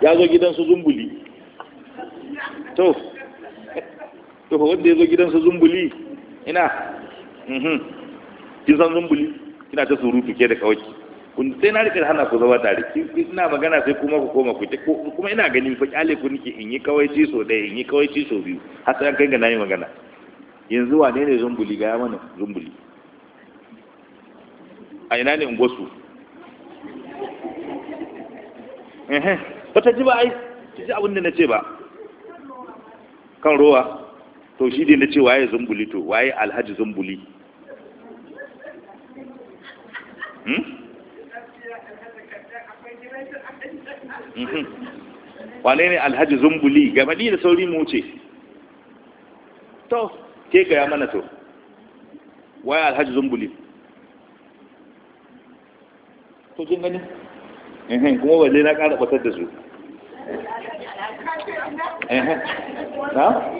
ya zo gidan su zumbuli to to wanda ya zo gidan su zumbuli ina mhm kin san zumbuli kina ta surutu ke da kawai kun sai na rike hana ku zama tare ina magana sai kuma ku koma ku kuma ina gani fa kyale ku nike in yi kawai ci so ɗaya in yi kawai ci so biyu har sai an kai ga nayi magana yanzu wane ne zumbuli ga mana zumbuli a ina ne ungosu eh ba ta ji ba ai Ki ji abin da na ce ba kan ruwa to shi ne na ce waye zumbuli to waye alhaji zumbuli hmm? Mhm. wane ne alhaji zumbuli gamadi da sauri mu ce to ke gaya mana to waya alhaji zumbuli to jin gani mhm, kuma wale na ƙara batar da su mhm. na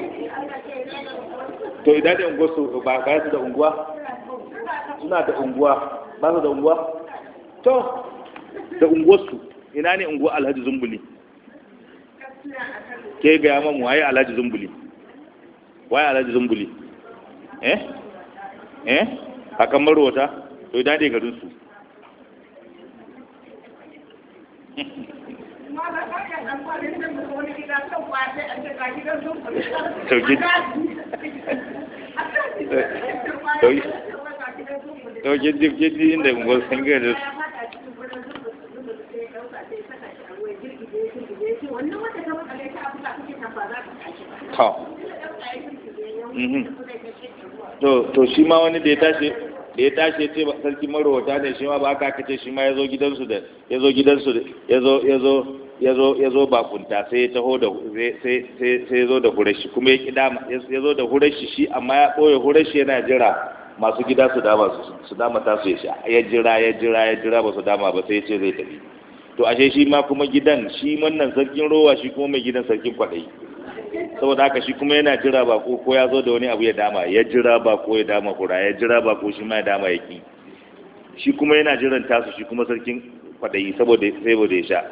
to idan da unguwa su ba ka da unguwa suna da unguwa ba su da unguwa to da unguwarsu ina ne unguwa alhaji zumbuli ke gaya mamu waye alhaji zumbuli waye alhaji zumbuli eh eh A kan marwata to idan dai garin su jirgin gidi gidi inda mun san su wannan wanda ta makale ta abu da kake tafa za ka tashi ba to to shi ma wani da ya tashi da ya tashi ya ce sarki marowata ne shi ma ba aka aka ce shi ma ya zo gidansu da ya zo gidansu da ya zo ya zo ya zo ya zo bakunta sai ya taho da sai sai sai ya zo da hurashi kuma ya kida ya zo da hurashi shi amma ya boye hurashi yana jira masu gida su dama su dama ta su ya sha ya jira ya jira ya jira ba su dama ba sai ya ce zai tafi to ashe shi ma kuma gidan shi wannan sarkin rowa shi kuma mai gidan sarkin kwaɗayi saboda haka shi kuma yana jira ba ko ya zo da wani abu ya dama ya jira ba ko ya dama kura ya jira ba ko shi ma ya dama ya shi kuma yana jiran tasu shi kuma sarkin kwaɗayi saboda ya sha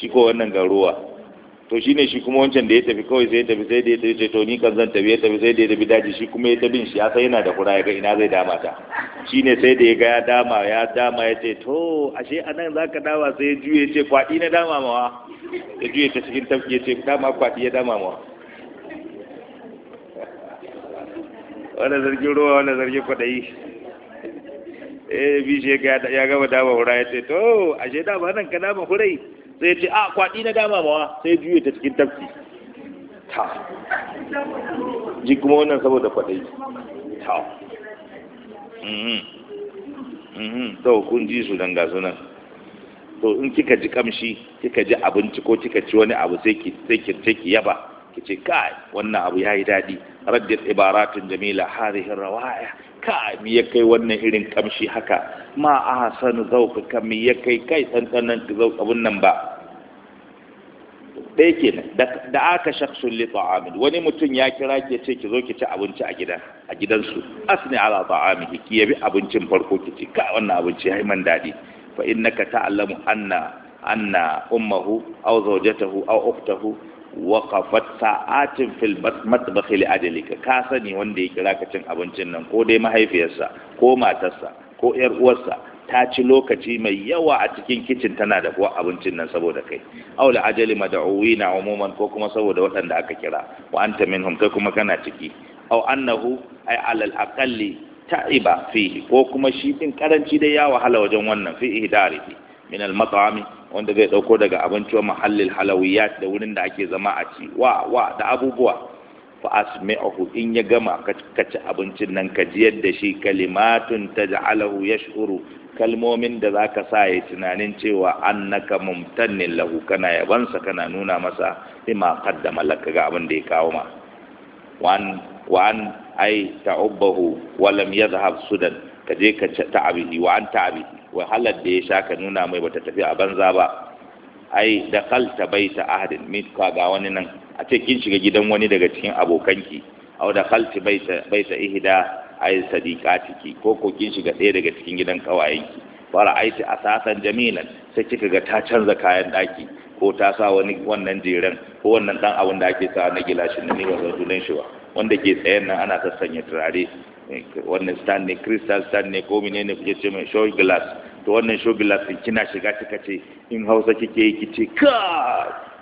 shi ko wannan ga rowa to shi ne shi kuma wancan da ya tafi kawai sai ya tafi sai da ya tafi to ni kan zan tafi ya tafi sai da ya tafi daji shi kuma ya tafi shi ya sai yana da kura ya ga ina zai dama ta shi ne sai da ya ga ya dama ya dama ya ce to ashe anan zaka dawa sai ya juye ce kwadi na dama mawa ya juye ta cikin tafi ya ce dama kwadi ya dama mawa wannan zargin ruwa wannan zargin kwadayi eh bi shi ya ga ya gaba dama hura ya ce to ashe dama nan ka dama hurai sai ce a ah, kwaɗi na dama mawa sai juye ta cikin tafki ta ji kuma wannan saboda kwaɗai ta mm-hmm. Mm-hmm. to kun ji su danga sunan to in kika ji kamshi kika ji abinci ko kika ci wani abu sai ki sai ki ce ki yaba ki ce kai wannan abu yayi daɗi raddin ibaratun jamila hadhihi rawaya ka mi ya kai wannan irin kamshi haka ma a hasanu zauka mi ya kai kai tsantsanan abun nan ba ɗaya kenan da aka shaksun li ta'amin wani mutum ya kira ki ce ki zo ki ci abinci a gidan a gidansu asni ala ta'amihi ki yabi abincin farko ki ci ka wannan abinci yayi man daɗi fa innaka ta'lamu anna anna ummuhu aw zawjatahu aw ukhtahu waƙafat sa'atin fil matbakh li ka sani wanda ya kira ka cin abincin nan ko dai mahaifiyarsa ko matarsa ko yar uwarsa ta ci lokaci mai yawa a cikin kicin tana da kuwa abincin nan saboda kai aula ajali na umuman ko kuma saboda waɗanda aka kira wa anta minhum kuma kana ciki aw annahu ay alal aqalli ta'iba fihi ko kuma shi din karanci dai ya wahala wajen wannan fi ihdarihi min al-mat'ami wanda zai dauko daga abinci wa muhallin halawiyat da wurin da ake zama a ci wa wa da abubuwa fa asmi'ahu in ya gama ka ci abincin nan ka ji yadda shi kalimatun taj'alahu yash'uru kalmomin da zaka sa ya tunanin cewa annaka mumtannin lahu kana yabansa kana nuna masa bima qaddama laka ga abin da ya kawo ma wa an ay ta'ubbahu wa yadhhab sudan ka je ka ta abihi wa an ta abihi wahalar da ya sha ka nuna mai bata tafi a banza ba ai da kalta ta ahadin ka ga wani nan a ce kin shiga gidan wani daga cikin abokanki Au da ta ihida a yi ai ciki, ko ko kin shiga ɗaya daga cikin gidan kawayenki fara a asasan jamilan sai kika ga ta canza kayan daki ko ta sa wani wannan jeren ko wannan dan abin da ake sa na gilashin ne ba zan sunan shi ba wanda ke tsayen nan ana sassanya turare wannan stand ne crystal stand ne ko menene kuke ce mai show glass to wannan show glass kina shiga kika ce in Hausa kike yi kice ka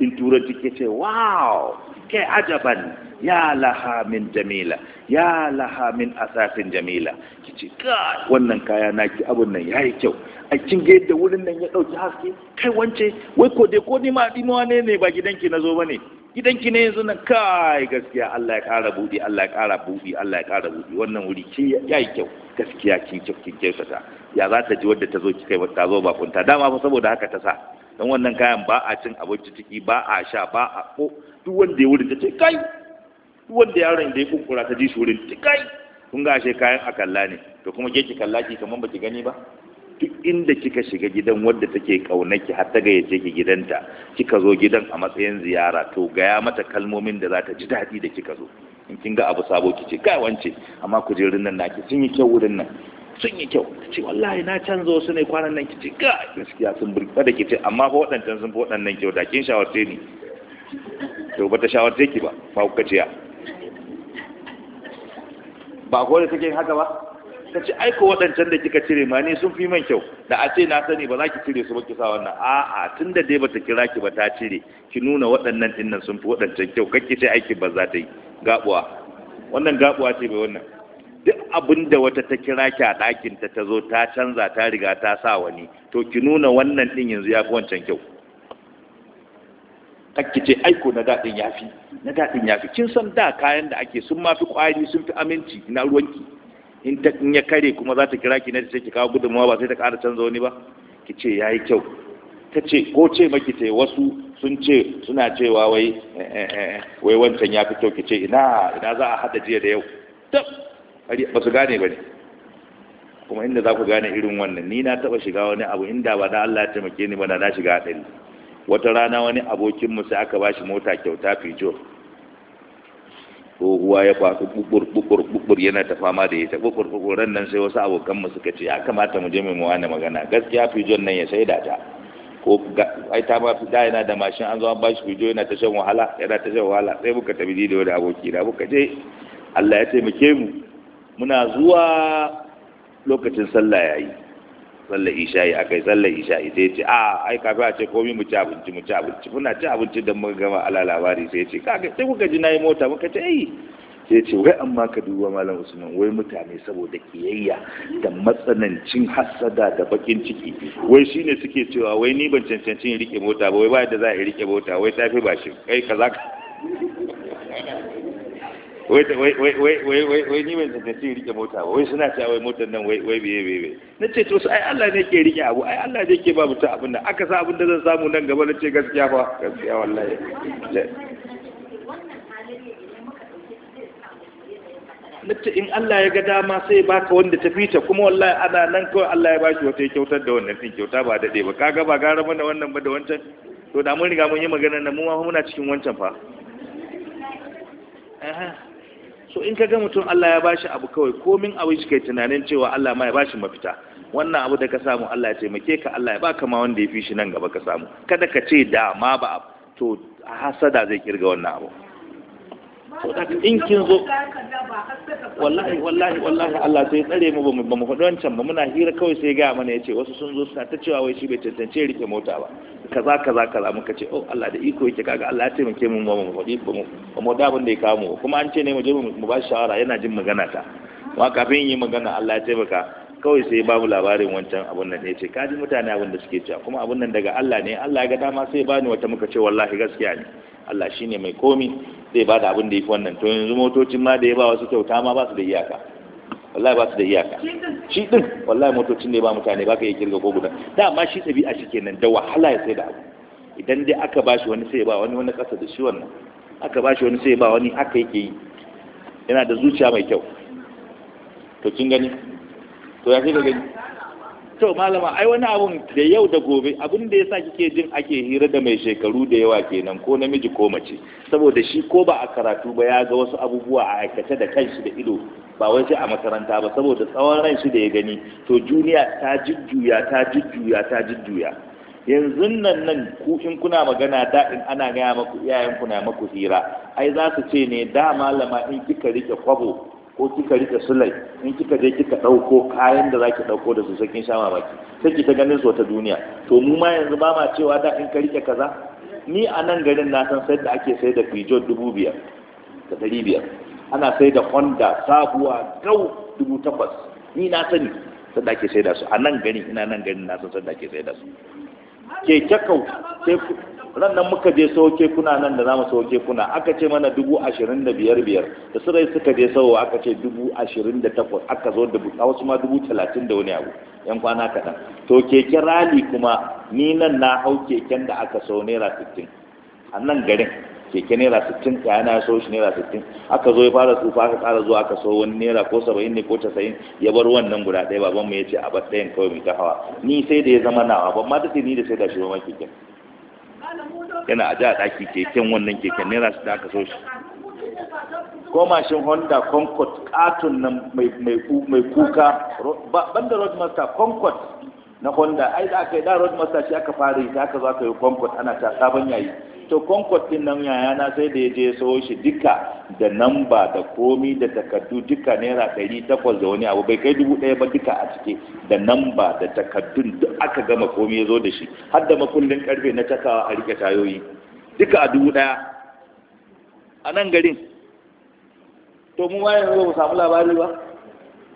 in turanci ke ce wow kai ajaban ya laha min jamila ya laha min asafin jamila ki ce kai wannan kaya ki abun nan yi kyau a kin ga yadda wurin nan ya dauki haske kai wance wai ko dai ko ni ma dinawa ne ne ba gidanki na zo bane gidanki ne yanzu nan kai gaskiya Allah ya kara budi Allah ya kara budi Allah ya kara budi wannan wuri ki yi kyau gaskiya kin kyau kin kyautata ya za ta ji wadda ta zo ki kai ta zo kunta dama fa saboda haka ta sa dan wannan kayan ba a cin abinci ciki ba a sha ba a ko duk wanda ya wuri ta kai duk wanda yaron da ya kunkura ta ji su wurin ta kai kun ga ashe kayan a kalla ne to kuma ke ki kalla ki kamar baki gani ba duk inda kika shiga gidan wadda take kaunaki har ta gayyace ki gidanta kika zo gidan a matsayin ziyara to gaya mata kalmomin da za ta ji daɗi da kika zo in kin ga abu sabo ki ce kai wance amma kujerun nan naki sun yi kyau wurin nan sun yi kyau ta ce wallahi na canzo su ne kwanan nan kici ga gaskiya sun burge ba da kici amma fa waɗancan sun fi waɗannan kyau da kin shawarce ni to ba ta shawarce ki ba ba kuka ya? ba ko da kake haka ba ta ce aiko waɗancan da kika cire ma ne sun fi man kyau da a ce na sani ba za ki cire su ba ki sa wannan a'a tun da dai bata kira ki ba ta cire ki nuna waɗannan ɗin sun fi waɗancan kyau kakki ce aikin ba za ta yi gaɓuwa wannan gaɓuwa ce bai wannan duk abin da wata ta kira ki a ɗakin ta ta zo ta canza ta riga ta sa wani to ki nuna wannan ɗin yanzu ya fi wancan kyau ki ce aiko na daɗin ya fi na daɗin ya fi kin san da kayan da ake sun ma fi ƙwari sun fi aminci na ruwanki in ta in ya kare kuma za ta kira ki na ce ki kawo gudunmawa ba sai ta ƙara canza wani ba ki ce ya yi kyau ta ce ko ce maki ta wasu sun ce suna cewa wai eh, eh, eh, wai wancan ya fi kyau ki ce ina ina za a haɗa jiya da yau ba su gane ba ne kuma inda za ku gane irin wannan ni na taɓa shiga wani abu inda ba da Allah ya taimake ni ba da na shiga haɗari wata rana wani abokinmu sai aka ba shi mota kyauta fijo tsohuwa ya kwafi bubur bubur bubur yana tafa ma da ita bubur bubur ran nan sai wasu abokanmu suka ce ya kamata mu je mu wani magana gaskiya fijo nan ya saida ta ko ai ta ba fita yana da mashin an zo an shi fijo yana ta shan wahala yana ta shan wahala sai muka tabi da wani aboki na muka je Allah ya taimake mu muna zuwa lokacin sallah yayi sallar isha'i akai sallar yi, sai ce a ai kafin a ce komai mu ci abinci mu ci abinci muna ci abinci da muka gama ala labari sai ce kaga sai kuka ji nayi mota muka ce ai sai ce wai amma ka duba malam usman wai mutane saboda kiyayya da matsanancin hassada da bakin ciki wai shine suke cewa wai ni ban cancanci rike mota ba wai ba da za a rike mota wai tafi ba shi kai kaza wai wai ni ban tantance rike mota ba wai suna ta wai motar nan wai wai biye biye na ce to ai Allah ne ke rike abu ai Allah ne ke ba mutu abin da aka sa abin da zan samu nan gaba na ce gaskiya fa gaskiya wallahi na ce in Allah ya ga dama sai ba ka wanda ta fita kuma wallahi ana nan kawai Allah ya ba shi wata kyautar da wannan din kyauta ba daɗe ba kaga ba gara mana wannan ba da wancan to da mun riga mun yi magana nan mu ma muna cikin wancan fa so in ka ga mutum Allah ya bashi abu kawai komin abin shi kai tunanin cewa Allah ma ya bashi mafita wannan abu da ka samu Allah ya taimake ka Allah ya baka ma wanda ya fi shi nan gaba ka samu kada ka ce da ma ba to hasada zai kirga wannan abu to da in kin zo wallahi wallahi wallahi Allah sai tsare mu ba mu faɗi wancan ba muna hira kawai sai ga mana yace wasu sun zo suna ta cewa wai shi bai tantance rike mota ba kaza kaza kaza muka ce oh Allah da iko yake kaga Allah ya taimake mu ba mu faɗi ba mu ba mu da abin da ya kamo kuma an ce ne mu je mu ba shawara yana jin magana ta wa kafin yi magana Allah ya taimaka kawai sai ba mu labarin wancan abun nan ne ce kaji mutane abin da suke cewa kuma abun nan daga Allah ne Allah ya ga dama sai bani wata muka ce wallahi gaskiya ne Allah shine mai komi zai bada abin da yake wannan to yanzu motocin ma da ya ba wasu kyauta ma ba su da iyaka wallahi ba su da iyaka shi din wallahi motocin ne ba mutane ba ka yi kirga ko guda amma shi a shi kenan da wahala ya sai da abu idan dai aka bashi wani sai ba wani wani kasa da shi wannan aka bashi wani sai ba wani haka yake yi yana da zuciya mai kyau to kin gani to yake da gani to malama ai wani abun da yau da gobe abun da yasa kike jin ake hira da mai shekaru da yawa kenan ko namiji ko mace saboda shi ko ba a karatu ba ya ga wasu abubuwa a aikace da kanshi da ido ba wai sai a makaranta ba saboda tsawon ran shi da ya gani to duniya ta jujjuya ta jujjuya ta jujjuya yanzu nan nan ku in kuna magana daɗin ana gaya maku iyayen kuna maku hira ai za su ce ne da malama in kika rike kwabo ko kika rike sulai in kika je kika ɗauko kayan da zaki ɗauko da su sai kin sha baki, sai ki ta ganin su ta duniya to mu ma yanzu ba ma cewa da in ka rike kaza ni a nan garin na san sai da ake sai da Peugeot dubu biyar da ɗari biyar ana sai da Honda sabuwa gau dubu ni na sani sai da ake sai da su a nan garin ina nan garin na san sai da ake sai da su ke kau ran nan muka je sauke kuna nan da zamu sauke kuna aka ce mana dubu ashirin da biyar biyar da su rai suka je sau aka ce dubu ashirin da takwas aka zo da a wasu ma dubu talatin da wani abu yan kwana kaɗan to keke rali kuma ni nan na hau keken da aka sau naira sittin a nan garin keke naira sittin kaya na so shi naira sittin aka zo ya fara tsufa aka ƙara zuwa aka so wani naira ko 70 ne ko 90 ya bar wannan guda ɗaya baban mu ya ce a bar ɗayan kawai mai ta hawa ni sai da ya zama nawa ban ma dace ni da sai da shi ma keken yana a ja ɗaki keken wannan keken naira su da aka so shi ko mashin honda concord katon nan mai kuka banda master concord na honda ai da aka yi da road master shi aka fara yi aka zo ka yi concord ana ta sabon yayi to concord din nan na sai da ya je shi duka da namba da komi da takardu duka naira ɗari takwas da wani abu bai kai dubu ɗaya ba duka a cike da namba da takardun duk aka gama komi ya zo da shi har da makullin karfe na cakawa a rike tayoyi duka a dubu ɗaya a nan garin to mu ma yanzu ba mu samu labari ba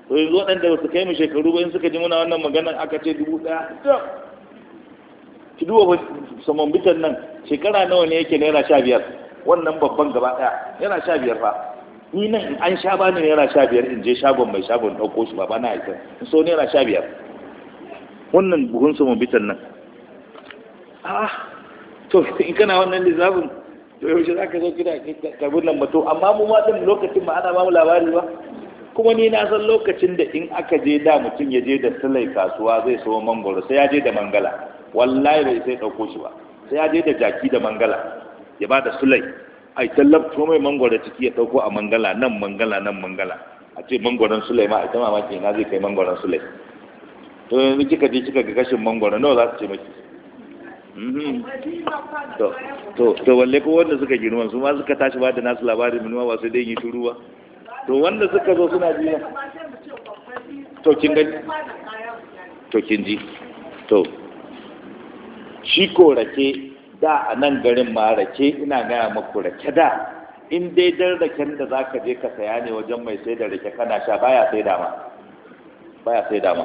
to yanzu waɗanda ba su kai mu shekaru ba in suka ji muna wannan magana aka ce dubu ɗaya ki duba saman bitan nan shekara nawa ne yake naira sha biyar wannan babban gaba ɗaya naira sha biyar fa ni nan an sha bani naira sha biyar in je shagon mai shagon ɗauko shi ba na haifar so naira sha biyar wannan buhun saman bitan nan ah to in kana wannan lissafin to yaushe za ka zo gida ka nan ba amma mu ma ɗin lokacin ba ana ba mu labari ba kuma ni na san lokacin da in aka je da mutum ya je da sulai kasuwa zai sayo mangoro sai ya je da mangala wallahi bai sai dauko shi ba sai ya je da jaki da mangala ya ba da sulai tallaf to mai mangoro ciki ya dauko a mangala nan mangala nan mangala a ce mangoron sulai ma a ita mamaki na zai kai mangoron sulai to yanzu kika je kika ga kashin mangoro nawa za su ce maki mhm. to to walle ko wanda suka girman su ma suka tashi ba da nasu labarin minuwa ba sai dai yi turuwa to wanda suka zo suna biyan to kin gani to kin ji to shi ko rake da a nan garin ma rake ina gaya maku rake da in dai dan raken da za je ka saya ne wajen mai sai da rake kana sha baya sai ma baya sai ma.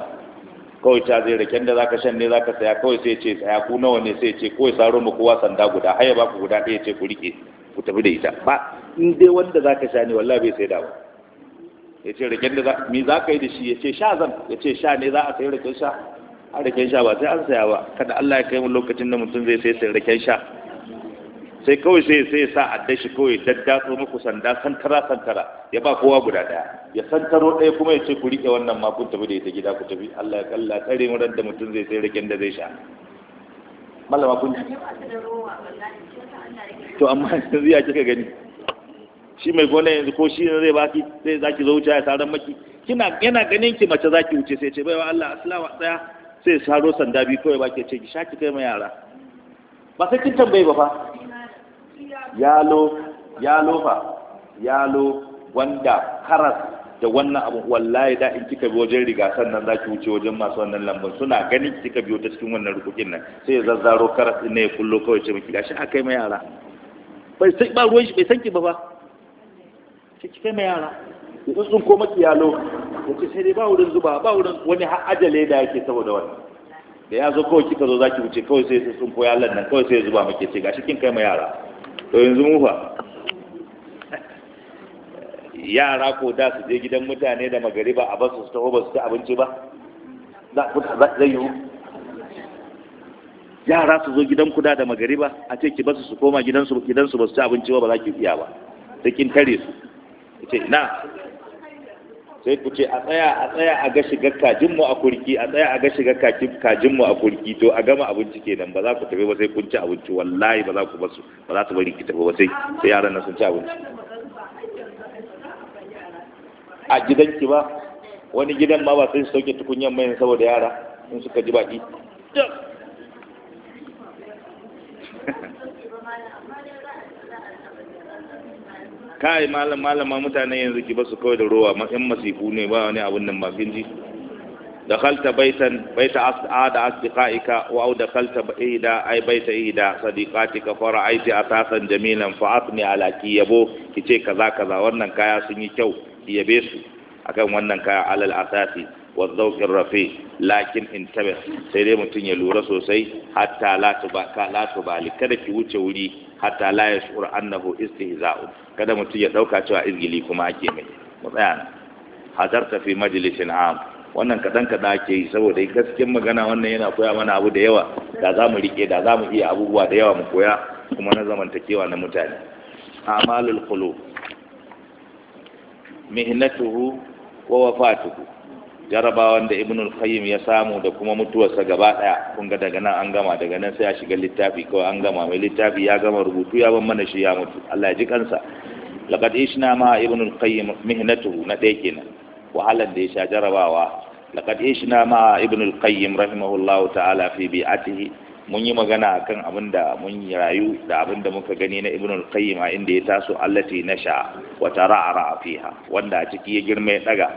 kawai ta zai raken da za ka shan ne za ka saya kawai sai ce saya ku nawa ne sai ce kawai saro mu kowa sanda guda haye ba ku guda ɗaya ce ku rike ku tafi da ita ba in dai wanda za ka sha ne wallahi bai sai ba ya ce raken da mi za ka yi da shi ya ce sha zan ya ce sha ne za a sayi raken sha a raken sha ba sai an saya ba kada Allah ya kai mu lokacin da mutum zai sai sai raken sha sai kawai sai sai sa adda shi kawai daddatso muku sanda santara santara ya ba kowa guda daya ya santaro ɗaya kuma ya ce ku rike wannan ma kun tafi da ita gida ku tafi Allah ya kalla tsare mu da mutum zai sai raken da zai sha malama kun ji to amma yanzu ya kika gani shi mai gona yanzu ko shi zai baki sai zaki zo wuce ya saran maki kina yana ganin ki mace za ki wuce sai ce baiwa Allah aslawa tsaya sai saro sanda bi kawai baki ce ki shaki kai ma yara ba sai kin tambaye ba fa yalo lo fa yalo gwanda karas da wannan abu wallahi da in kika bi wajen riga sannan za ki wuce wajen masu wannan lambun suna ganin kika biyo ta cikin wannan rukukin nan sai ya zazzaro karas ne ya kullo kawai ce miki gashi akai ma yara bai sai ba ruwan shi bai san ki ba ba. ciki kai mai yara ya sun koma kiyalo ya ce sai dai ba wurin zuba ba wurin wani ajalai ajale da yake saboda wani da ya zo kawai kika zo za ki wuce kawai sai sun koya yalan nan kawai sai zuba maki ce shi kin kai mai yara to yanzu mu fa yara ko da su je gidan mutane da magariba a basu su taho ba su ci abinci ba za ku ta zai yiwu yara su zo gidan kuda da magariba a ce ki basu su koma gidansu ba su ci abinci ba ba za ki iya ba sai kin tare su ce na sai ku ce a tsaya a tsaya a ga shigar kajin mu a kurki a tsaya a ga shigar kajin mu a kurki to a gama abinci kenan ba za ku tafi ba sai kun ci abinci wallahi ba za ku basu ba za su bari ki tafi ba sai sai yaran nan sun ci abinci a ki ba wani gidan ma ba sai su sauke tukunyan mai saboda yara in suka ji baki kai malam malama mutane yanzu ki basu kawai da rowa ma in masifu ne ba wani abun nan ba kin ji dakhalta baitan baita asada asdiqaika wa au dakhalta baida ai baita ida sadiqatika ra'aiti atasan jamilan fa asmi ala kiyabo kice kaza kaza wannan kaya sun yi kyau yabe su akan wannan kaya alal asasi wa rafe rafi lakin intabe sai dai mutum ya lura sosai hatta la tubaka la tubali kada ki wuce wuri hatta la yashur annahu istihza'u kada mutun ya dauka cewa izgili kuma ake mai mu tsaya hadarta fi majlisin am wannan kadan kada ake yi saboda gaskiyar magana wannan yana koya mana abu da yawa da za mu rike da za mu iya abubuwa da yawa mu koya kuma na zamantakewa na mutane a'malul qulub mihnatuhu wa wafatuhu jarabawan da ibn al-qayyim ya samu da kuma mutuwarsa gaba daya kun ga daga nan an gama daga nan sai a shiga littafi kawai an gama mai littafi ya gama rubutu ya ban mana shi ya mutu Allah ya ji kansa laqad ishna ma ibn al-qayyim mihnatuhu na dai kenan wahalar da ya sha jarabawa laqad ishna ma ibn al-qayyim rahimahullahu ta'ala fi bi'atihi mun yi magana akan abin da mun rayu da abin da muka gani na ibn al-qayyim a inda ya taso allati nasha wa tara'ara fiha wanda a ciki ya girma ya daga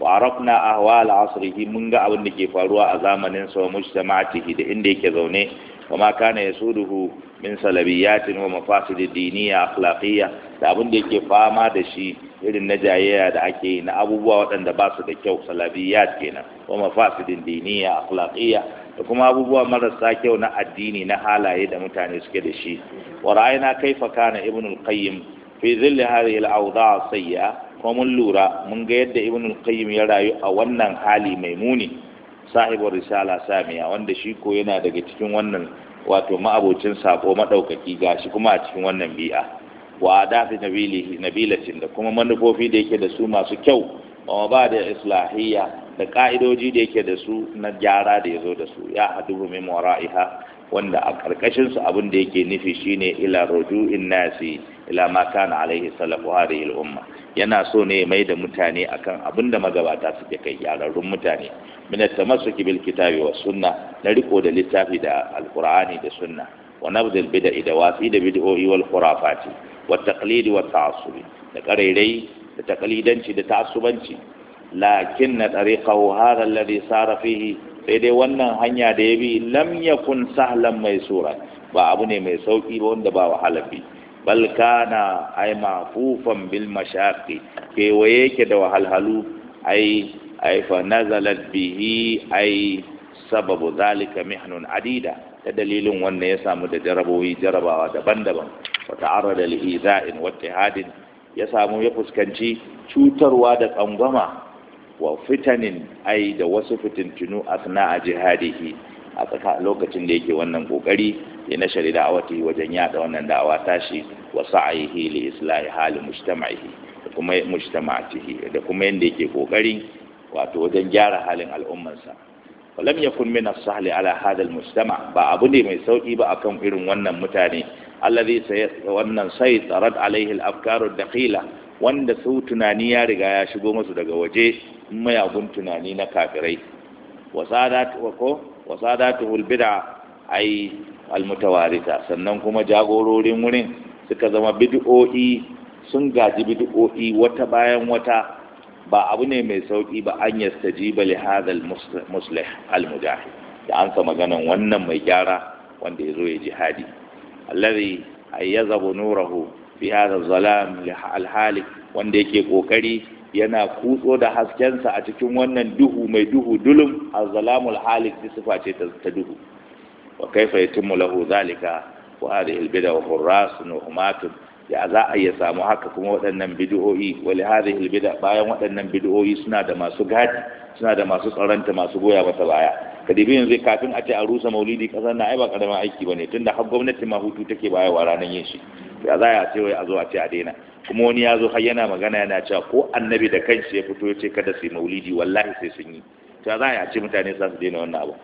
wa arafna ahwal asrihi mun ga abin da ke faruwa a zamanin sa mujtama'atihi da inda yake zaune wa ma kana yasuduhu min salabiyatin wa mafasid diniya akhlaqiyya da abin da yake fama da shi irin na jayayya da ake yi na abubuwa waɗanda ba su da kyau salabiyat kenan wa mafasidin diniya akhlaqiyya da kuma abubuwa marasa kyau na addini na halaye da mutane suke da shi wa ra'ayna kaifa kana ibnul qayyim fi zilli hadhihi al-awda sayya ko mun lura mun ga yadda ibn al ya rayu a wannan hali mai muni sahibar risala samiya wanda shi ko yana daga cikin wannan wato ma'abocin sako madaukaki gashi kuma a cikin wannan bi'a wa adafi nabilihi nabilatin da kuma manufofi da yake da su masu kyau wa ba da islahiyya da ka'idoji da yake da su na gyara da ya zo da su ya hadubu min wara'iha wanda a karkashin su abin da yake nufi shine ila ruju'in nasi ila ma kana alaihi salafu hadhihi al-umma yana so ne mai da mutane akan abinda magabata suke kai yararrun mutane min at-tamassuki bil kitabi was sunna na riko da littafi da alqur'ani da sunna wa nabdil bid'i da wasi da bid'o'i wal khurafati wa taqlidi wa ta'assubi da karairai da taqlidanci da ta'assubanci lakin na tariqahu hadha alladhi sara fihi sai dai wannan hanya da ya bi lam yakun sahlan mai sura ba abu ne mai sauki ba wanda ba wahala bi balkana. kana ay mafufan bil mashaqi kewaye yake da wahalhalu ai ai fa nazalat bihi ai sababu zalika mihnun adida ta dalilin wannan ya samu da jarabawi jarabawa daban-daban wa ta'arrada li iza'in wa ittihadin ya samu ya fuskanci cutarwa da tsangwama wa fitanin ai da wasu fitintunu asna a jihadihi a tsaka lokacin da yake wannan kokari ya nashari da'awati wajen yada wannan da'awa tashi wa sa'ihi li islahi hali mujtama'ihi da kuma mujtama'atihi da kuma yanda yake kokari wato wajen gyara halin al'ummansa walam yakun min as-sahli ala hadha mujtama ba abu ne mai sauki ba akan irin wannan mutane alladhi wannan sai tsarat alaihi al-afkar ad-dakhila wanda su tunani ya riga ya shigo musu daga waje mayagun tunani na kafirai wa sadat wa ko wa sadatuhul bid'a ay almutawarita sannan kuma jagororin wurin suka zama bid'o'i sun gaji bid'o'i wata bayan wata ba abu ne mai sauƙi ba an jiba li hadha al almujahid da an sa maganan wannan mai gyara wanda ya zo ya jihadi allazi ayyazabu nurahu fi hadha zalam alhalik wanda yake kokari yana kutso da haskensa a cikin wannan duhu mai duhu dulum azzalamul halik da sifa ce ta duhu wa kaifa yatimmu lahu zalika wa hadhihi albidah wa hurras nuhmatun ya za a iya samu haka kuma waɗannan bid'o'i wali hadhihi albid'a bayan waɗannan bid'o'i suna da masu gadi suna da masu tsaranta masu goya mata baya kadibi yanzu kafin a ce a rusa maulidi kasar na ai ba karamin aiki bane tunda har gwamnati ma hutu take wa ranar yin shi ya za a ce wai a zo a ce a daina kuma wani ya zo har yana magana yana cewa ko annabi da kanshi ya fito ya ce kada su yi maulidi wallahi sai sun yi ta za a ce mutane za su daina wannan abu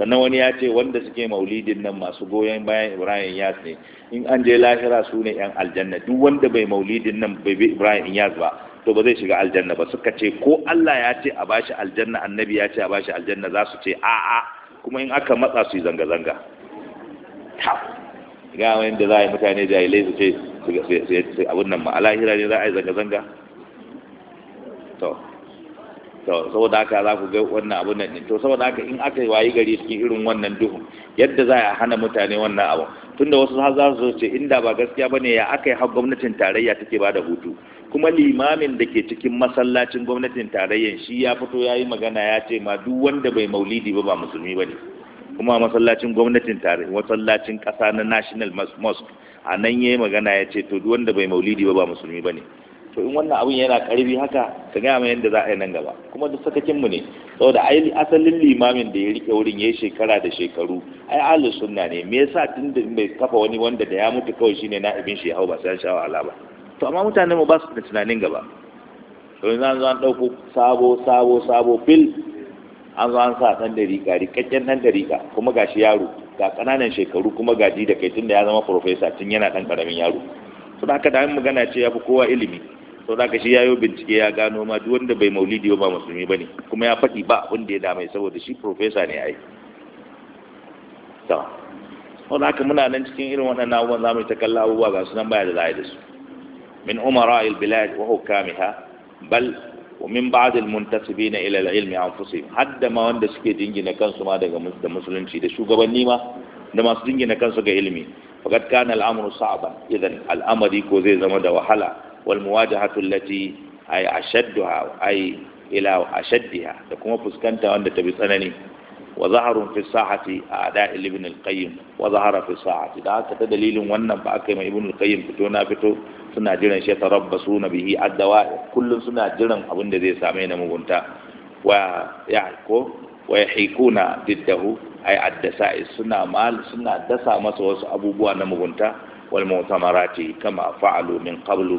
sannan wani ya ce wanda suke maulidin nan masu goyon bayan ibrahim yas ne in an je lahira su ne yan aljanna duk wanda bai maulidin nan bai bi ibrahim yas ba to ba zai shiga aljanna ba suka ce ko allah ya ce a bashi aljanna annabi ya ce a bashi aljanna za su ce a'a kuma in aka matsa su yi zanga-zanga ga wani da za a yi mutane ya su ce abin nan ma a lahira ne za a yi zanga-zanga to to saboda haka za ku ga wannan abun nan to saboda haka in aka wayi gari cikin irin wannan duhu yadda za a hana mutane wannan abu tunda wasu har za su ce inda ba gaskiya bane ya aka yi har gwamnatin tarayya take ba da hutu kuma limamin da ke cikin masallacin gwamnatin tarayyan shi ya fito ya yi magana ya ce ma duk wanda bai maulidi ba ba musulmi ba ne kuma masallacin gwamnatin tarayya masallacin ƙasa na national mosque a nan ya yi magana ya ce to duk wanda bai maulidi ba ba musulmi ba ne to in wannan abin yana karbi haka ka gaya mai yadda za a yi nan gaba kuma duk sakakinmu ne saboda ai asalin limamin da ya rike wurin ya shekara da shekaru ai ahlus sunna ne me yasa tun da bai kafa wani wanda da ya mutu kawai shine na ibin shi hau ba sai sha wahala ba to amma mutanen mu ba su da tunanin gaba to yanzu an zo an dauko sabo sabo sabo bil an zo an sa san da rika rikakken nan da rika kuma gashi yaro ga kananan shekaru kuma gaji da kai tun da ya zama professor tun yana dan karamin yaro to da haka da magana ce ya fi kowa ilimi sau da shi ya yi bincike ya gano ma duk wanda bai maulidi ba musulmi ba ne kuma ya faɗi ba wanda ya damai saboda shi profesa ne ai da haka muna nan cikin irin waɗannan abubuwan zamani ta kalla abubuwa ga sunan baya da zai da su min umara al bilad wa hukamiha bal wa min ba'd al muntasibina ila al ilmi anfusihim hadda ma wanda suke dingina kansu ma daga musulunci da shugabanni ma da masu dingina kansu ga ilimi faqad kana al amru sa'ban idan al amri ko zai zama da wahala wal muwajahatu allati ay ashadduha ay ila ashaddiha da kuma fuskanta wanda tafi tsanani wa zaharun fi sahati a'da ibn al-qayyim wa zahara da haka dalilin wannan ba aka ma mai ibn al-qayyim fito na fito suna jiran shi tarabbasu bihi addawa kullun suna jiran abin da zai same na mugunta wa ya diddahu ay suna dasa masa wasu abubuwa na mugunta wal mutamarati kama fa'alu min qablu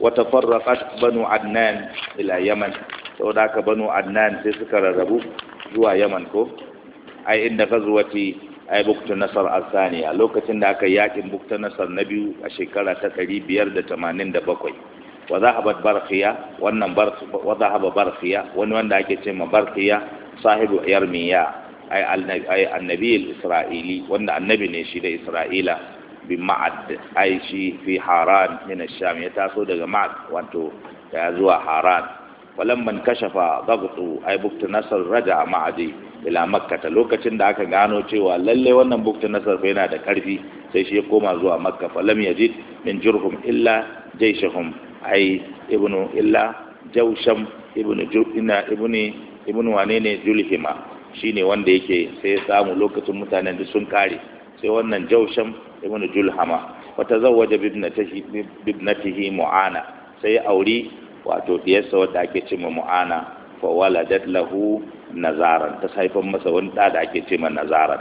wata farraƙat banu adnan ila yaman sau da aka banu adnan sai suka rarrabu zuwa yaman ko ai inda ka gazuwati ai bukta nasar a lokacin da aka yakin bukta nasar na biyu a shekara ta 587 wa zahabat barqiya wannan wa zahaba barqiya wani wanda ake ce ma barqiya sahibu yarmiya ai annabi isra'ili wanda annabi ne shi da isra'ila bi ma'ad ai shi fi haran min sham ya taso daga ma'ad wato ya zuwa haran kashe kashafa dagtu ai bukta nasar raja ma'adi ila makkata. lokacin da aka gano cewa lalle wannan bukta nasar fa yana da karfi sai shi ya koma zuwa makka falam yajid min jurhum illa jaishahum ai ibnu illa jausham ibnu jurina ibnu ibnu ne julhima shine wanda yake sai ya samu lokacin mutanen da sun kare sai wannan jausham ibn julhama wa tazawwaja bibnatihi mu'ana sai ya auri wato diyarsa wadda ake ce ma mu'ana fa waladat lahu nazaran ta saifan masa wani da ake ce ma nazaran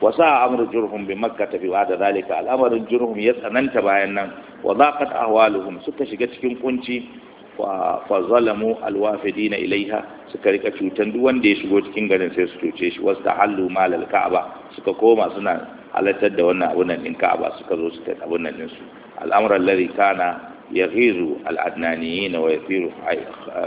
wa sa amru jurhum bi ta biwa da zalika al'amarin jurhum ya tsananta bayan nan wa zaqat ahwaluhum suka shiga cikin kunci fa zalamu alwafidina ilaiha suka rika cutan duk wanda ya shigo cikin garin sai su cuce shi wasta hallu malal ka'aba suka koma suna halartar da wannan abun nan ɗin ka'aba suka zo suka abun nan ɗinsu al'amuran lari kana ya hizu al'adnaniyi na wa ya firu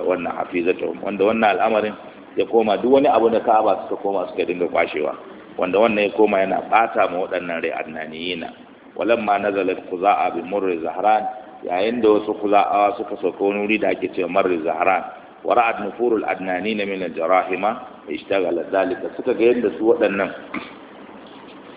wannan hafizatun wanda wannan al'amarin ya koma duk wani abu da ka'aba suka koma suka dinga kwashewa wanda wannan ya koma yana ɓata ma waɗannan rai adnaniyi na walamma nazalat kuza'a bi murri zahran yayin da wasu kuza'awa suka sauka wani wuri da ake cewa murri zahran wara'at nufurul adnanina min al-jarahima ishtaghala dhalika suka ga yadda su waɗannan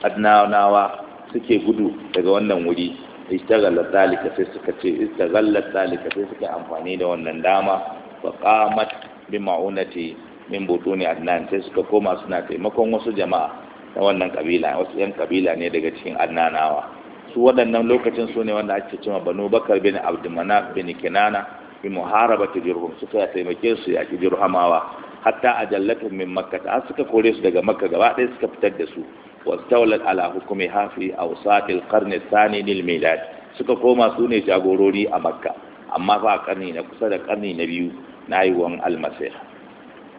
adnawa suke gudu daga wannan wuri istaghallat zalika sai suka ce zalika sai suka amfani da wannan dama wa qamat bi ma'unati min butuni adnan sai suka koma suna taimakon wasu jama'a na wannan kabila wasu yan kabila ne daga cikin adnanawa su waɗannan lokacin su ne wanda ake cewa banu bakar bin abdumana bin kinana bi muharabati jirhum suka taimake su yaki jirhamawa hatta ajallatun min makkah har suka kore su daga makka gaba ɗaya suka fitar da su wastawlat ala hukumi hafi awsatil qarni thani lil milad suka koma su ne jagorori a makka amma fa karni na kusa da karni na biyu na haihuwan almasih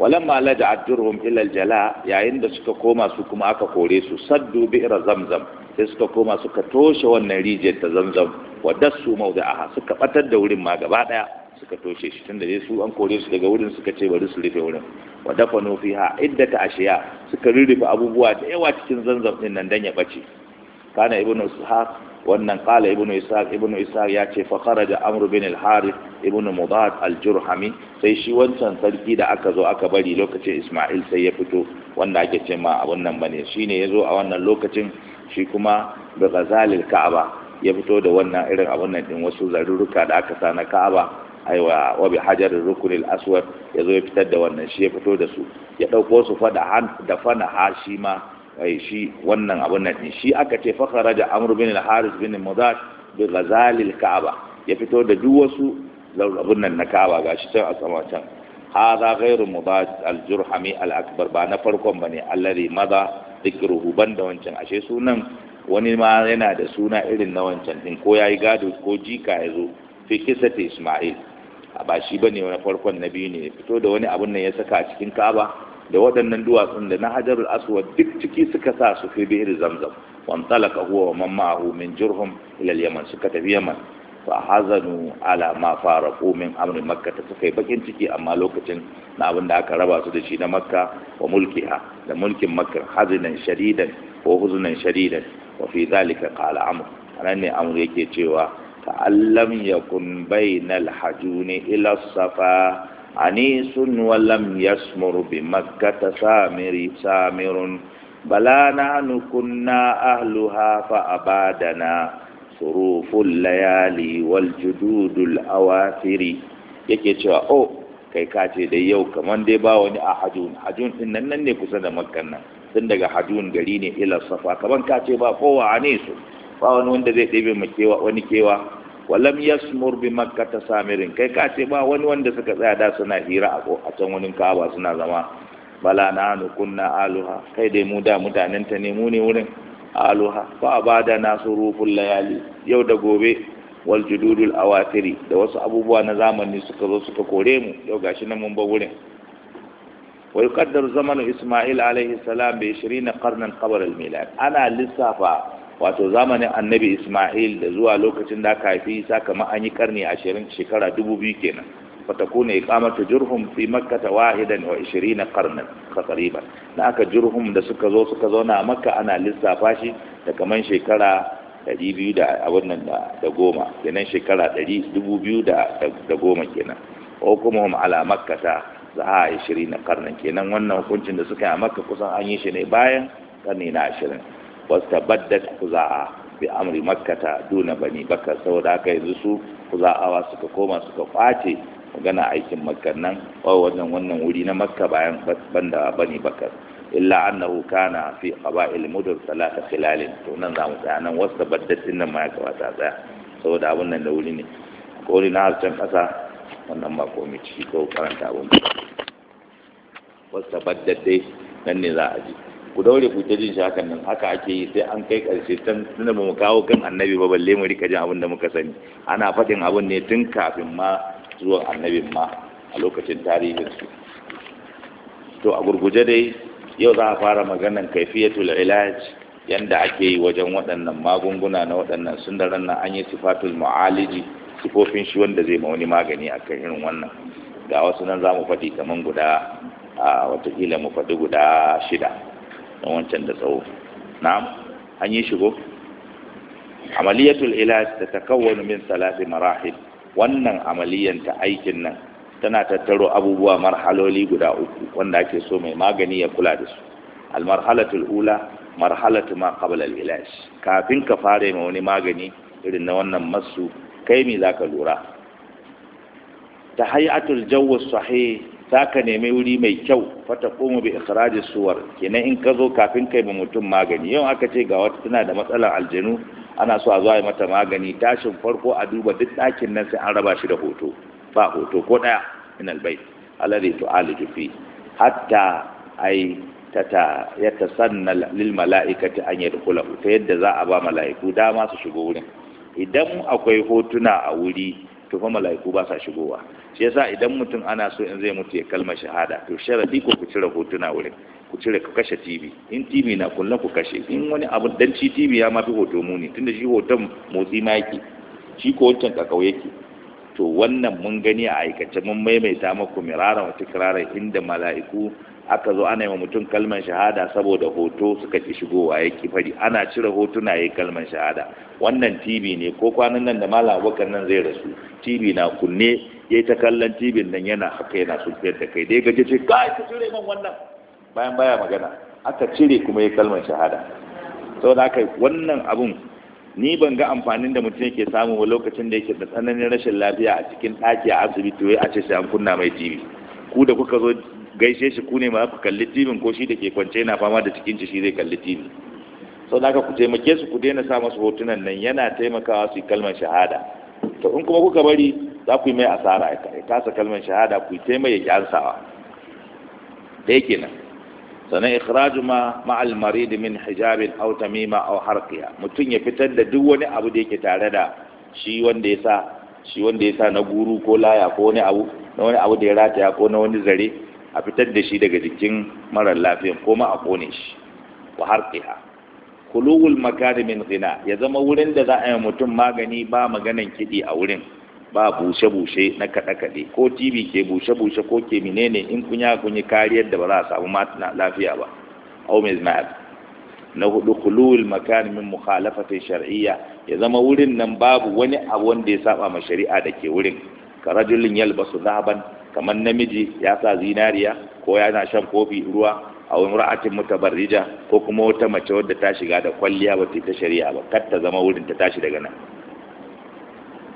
walamma da addurhum ila aljala yayin da suka koma su kuma aka kore su saddu bi'ra zamzam sai suka koma suka toshe wannan rijiyar ta zamzam wa dasu mawdi'aha suka batar da wurin ma gaba daya suka toshe shi tunda dai su an kore su daga wurin suka ce bari su rufe wurin wa dafanu fiha ta ashiya suka rurrufe abubuwa da yawa cikin zanzam din nan dan ya bace kana ibnu ishaq wannan qala ibnu ishaq ibnu ishaq ya ce fa kharaja amru bin al harith ibnu mudad al jurhami sai shi wancan sarki da aka zo aka bari lokacin isma'il sai ya fito wanda ake ce ma a wannan bane shine yazo a wannan lokacin shi kuma bi ghazalil ka'aba ya fito da wannan irin abun nan din wasu zaruruka da aka sa na ka'aba aiwa wa bi hajar rukun al-aswad zo ya fitar da wannan shi ya fito da su ya dauko su fa da han da fana ha shi ma ai shi wannan abun nan shi aka ce fa kharaja amr bin al-haris bin mudad bi ghazal al-ka'ba ya fito da duk wasu abun nan na ka'ba gashi can a sama can hadha ghayru mudad al-jurhami al-akbar ba na farkon bane alladhi madha dhikruhu banda wancan ashe sunan wani ma yana da suna irin na wancan din ko yayi gado ko jika yazo fi kisati isma'il ba shi bane wani farkon na biyu ne fito da wani abun nan ya saka a cikin kaba da waɗannan duwatsun da na hajarul aswad duk ciki suka sa su fi bi'ir zamzam wan talaka huwa wa man ma'ahu min jurhum ila yaman suka tafi yaman fa hazanu ala ma faraqu min makka ta suka yi bakin ciki amma lokacin na abin da aka raba su da shi na makka wa mulkiha da mulkin makka hazinan shadidan ko huzunan shadidan wa fi zalika qala amr anan ne amr yake cewa ta'allam yakun bainal hajuni ila safa anisun lam yasmur bi makkata samiri samirun bala nahnu kunna ahluha fa abadana suruful layali wal jududul awasiri yake cewa o oh, kai ka ce dai yau kamar dai ba wani a hajun hajun din nan ne kusa da makkan nan tun daga hajun gari ne ila safa kamar ka ce ba kowa a ba wani wanda zai ɗebe ma kewa wani kewa walam yasmur bi makka ta samirin kai ka ce ba wani wanda suka tsaya da suna hira a ko a can wani kaba suna zama bala na hannu kunna aluha kai dai mu da mutanen ta ne mu ne wurin aluha fa ba da nasu rufin layali yau da gobe wal jududul awatiri da wasu abubuwa na zamani suka zo suka kore mu yau gashi nan mun ba wurin wa yuqaddaru zamanu isma'il alayhi salam bi 20 qarnan qabla al milad ana lissafa wato zamanin annabi isma'il da zuwa lokacin da aka haifi isa kamar an yi karni ashirin shekara dubu biyu kenan fatakuna iqamatu jurhum fi makkah wahidan wa 20 qarnan taqriban na aka jurhum da suka zo suka zauna a makka ana lissafa shi da kaman shekara 200 da wannan da goma kenan shekara 2000 da goma kenan hum ala makkata za a 20 qarnan kenan wannan hukuncin da suka yi a makka kusan an yi shi ne bayan karni na ashirin. baddat kuza'a bi amri makkata duna bani bakar saboda haka yanzu su kuza'awa suka koma suka kwace magana aikin makkar nan wa wannan wannan wuri na makka bayan banda bani bakar illa annahu kana fi qaba'il mudur salata khilalin to nan zamu tsaya nan baddat din nan ma ya kawata tsaya saboda abun nan da wuri ne ko na san kasa wannan ba komai ciki ko karanta abun baddat dai nan ne za a ji ku daure ku ta jin shi hakan nan haka ake yi sai an kai karshe tun da mu kawo kan annabi ba balle mu rika jin abin da muka sani ana fadin abin ne tun kafin ma zuwa annabin ma a lokacin tarihin su to a gurguje dai yau za a fara maganar kaifiyatul ilaj yanda ake yi wajen waɗannan magunguna na waɗannan sun da ran an yi sifatul mu'aliji sifofin shi wanda zai ma wani magani akan irin wannan ga wasu nan za mu faɗi kaman guda a watakila mu faɗi guda shida don wancan da tsawo na'am an yi shigo amaliyatul ilaj ta wani min salafi marahil wannan amaliyan ta aikin nan tana tattaro abubuwa marhaloli guda uku wanda ake so mai magani ya kula da su al marhalatul ula marhalatu ma qabla al ilaj kafin ka fara mai wani magani irin na wannan masu kai za zaka lura ta hayatul jawu sahih za ka nemi wuri mai kyau fata kuma bi ikhraji suwar kenan in ka zo kafin kai ma mutum magani yau aka ce ga wata tana da matsalar aljanu ana so a zo yi mata magani tashin farko a duba duk ɗakin nan sai an raba shi da hoto ba hoto ko ɗaya min albayt alladhi tu'aliju fi hatta ai tata ya lil mala'ikati an yadkhulahu ta yadda za a ba mala'iku dama su shigo wurin idan akwai hotuna a wuri to fa mala'iku ba sa shigowa shi yasa idan mutum ana so in zai mutu ya kalmar shahada to sharadi ko ku cire hotuna wurin ku cire ku kashe TV in TV na kullum ku kashe in wani abu dan ci TV ya ma fi hoto muni tunda shi hoton motsi ma yake shi ko wancan kakau yake to wannan mun gani a aikace mun maimaita muku miraran wata kirarar inda mala'iku aka zo ana yi mutum kalman shahada saboda hoto suka ki shigowa ya ki fari ana cire hotuna ya kalman shahada wannan tv ne ko kwanan nan da malam abokan nan zai rasu tv na kunne ya ta kallon tv nan yana haka yana sulfiyar da kai dai gaje ce kai ka cire man wannan bayan baya magana aka cire kuma ya kalman shahada saboda haka wannan abun ni ban ga amfanin da mutum yake samu a lokacin da yake da tsananin rashin lafiya a cikin ɗaki a asibiti wai a ce sai an kunna mai tv ku da kuka zo gaishe shi ku ne ma ku kalli tibin ko shi da ke kwance yana fama da cikin shi zai kalli tibi sau da ku taimake su ku daina sa masu hotunan nan yana taimakawa su yi kalmar shahada to in kuma kuka bari za ku yi mai asara ya kasa kalmar shahada ku yi taimai ya kyansawa da yake nan sannan ikhraju ma ma'al marid min hijabin aw tamima aw harqiya mutun ya fitar da duk wani abu da yake tare da shi wanda ya sa shi wanda ya na guru ko laya ko wani abu na wani abu da ya rataya ko na wani zare a fitar da shi daga jikin marar lafiyan ma a kone shi wa harqiha khuluwul makari min zina ya zama wurin da za a yi mutum magani ba maganan kiɗi a wurin ba bushe-bushe na kaɗe-kaɗe ko tv ke bushe-bushe ko ke menene in kunya kunyi kariyar da ba za a samu matina lafiya ba au miznab na hudu khulul makarimin min mukhalafatin shar'iyya ya zama wurin nan babu wani abu wanda ya saba ma shari'a da ke wurin ka rajulin yalbasu zaban kamar namiji ya sa zinariya ko yana shan kofi ruwa a wani ra'atin mutabarrija ko kuma wata mace wadda ta shiga da kwalliya ba ta shari'a ba kar ta zama wurin ta tashi daga nan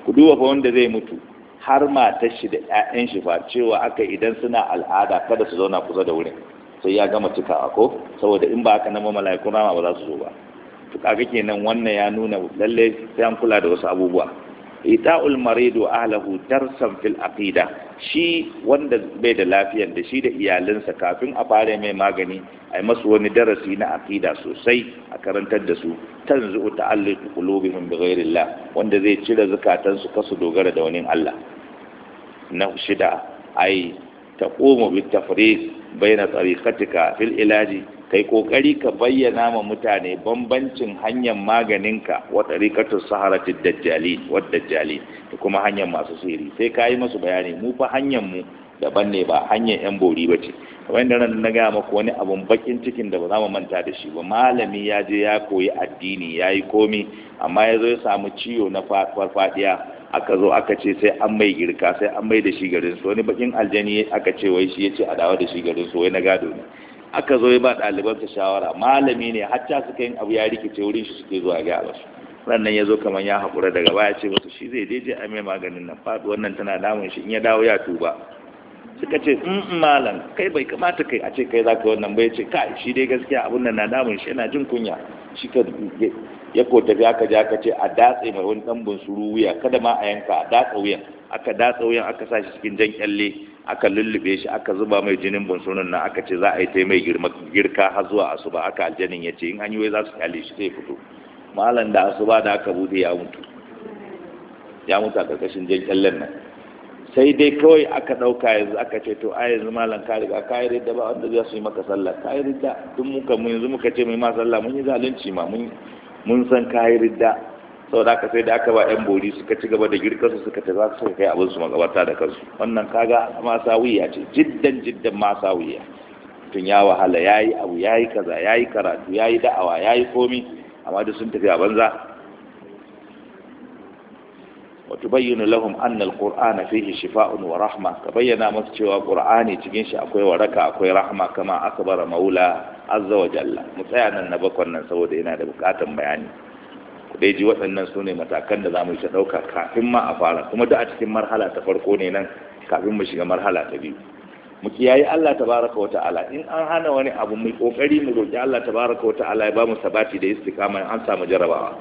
ku duba fa wanda zai mutu har matar shi da ƴaƴan shi fa cewa aka idan suna al'ada kada su zauna kusa da wurin sai ya gama cikawa ko saboda in ba aka nan mala'ikun mala'iku ba za su zo ba to kaga kenan wannan ya nuna lalle sai an kula da wasu abubuwa ita'ul maridu ahlahu darsan fil aqida shi wanda bai da lafiyar da shi da iyalinsa kafin a fara mai magani ai masu wani darasi na aqida sosai a karantar da su tanzu ta'alliqu qulubihim bi wanda zai cire zakatansu kasu dogara da wani Allah na shida ai taqumu bit tafriq baina tariqatika fil ilaji kai kokari ka bayyana ma mutane bambancin hanyar maganinka wa tariqatu saharati dajjali wa dajjali da kuma hanyar masu sihiri sai ka yi musu bayani mu fa hanyar mu daban ne ba hanyar yan bori ba ce kamar da ran na ga maku wani abun bakin cikin da ba za mu manta da shi ba malami ya je ya koyi addini ya yi komi amma ya zo ya samu ciwo na farfadiya aka zo aka ce sai an mai girka sai an mai da shi garin su wani bakin aljani aka ce wai shi yace a dawo da shi garin su wai na gado ne aka zo ya ba ɗaliban ta shawara malami ne ta suka yin abu ya rikice wurin shi suke zuwa ga ba su ya zo kamar ya haƙura daga baya ce musu shi zai je a mai maganin nan faɗi wannan tana damun shi in ya dawo ya tuba suka ce in mm, mm, malam kai bai kamata kai a ce kai za ka wannan bai ce kai shi dai gaskiya abun nan na damun shi yana jin kunya shi ka ya ko tafi aka je aka ce a datse mai wani dan bunsuru wuya kada ma a yanka a datsa wuyan aka datsa wuyan aka sa shi cikin jan kyalle aka lullube shi aka zuba mai jinin bunsurun nan aka ce za a yi ta mai girka har zuwa asuba aka aljanin ya ce in an yi wai za su kyalle shi zai fito malam da asuba da aka bude ya mutu ya mutu a karkashin jan kyallen nan sai dai kawai aka ɗauka yanzu aka ce to ai yanzu malam ka riga ka yi ridda ba wanda zai su yi maka sallah ka yi ridda tun muka mu yanzu muka ce mai ma sallah mun yi zalunci ma mun mun san kayi ridda da aka sai da aka ba yan bori suka ci gaba da girka su suka tafi suka kai abin su magabata da kansu wannan kaga masa wuya ce jiddan jiddan wuya. tun ya wahala ya yi abu ya yi kaza ya yi karatu ya yi da'awa ya yi komi amma da sun tafi a banza وتبين لهم أن القرآن فيه شفاء ورحمة تبين مستوى قرآني تجيش أكوي وركا أكوي رحمة كما أكبر مولى عز وجل مساعدا نبقى ننسو دينا دبقاتا بياني dai ji waɗannan su ne matakan da za mu ta ɗauka kafin ma a fara kuma da a cikin marhala ta farko ne nan kafin mu shiga marhala ta biyu mu kiyaye Allah tabaraka wa ta'ala in an hana wani abu mu kokari mu roki Allah tabaraka wa ta'ala ya ba mu sabati da istiqama an samu jarabawa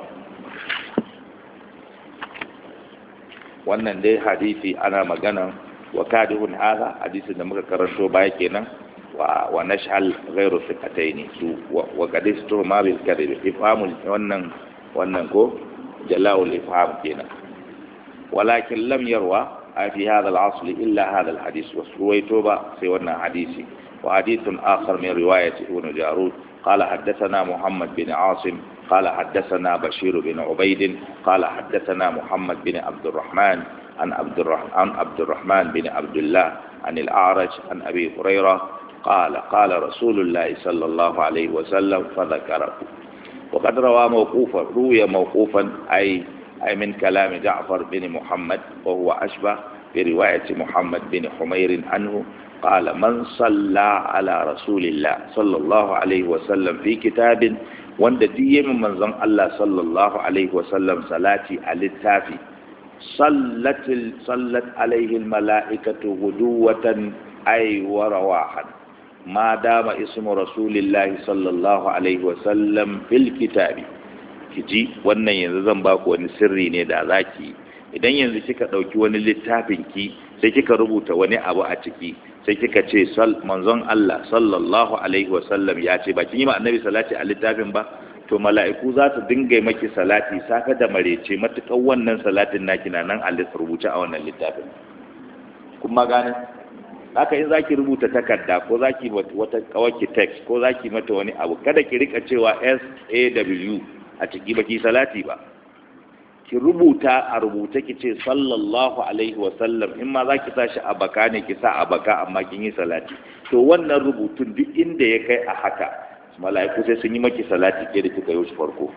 wannan dai hadisi ana magana wa kadihun hada hadisin da muka karanto baya kenan wa wa nashal ghayru thiqatayn su wa qadistu ma bil kadhib ifhamul wannan wannan ko jalaul ifham kenan walakin lam yarwa fi hada illa hada al hadis wa sai wannan hadisi wa hadithun akhar min riwayat ibn jarud qala haddathana muhammad bin asim قال حدثنا بشير بن عبيد قال حدثنا محمد بن عبد الرحمن عن عبد الرحمن, عن عبد الرحمن بن عبد الله عن الأعرج عن أبي هريرة قال قال رسول الله صلى الله عليه وسلم فذكره وقد روى موقوفا روي موقوفا أي أي من كلام جعفر بن محمد وهو أشبه برواية محمد بن حمير عنه قال من صلى على رسول الله صلى الله عليه وسلم في كتاب wanda duk yi manzon Allah sallallahu alaihi wasallam salati a littafi sallat alaihi mala'ikatu guduwatan ay wa ma dama ismu rasulillahi sallallahu alaihi wasallam fil kitabi kiji wannan yanzu zan baku wani sirri ne da zaki idan yanzu kika ɗauki wani littafin ki sai kika rubuta wani abu a ciki sai kika ce manzon Allah sallallahu alaihi wasallam ya ce ba kin yi ma annabi salati a littafin ba to mala'iku za su dinga maki salati safe da marece matukan wannan salatin naki na nan a rubuce a wannan littafin kuma gane haka in zaki rubuta takarda ko zaki wata kawaki text ko zaki mata wani abu kada ki rika cewa S A W a ciki baki salati ba ki rubuta a rubuta ki ce sallallahu alaihi wasallam in ma za ki sa shi a baka ne ki sa a baka amma kin yi salati to wannan rubutun duk inda ya kai a haka mala'iku sai sun yi maki salati ke da kika yi shi farko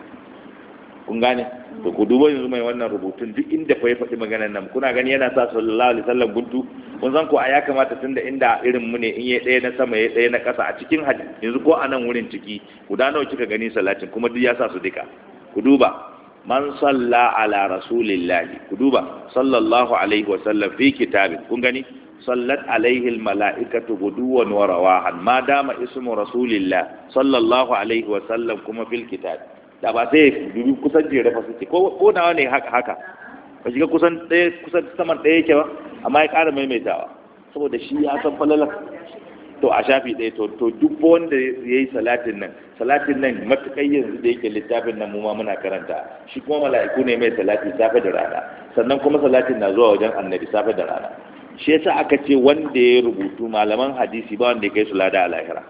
kun gane to ku duba yanzu mai wannan rubutun duk inda fa ya faɗi maganar nan kuna gani yana sa sallallahu alaihi wasallam guntu kun san ko a ya kamata tunda inda irin mu ne in ya ɗaya na sama ya ɗaya na ƙasa a cikin hadisi yanzu ko a nan wurin ciki guda nawa kika gani salatin kuma duk ya sa su duka ku duba man salla ala rasulillahi ku duba sallallahu alaihi wasallam fi kitabin kun gani sallat alaihi almalaikatu guduwan wa rawahan ma dama ismu rasulillah sallallahu alaihi wasallam kuma fil kitab da ba sai dubi kusan jere fa suke ko ko nawa ne haka haka ba shiga kusan ɗaya kusan saman ɗaya yake ba amma ya ƙara maimaitawa saboda shi ya san falalar to a shafi ɗaya to to duk wanda ya yi salatin nan salatin nan matukai yanzu da yake littafin nan mu ma muna karanta shi kuma mala'iku ne mai salati safe da rana sannan kuma salatin na zuwa wajen annabi safe da rana shi yasa aka ce wanda ya rubutu malaman hadisi ba wanda ya kai su lada a lahira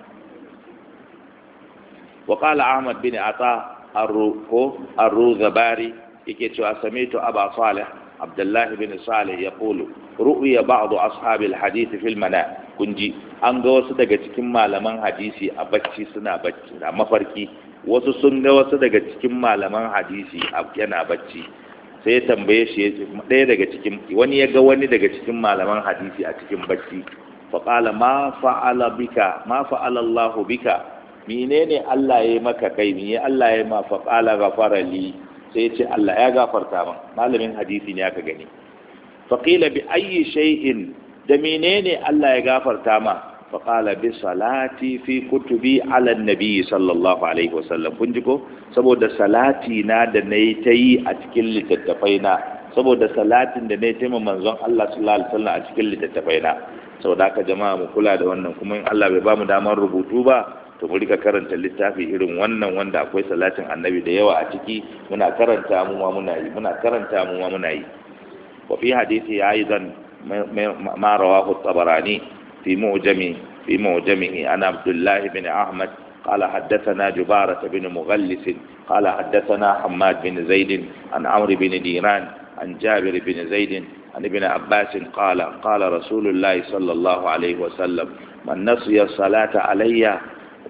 wa qala ahmad bin ata arruko arruzabari yake cewa samitu aba salih abdullahi bin salih yaqulu ru'ya ba'd ashabil hadisi fi almanam kun ji an ga wasu daga cikin malaman hadisi a bacci suna bacci a mafarki wasu sun ga wasu daga cikin malaman hadisi a yana bacci sai ya tambaye shi ɗaya daga cikin wani ya ga wani daga cikin malaman hadisi a cikin bacci faƙala ma fa'ala bika ma fa'ala allahu bika menene Allah ya maka kai me Allah ya ma faƙala ghafara li sai ya ce Allah ya gafarta min malamin hadisi ne aka gani Faƙila bi ayyi shay'in da menene Allah ya gafarta ma faƙala bi salati fi kutubi ala nabi sallallahu alaihi wasallam kun ji ko saboda salati na da na yi ta yi a cikin littattafai na saboda salatin da na yi taimaka manzon Allah sallallahu alaihi wasallam a cikin littattafai na saboda haka jama'a mu kula da wannan kuma in Allah bai ba mu damar rubutu ba to mu rika karanta littafi irin wannan wanda akwai salatin annabi da yawa a ciki muna karanta mu ma muna yi muna karanta mu ma muna yi wa fi hadisi ya yi zan ما رواه الطبراني في معجمه في معجمه عن عبد الله بن أحمد قال حدثنا جبارة بن مغلس قال حدثنا حماد بن زيد عن عمرو بن ديران عن جابر بن زيد عن ابن عباس قال قال رسول الله صلى الله عليه وسلم من نسي الصلاة علي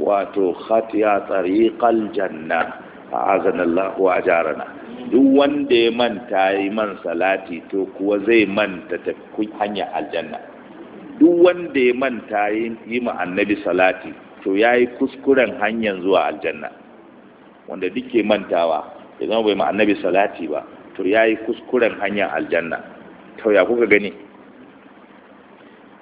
وتخطي طريق الجنة أعاذنا الله وأجارنا duk wanda ya manta yi man salati to kuwa zai manta ta hanya aljanna duk wanda ya manta yi ma annabi salati to ya yi kuskuren hanyar zuwa aljanna wanda duk ke mantawa ya zama bai ma annabi salati ba to ya yi kuskuren hanyar aljanna to ya kuka gani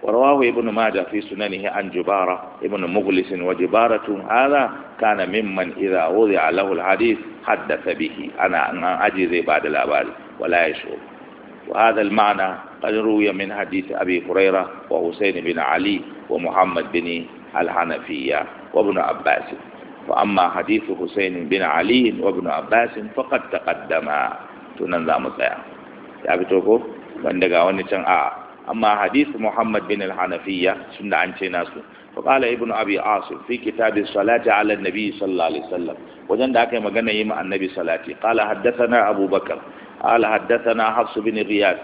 ورواه ابن ماجه في سننه عن جبارة ابن مغلس وجبارة هذا كان ممن إذا وضع له الحديث حدث به أنا أجزي بعد الأبال ولا يشعر وهذا المعنى قد روي من حديث أبي هريرة وحسين بن علي ومحمد بن الحنفية وابن عباس وأما حديث حسين بن علي وابن عباس فقد تقدم تنظام الضيام يا بتوكو بندقى ونشان آه amma hadisi Muhammad bin al-Hanafiya sun da an ce nasu fa qala ibnu abi asim fi kitab as-salati ala an-nabi sallallahu alaihi wasallam wajen da aka yi magana yi ma annabi salati qala haddathana abu bakr qala haddathana hafs bin ghiyas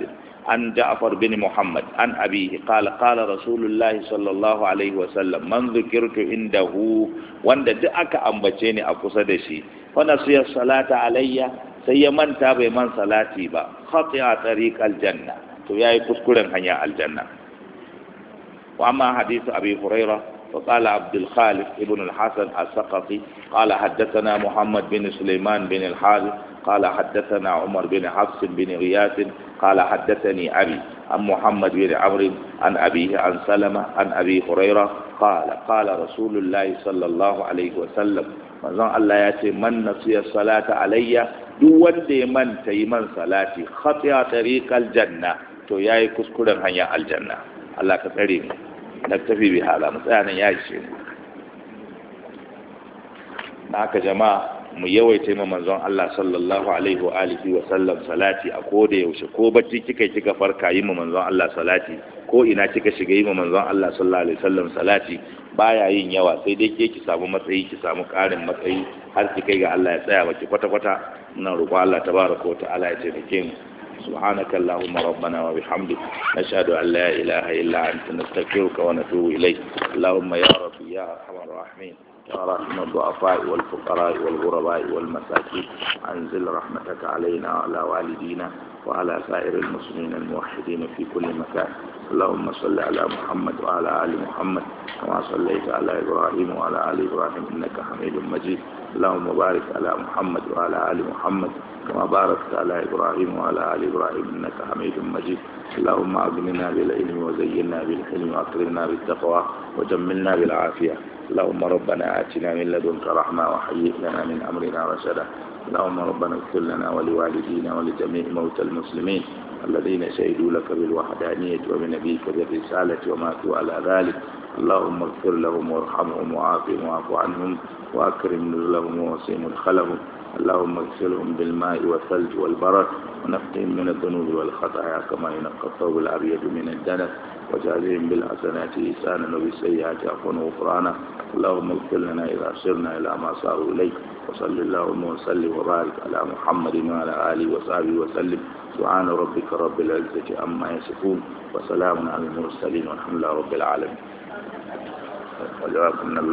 an ja'far bin muhammad an abihi qala qala rasulullahi sallallahu alaihi wasallam man dhukirtu indahu wanda duk aka ambace ni a kusa da shi fa nasiya salata alayya sai ya manta bai man salati ba khati'a tariqal janna to yayi kuskuren hanya aljanna wa amma hadithu abi hurairah وقال عبد الخالق ابن الحسن الثقفي قال حدثنا محمد بن سليمان بن الحارث قال حدثنا عمر بن حفص بن غياث قال حدثني أبي عن محمد بن عمرو عن أبيه عن سلمة عن أبي هريرة قال قال رسول الله صلى الله عليه وسلم manzon Allah ya ce man nasiya salata alayya duk wanda ya manta yi man salati khatiya tariqal janna to ya yi kuskuren hanyar aljanna Allah ka tsare mu na tafi bi hala mu tsaya nan ya ce mu na haka jama'a mu yawaita ma manzon Allah sallallahu alaihi wa alihi wa sallam salati a ko da yaushe ko bacci kika kika farka yi ma manzon Allah salati ko ina kika shiga yi ma manzon Allah sallallahu alaihi wa sallam salati baya yin yawa sai dai ke ki samu matsayi ki samu karin matsayi har ki kai ga Allah ya tsaya maki kwata kwata ina roƙo Allah tabaraka wa ta'ala ya taimake mu سبحانك اللهم ربنا وبحمدك نشهد أن لا إله إلا أنت نستغفرك ونتوب إليك اللهم يا رب يا أرحم الراحمين المختار والضعفاء الضعفاء والفقراء والغرباء والمساكين أنزل رحمتك علينا وعلى والدينا وعلى سائر المسلمين الموحدين في كل مكان اللهم صل على محمد وعلى آل محمد كما صليت على إبراهيم وعلى آل إبراهيم إنك حميد مجيد اللهم بارك على محمد وعلى آل محمد كما باركت على إبراهيم وعلى آل إبراهيم إنك حميد مجيد اللهم أغننا بالعلم وزينا بالحلم وأكرمنا بالتقوى وجملنا بالعافية اللهم ربنا آتنا من لدنك رحمة وحيئ لنا من أمرنا رشدا اللهم ربنا اغفر لنا ولوالدينا ولجميع موتى المسلمين الذين شهدوا لك بالوحدانية وبنبيك بالرسالة وماتوا على ذلك اللهم اغفر لهم وارحمهم وعافهم واعف عنهم وأكرم نزلهم ووسيم مدخلهم اللهم اغسلهم بالماء والثلج والبرد ونقهم من الذنوب والخطايا كما ينقى الثوب الأبيض من الدنس وجعلهم بالحسنات إحسانا وبالسيئات عفوا وغفرانا اللهم اغفر لنا إذا سرنا إلى ما صاروا إليه وصل اللهم وسلم وبارك على محمد وعلى آله وصحبه وسلم سبحان ربك رب العزة عما يصفون وسلام على المرسلين والحمد لله رب العالمين الله